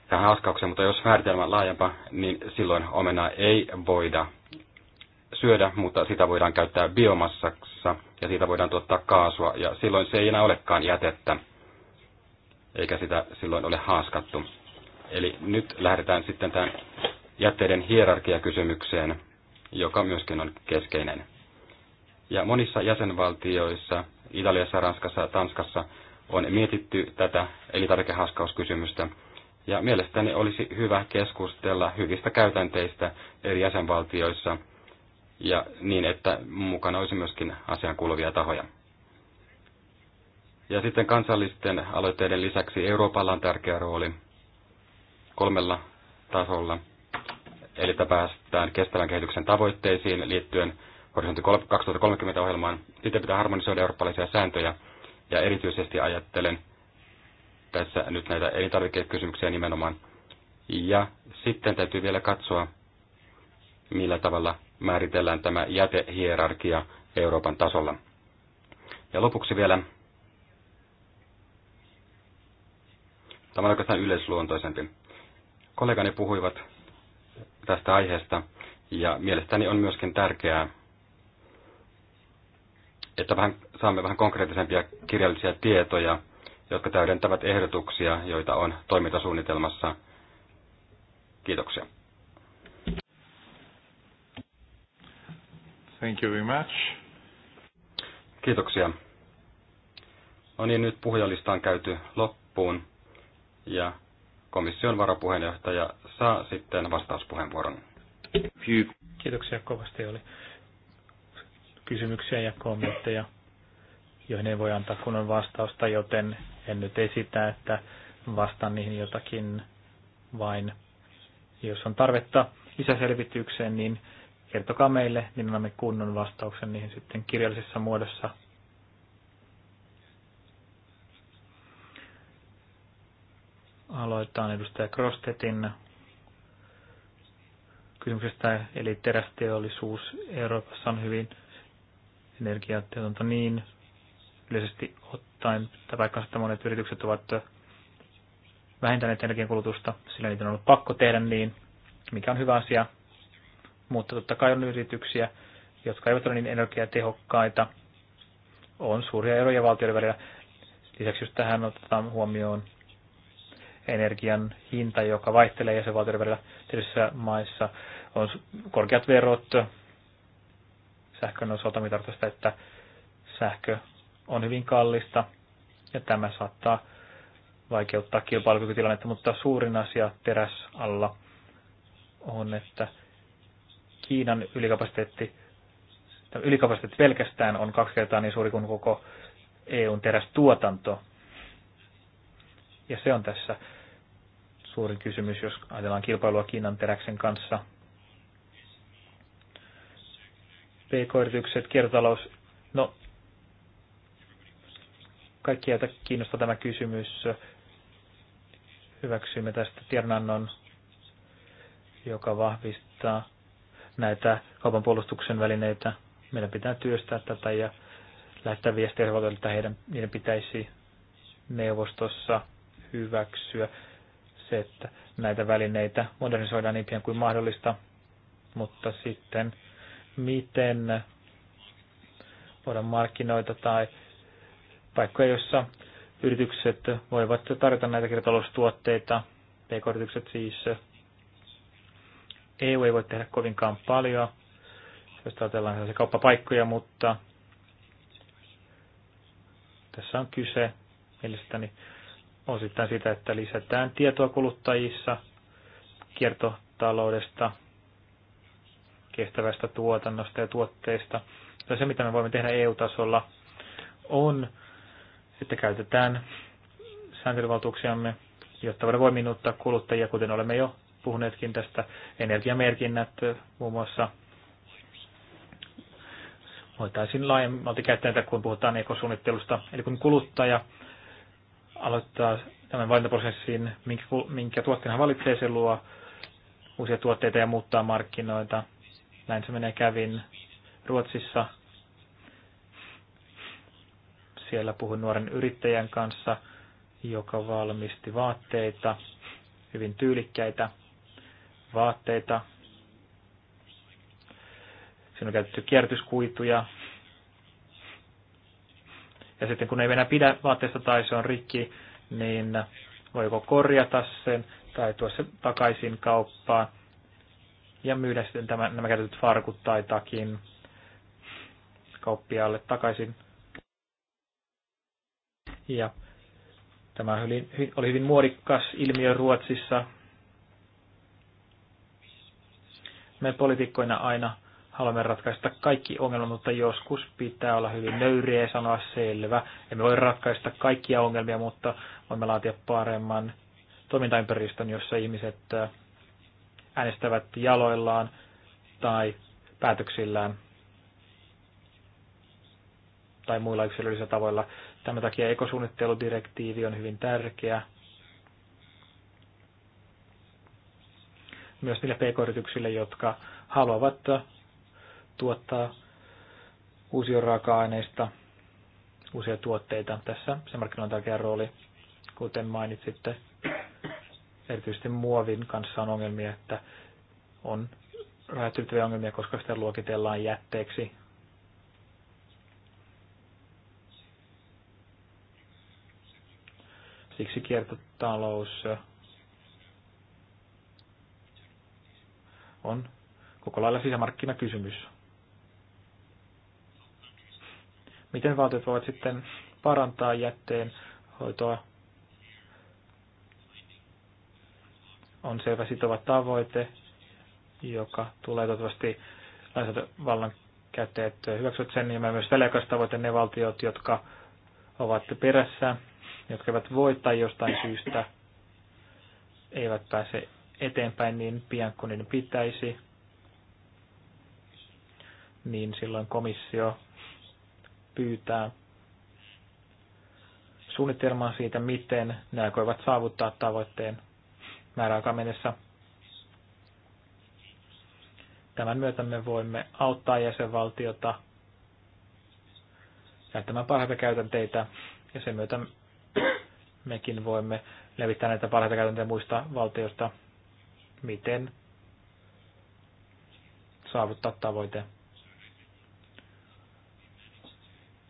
tähän askaukseen, mutta jos määritelmä on laajempa, niin silloin omenaa ei voida syödä, mutta sitä voidaan käyttää biomassassa ja siitä voidaan tuottaa kaasua ja silloin se ei enää olekaan jätettä eikä sitä silloin ole haaskattu. Eli nyt lähdetään sitten tämän jätteiden hierarkiakysymykseen joka myöskin on keskeinen. Ja monissa jäsenvaltioissa, Italiassa, Ranskassa ja Tanskassa, on mietitty tätä elintarvikehaskauskysymystä. Ja mielestäni olisi hyvä keskustella hyvistä käytänteistä eri jäsenvaltioissa ja niin, että mukana olisi myöskin asian kuuluvia tahoja. Ja sitten kansallisten aloitteiden lisäksi Euroopalla on tärkeä rooli kolmella tasolla – eli että päästään kestävän kehityksen tavoitteisiin liittyen Horisontti 2030-ohjelmaan. Sitten pitää harmonisoida eurooppalaisia sääntöjä, ja erityisesti ajattelen tässä nyt näitä elintarvikekysymyksiä nimenomaan. Ja sitten täytyy vielä katsoa, millä tavalla määritellään tämä jätehierarkia Euroopan tasolla. Ja lopuksi vielä, tämä on oikeastaan yleisluontoisempi. Kollegani puhuivat tästä aiheesta. Ja mielestäni on myöskin tärkeää, että vähän, saamme vähän konkreettisempia kirjallisia tietoja, jotka täydentävät ehdotuksia, joita on toimintasuunnitelmassa. Kiitoksia. Thank you very much. Kiitoksia. No niin, nyt puhujalista on käyty loppuun. Ja komission varapuheenjohtaja saa sitten vastauspuheenvuoron. Kiitoksia kovasti. Oli kysymyksiä ja kommentteja, joihin ei voi antaa kunnon vastausta, joten en nyt esitä, että vastaan niihin jotakin vain. Jos on tarvetta lisäselvitykseen, niin kertokaa meille, niin annamme kunnon vastauksen niihin sitten kirjallisessa muodossa. Aloitetaan edustaja Krostetin kysymyksestä, eli terästeollisuus Euroopassa on hyvin energiatietonta niin yleisesti ottaen, että vaikka monet yritykset ovat vähentäneet energiankulutusta, sillä niitä on ollut pakko tehdä niin, mikä on hyvä asia. Mutta totta kai on yrityksiä, jotka eivät ole niin energiatehokkaita. On suuria eroja valtioiden välillä. Lisäksi jos tähän otetaan huomioon energian hinta, joka vaihtelee jäsenvaltioiden välillä tietyissä maissa, on korkeat verot sähkön osalta, mitä tarkoittaa sitä, että sähkö on hyvin kallista ja tämä saattaa vaikeuttaa kilpailukykytilannetta, mutta suurin asia teräsalla on, että Kiinan ylikapasiteetti, ylikapasiteetti pelkästään on kaksi kertaa niin suuri kuin koko EUn terästuotanto. Ja se on tässä suuri kysymys, jos ajatellaan kilpailua Kiinan teräksen kanssa. PK-yritykset, kiertotalous, no kaikki jätä kiinnostaa tämä kysymys. Hyväksymme tästä tiedonannon, joka vahvistaa näitä kaupan puolustuksen välineitä. Meidän pitää työstää tätä ja lähettää viestiä, että heidän, heidän pitäisi neuvostossa hyväksyä se, että näitä välineitä modernisoidaan niin pian kuin mahdollista, mutta sitten miten voidaan markkinoita tai paikkoja, joissa yritykset voivat tarjota näitä kiertotaloustuotteita, pk-yritykset siis. EU ei voi tehdä kovinkaan paljon, jos ajatellaan sellaisia kauppapaikkoja, mutta tässä on kyse mielestäni osittain sitä, että lisätään tietoa kuluttajissa kiertotaloudesta, kestävästä tuotannosta ja tuotteista. Ja se, mitä me voimme tehdä EU-tasolla, on, että käytetään sääntelyvaltuuksiamme, jotta voidaan voiminnuttaa kuluttajia, kuten olemme jo puhuneetkin tästä energiamerkinnät muun muassa. Voitaisiin laajemmalti käyttää kun puhutaan ekosuunnittelusta. Eli kun kuluttaja aloittaa tämän valintaprosessin, minkä, minkä tuotteen hän valitsee, se luo uusia tuotteita ja muuttaa markkinoita. Näin se menee kävin Ruotsissa. Siellä puhuin nuoren yrittäjän kanssa, joka valmisti vaatteita, hyvin tyylikkäitä vaatteita. Siinä on käytetty kierrätyskuituja, ja sitten kun ei enää pidä vaatteesta tai se on rikki, niin voiko korjata sen tai tuoda se takaisin kauppaan ja myydä sitten tämä, nämä käytetyt farkut tai takin kauppiaalle takaisin. Ja tämä oli, oli hyvin muodikkas ilmiö Ruotsissa. Me poliitikkoina aina haluamme ratkaista kaikki ongelmat, mutta joskus pitää olla hyvin nöyriä ja sanoa selvä. Emme voi ratkaista kaikkia ongelmia, mutta voimme laatia paremman toimintaympäristön, jossa ihmiset äh, äänestävät jaloillaan tai päätöksillään tai muilla yksilöllisillä tavoilla. Tämän takia ekosuunnitteludirektiivi on hyvin tärkeä. Myös niille pk-yrityksille, jotka haluavat tuottaa uusia raaka-aineista uusia tuotteita. Tässä se markkinoilla on tärkeä rooli, kuten mainitsitte. Erityisesti muovin kanssa on ongelmia, että on rajat ongelmia, koska sitä luokitellaan jätteeksi siksi kiertotalous on koko lailla sisämarkkinakysymys. miten valtiot voivat sitten parantaa jätteen hoitoa. On selvä sitova tavoite, joka tulee toivottavasti lainsäädäntövallan käteet hyväksyvät sen, ja myös väliaikaistavoite ne valtiot, jotka ovat perässä, jotka eivät voi tai jostain syystä eivät pääse eteenpäin niin pian kuin niiden pitäisi, niin silloin komissio pyytää suunnitelmaa siitä, miten ne aikoivat saavuttaa tavoitteen määräaikaan mennessä. Tämän myötä me voimme auttaa jäsenvaltiota käyttämään parhaita käytänteitä ja sen myötä mekin voimme levittää näitä parhaita käytäntöjä muista valtioista, miten saavuttaa tavoite.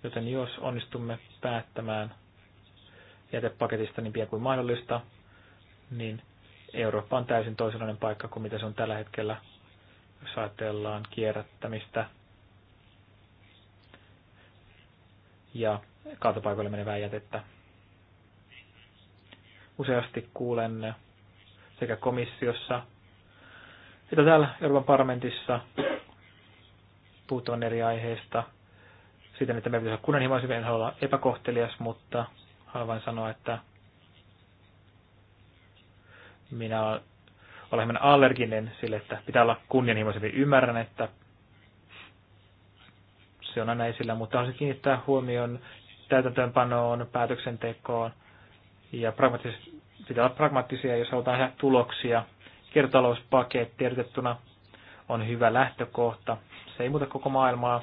Joten jos onnistumme päättämään jätepaketista niin pian kuin mahdollista, niin Eurooppa on täysin toisenlainen paikka kuin mitä se on tällä hetkellä, jos ajatellaan kierrättämistä ja kaatopaikoille menevää jätettä. Useasti kuulen sekä komissiossa että täällä Euroopan parlamentissa puhuttavan eri aiheista – siten, että meidän pitäisi olla kunnianhimoisia, en halua olla epäkohtelias, mutta haluan vain sanoa, että minä olen hieman allerginen sille, että pitää olla kunnianhimoisempi. Ymmärrän, että se on aina esillä, mutta haluaisin kiinnittää huomioon täytäntöönpanoon, päätöksentekoon ja pitää olla pragmaattisia, jos halutaan tehdä tuloksia. Kiertotalouspaketti tiedotettuna on hyvä lähtökohta. Se ei muuta koko maailmaa,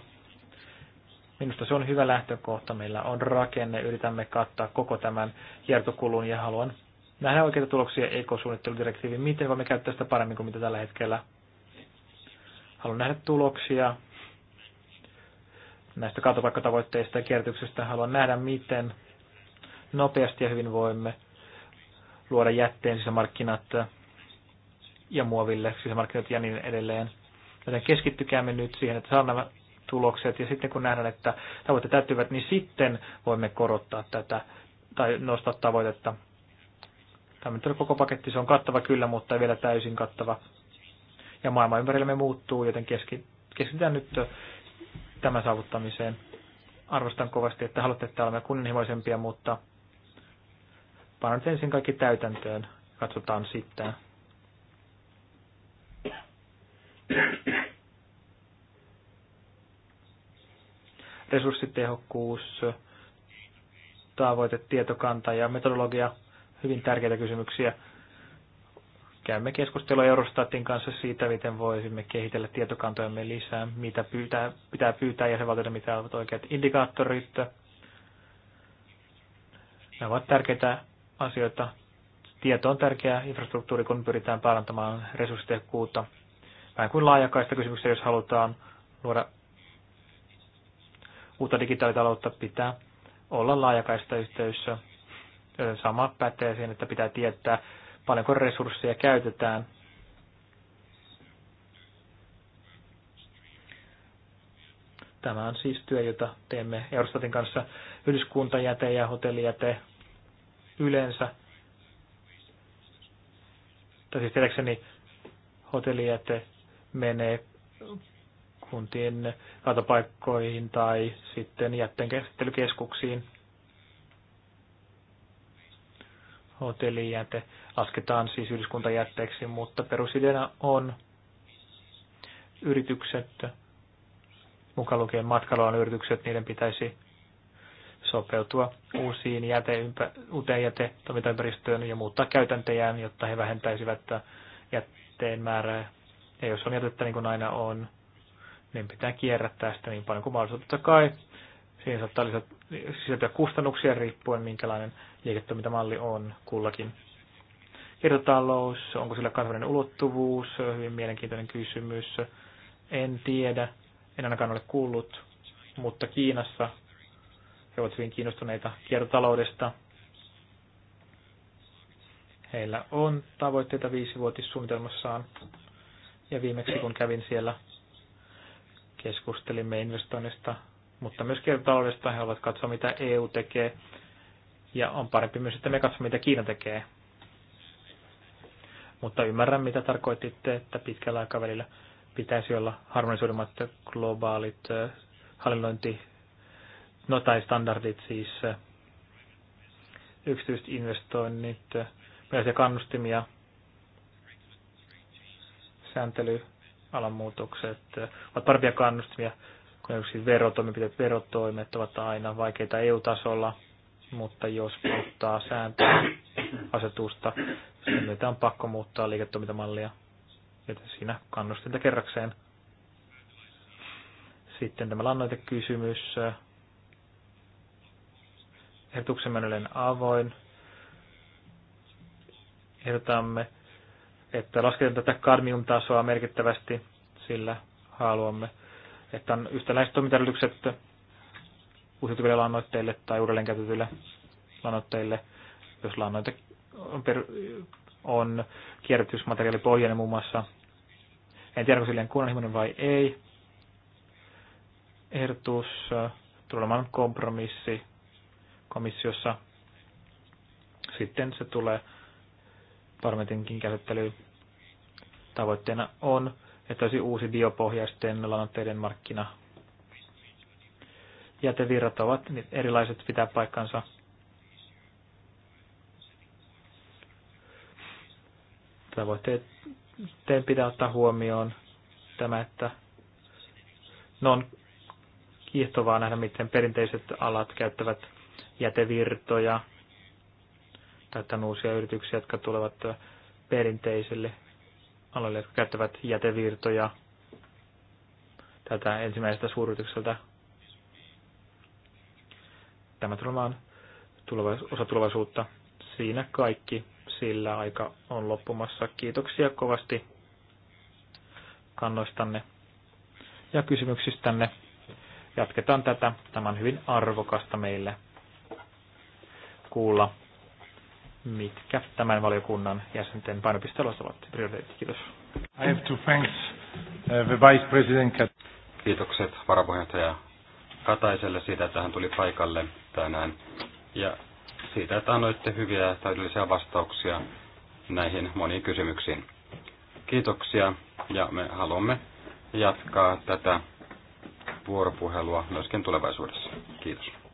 Minusta se on hyvä lähtökohta. Meillä on rakenne, yritämme kattaa koko tämän kiertokulun ja haluan nähdä oikeita tuloksia ekosuunnitteludirektiiviin. Miten voimme käyttää sitä paremmin kuin mitä tällä hetkellä? Haluan nähdä tuloksia näistä kaatopaikkatavoitteista ja kierrätyksestä. Haluan nähdä, miten nopeasti ja hyvin voimme luoda jätteen sisämarkkinat ja muoville sisämarkkinat ja niin edelleen. Joten keskittykäämme nyt siihen, että saamme tulokset. Ja sitten kun nähdään, että tavoitteet täyttyvät, niin sitten voimme korottaa tätä tai nostaa tavoitetta. Tämä on koko paketti, se on kattava kyllä, mutta ei vielä täysin kattava. Ja maailma ympärillämme muuttuu, joten keskitytään nyt tämän saavuttamiseen. Arvostan kovasti, että haluatte, että olemme kunnianhimoisempia, mutta panon ensin kaikki täytäntöön. Katsotaan sitten. resurssitehokkuus, tavoite, tietokanta ja metodologia, hyvin tärkeitä kysymyksiä. Käymme keskustelua Eurostatin kanssa siitä, miten voisimme kehitellä tietokantojamme lisää, mitä pyytää, pitää pyytää jäsenvaltioita, mitä ovat oikeat indikaattorit. Nämä ovat tärkeitä asioita. Tieto on tärkeä infrastruktuuri, kun pyritään parantamaan resurssitehokkuutta. Vähän kuin laajakaista kysymyksiä, jos halutaan luoda uutta digitaalitaloutta pitää olla laajakaista yhteys. Sama pätee siihen, että pitää tietää, paljonko resursseja käytetään. Tämä on siis työ, jota teemme Eurostatin kanssa. Yhdyskuntajäte ja hotellijäte yleensä. Tai siis tiedäkseni hotellijäte menee kuntien kaatopaikkoihin tai sitten jätteenkäsittelykeskuksiin. käsittelykeskuksiin. Hotellijäte lasketaan siis yhdyskuntajätteeksi, mutta perusideana on yritykset, mukaan lukien matkailualan yritykset, niiden pitäisi sopeutua uusiin jäte, uuteen jätetoimintaympäristöön ja muuttaa käytäntöjään, jotta he vähentäisivät jätteen määrää. Ja jos on jätettä niin kuin aina on, niin pitää kierrättää sitä niin paljon kuin mahdollista. Totta kai siihen saattaa lisätä, sisältyä kustannuksia riippuen, minkälainen liiketoimintamalli on kullakin. Kiertotalous, onko sillä kansainvälinen ulottuvuus, hyvin mielenkiintoinen kysymys. En tiedä, en ainakaan ole kuullut, mutta Kiinassa he ovat hyvin kiinnostuneita kiertotaloudesta. Heillä on tavoitteita viisivuotissuunnitelmassaan. Ja viimeksi kun kävin siellä Keskustelimme investoinnista, mutta myös kiertotaloudesta. He ovat katsoa, mitä EU tekee. Ja on parempi myös, että me katsomme, mitä Kiina tekee. Mutta ymmärrän, mitä tarkoititte, että pitkällä aikavälillä pitäisi olla harmonisoidumat globaalit hallinnointi, no tai standardit siis, yksityiset investoinnit, myös kannustimia, sääntely alan muutokset eh, ovat parempia kannustimia kuin esimerkiksi verotoimenpiteet. Verotoimet ovat aina vaikeita EU-tasolla, mutta jos muuttaa sääntöä, asetusta, sen myötä on pakko muuttaa liiketoimintamallia, joten siinä kannustinta kerrakseen. Sitten tämä lannoitekysymys. Ehdotuksen avoin. Ehdotamme että lasketaan tätä kadmiumtasoa merkittävästi, sillä haluamme, että on yhtäläiset toimintaedellytykset uusiutuville lannoitteille tai uudelleenkäytetyille lannoitteille, jos lannoite on, per, on kierrätysmateriaalipohjainen muun muassa. En tiedä, onko silleen kunnanhimoinen vai ei. Ehdotus tulemaan kompromissi komissiossa. Sitten se tulee parlamentinkin käsittelyyn Tavoitteena on, että olisi uusi biopohjaisten lannoitteiden markkina. Jätevirrat ovat niin erilaiset pitää paikkansa. Tavoitteiden pitää ottaa huomioon tämä, että ne on kiehtovaa nähdä, miten perinteiset alat käyttävät jätevirtoja. Tätä uusia yrityksiä, jotka tulevat perinteiselle aloille, jotka käyttävät jätevirtoja tätä ensimmäiseltä suuritykseltä. Tämä tulee tulevais- osa tulevaisuutta. Siinä kaikki, sillä aika on loppumassa. Kiitoksia kovasti kannoistanne ja kysymyksistänne. Jatketaan tätä. Tämä on hyvin arvokasta meille kuulla mitkä tämän valiokunnan jäsenten painopistealueet ovat prioriteetti. Kiitos. I have to thanks uh, the Vice President Kiitokset varapuheenjohtaja Kataiselle siitä, että hän tuli paikalle tänään ja siitä, että annoitte hyviä ja täydellisiä vastauksia näihin moniin kysymyksiin. Kiitoksia ja me haluamme jatkaa tätä vuoropuhelua myöskin tulevaisuudessa. Kiitos.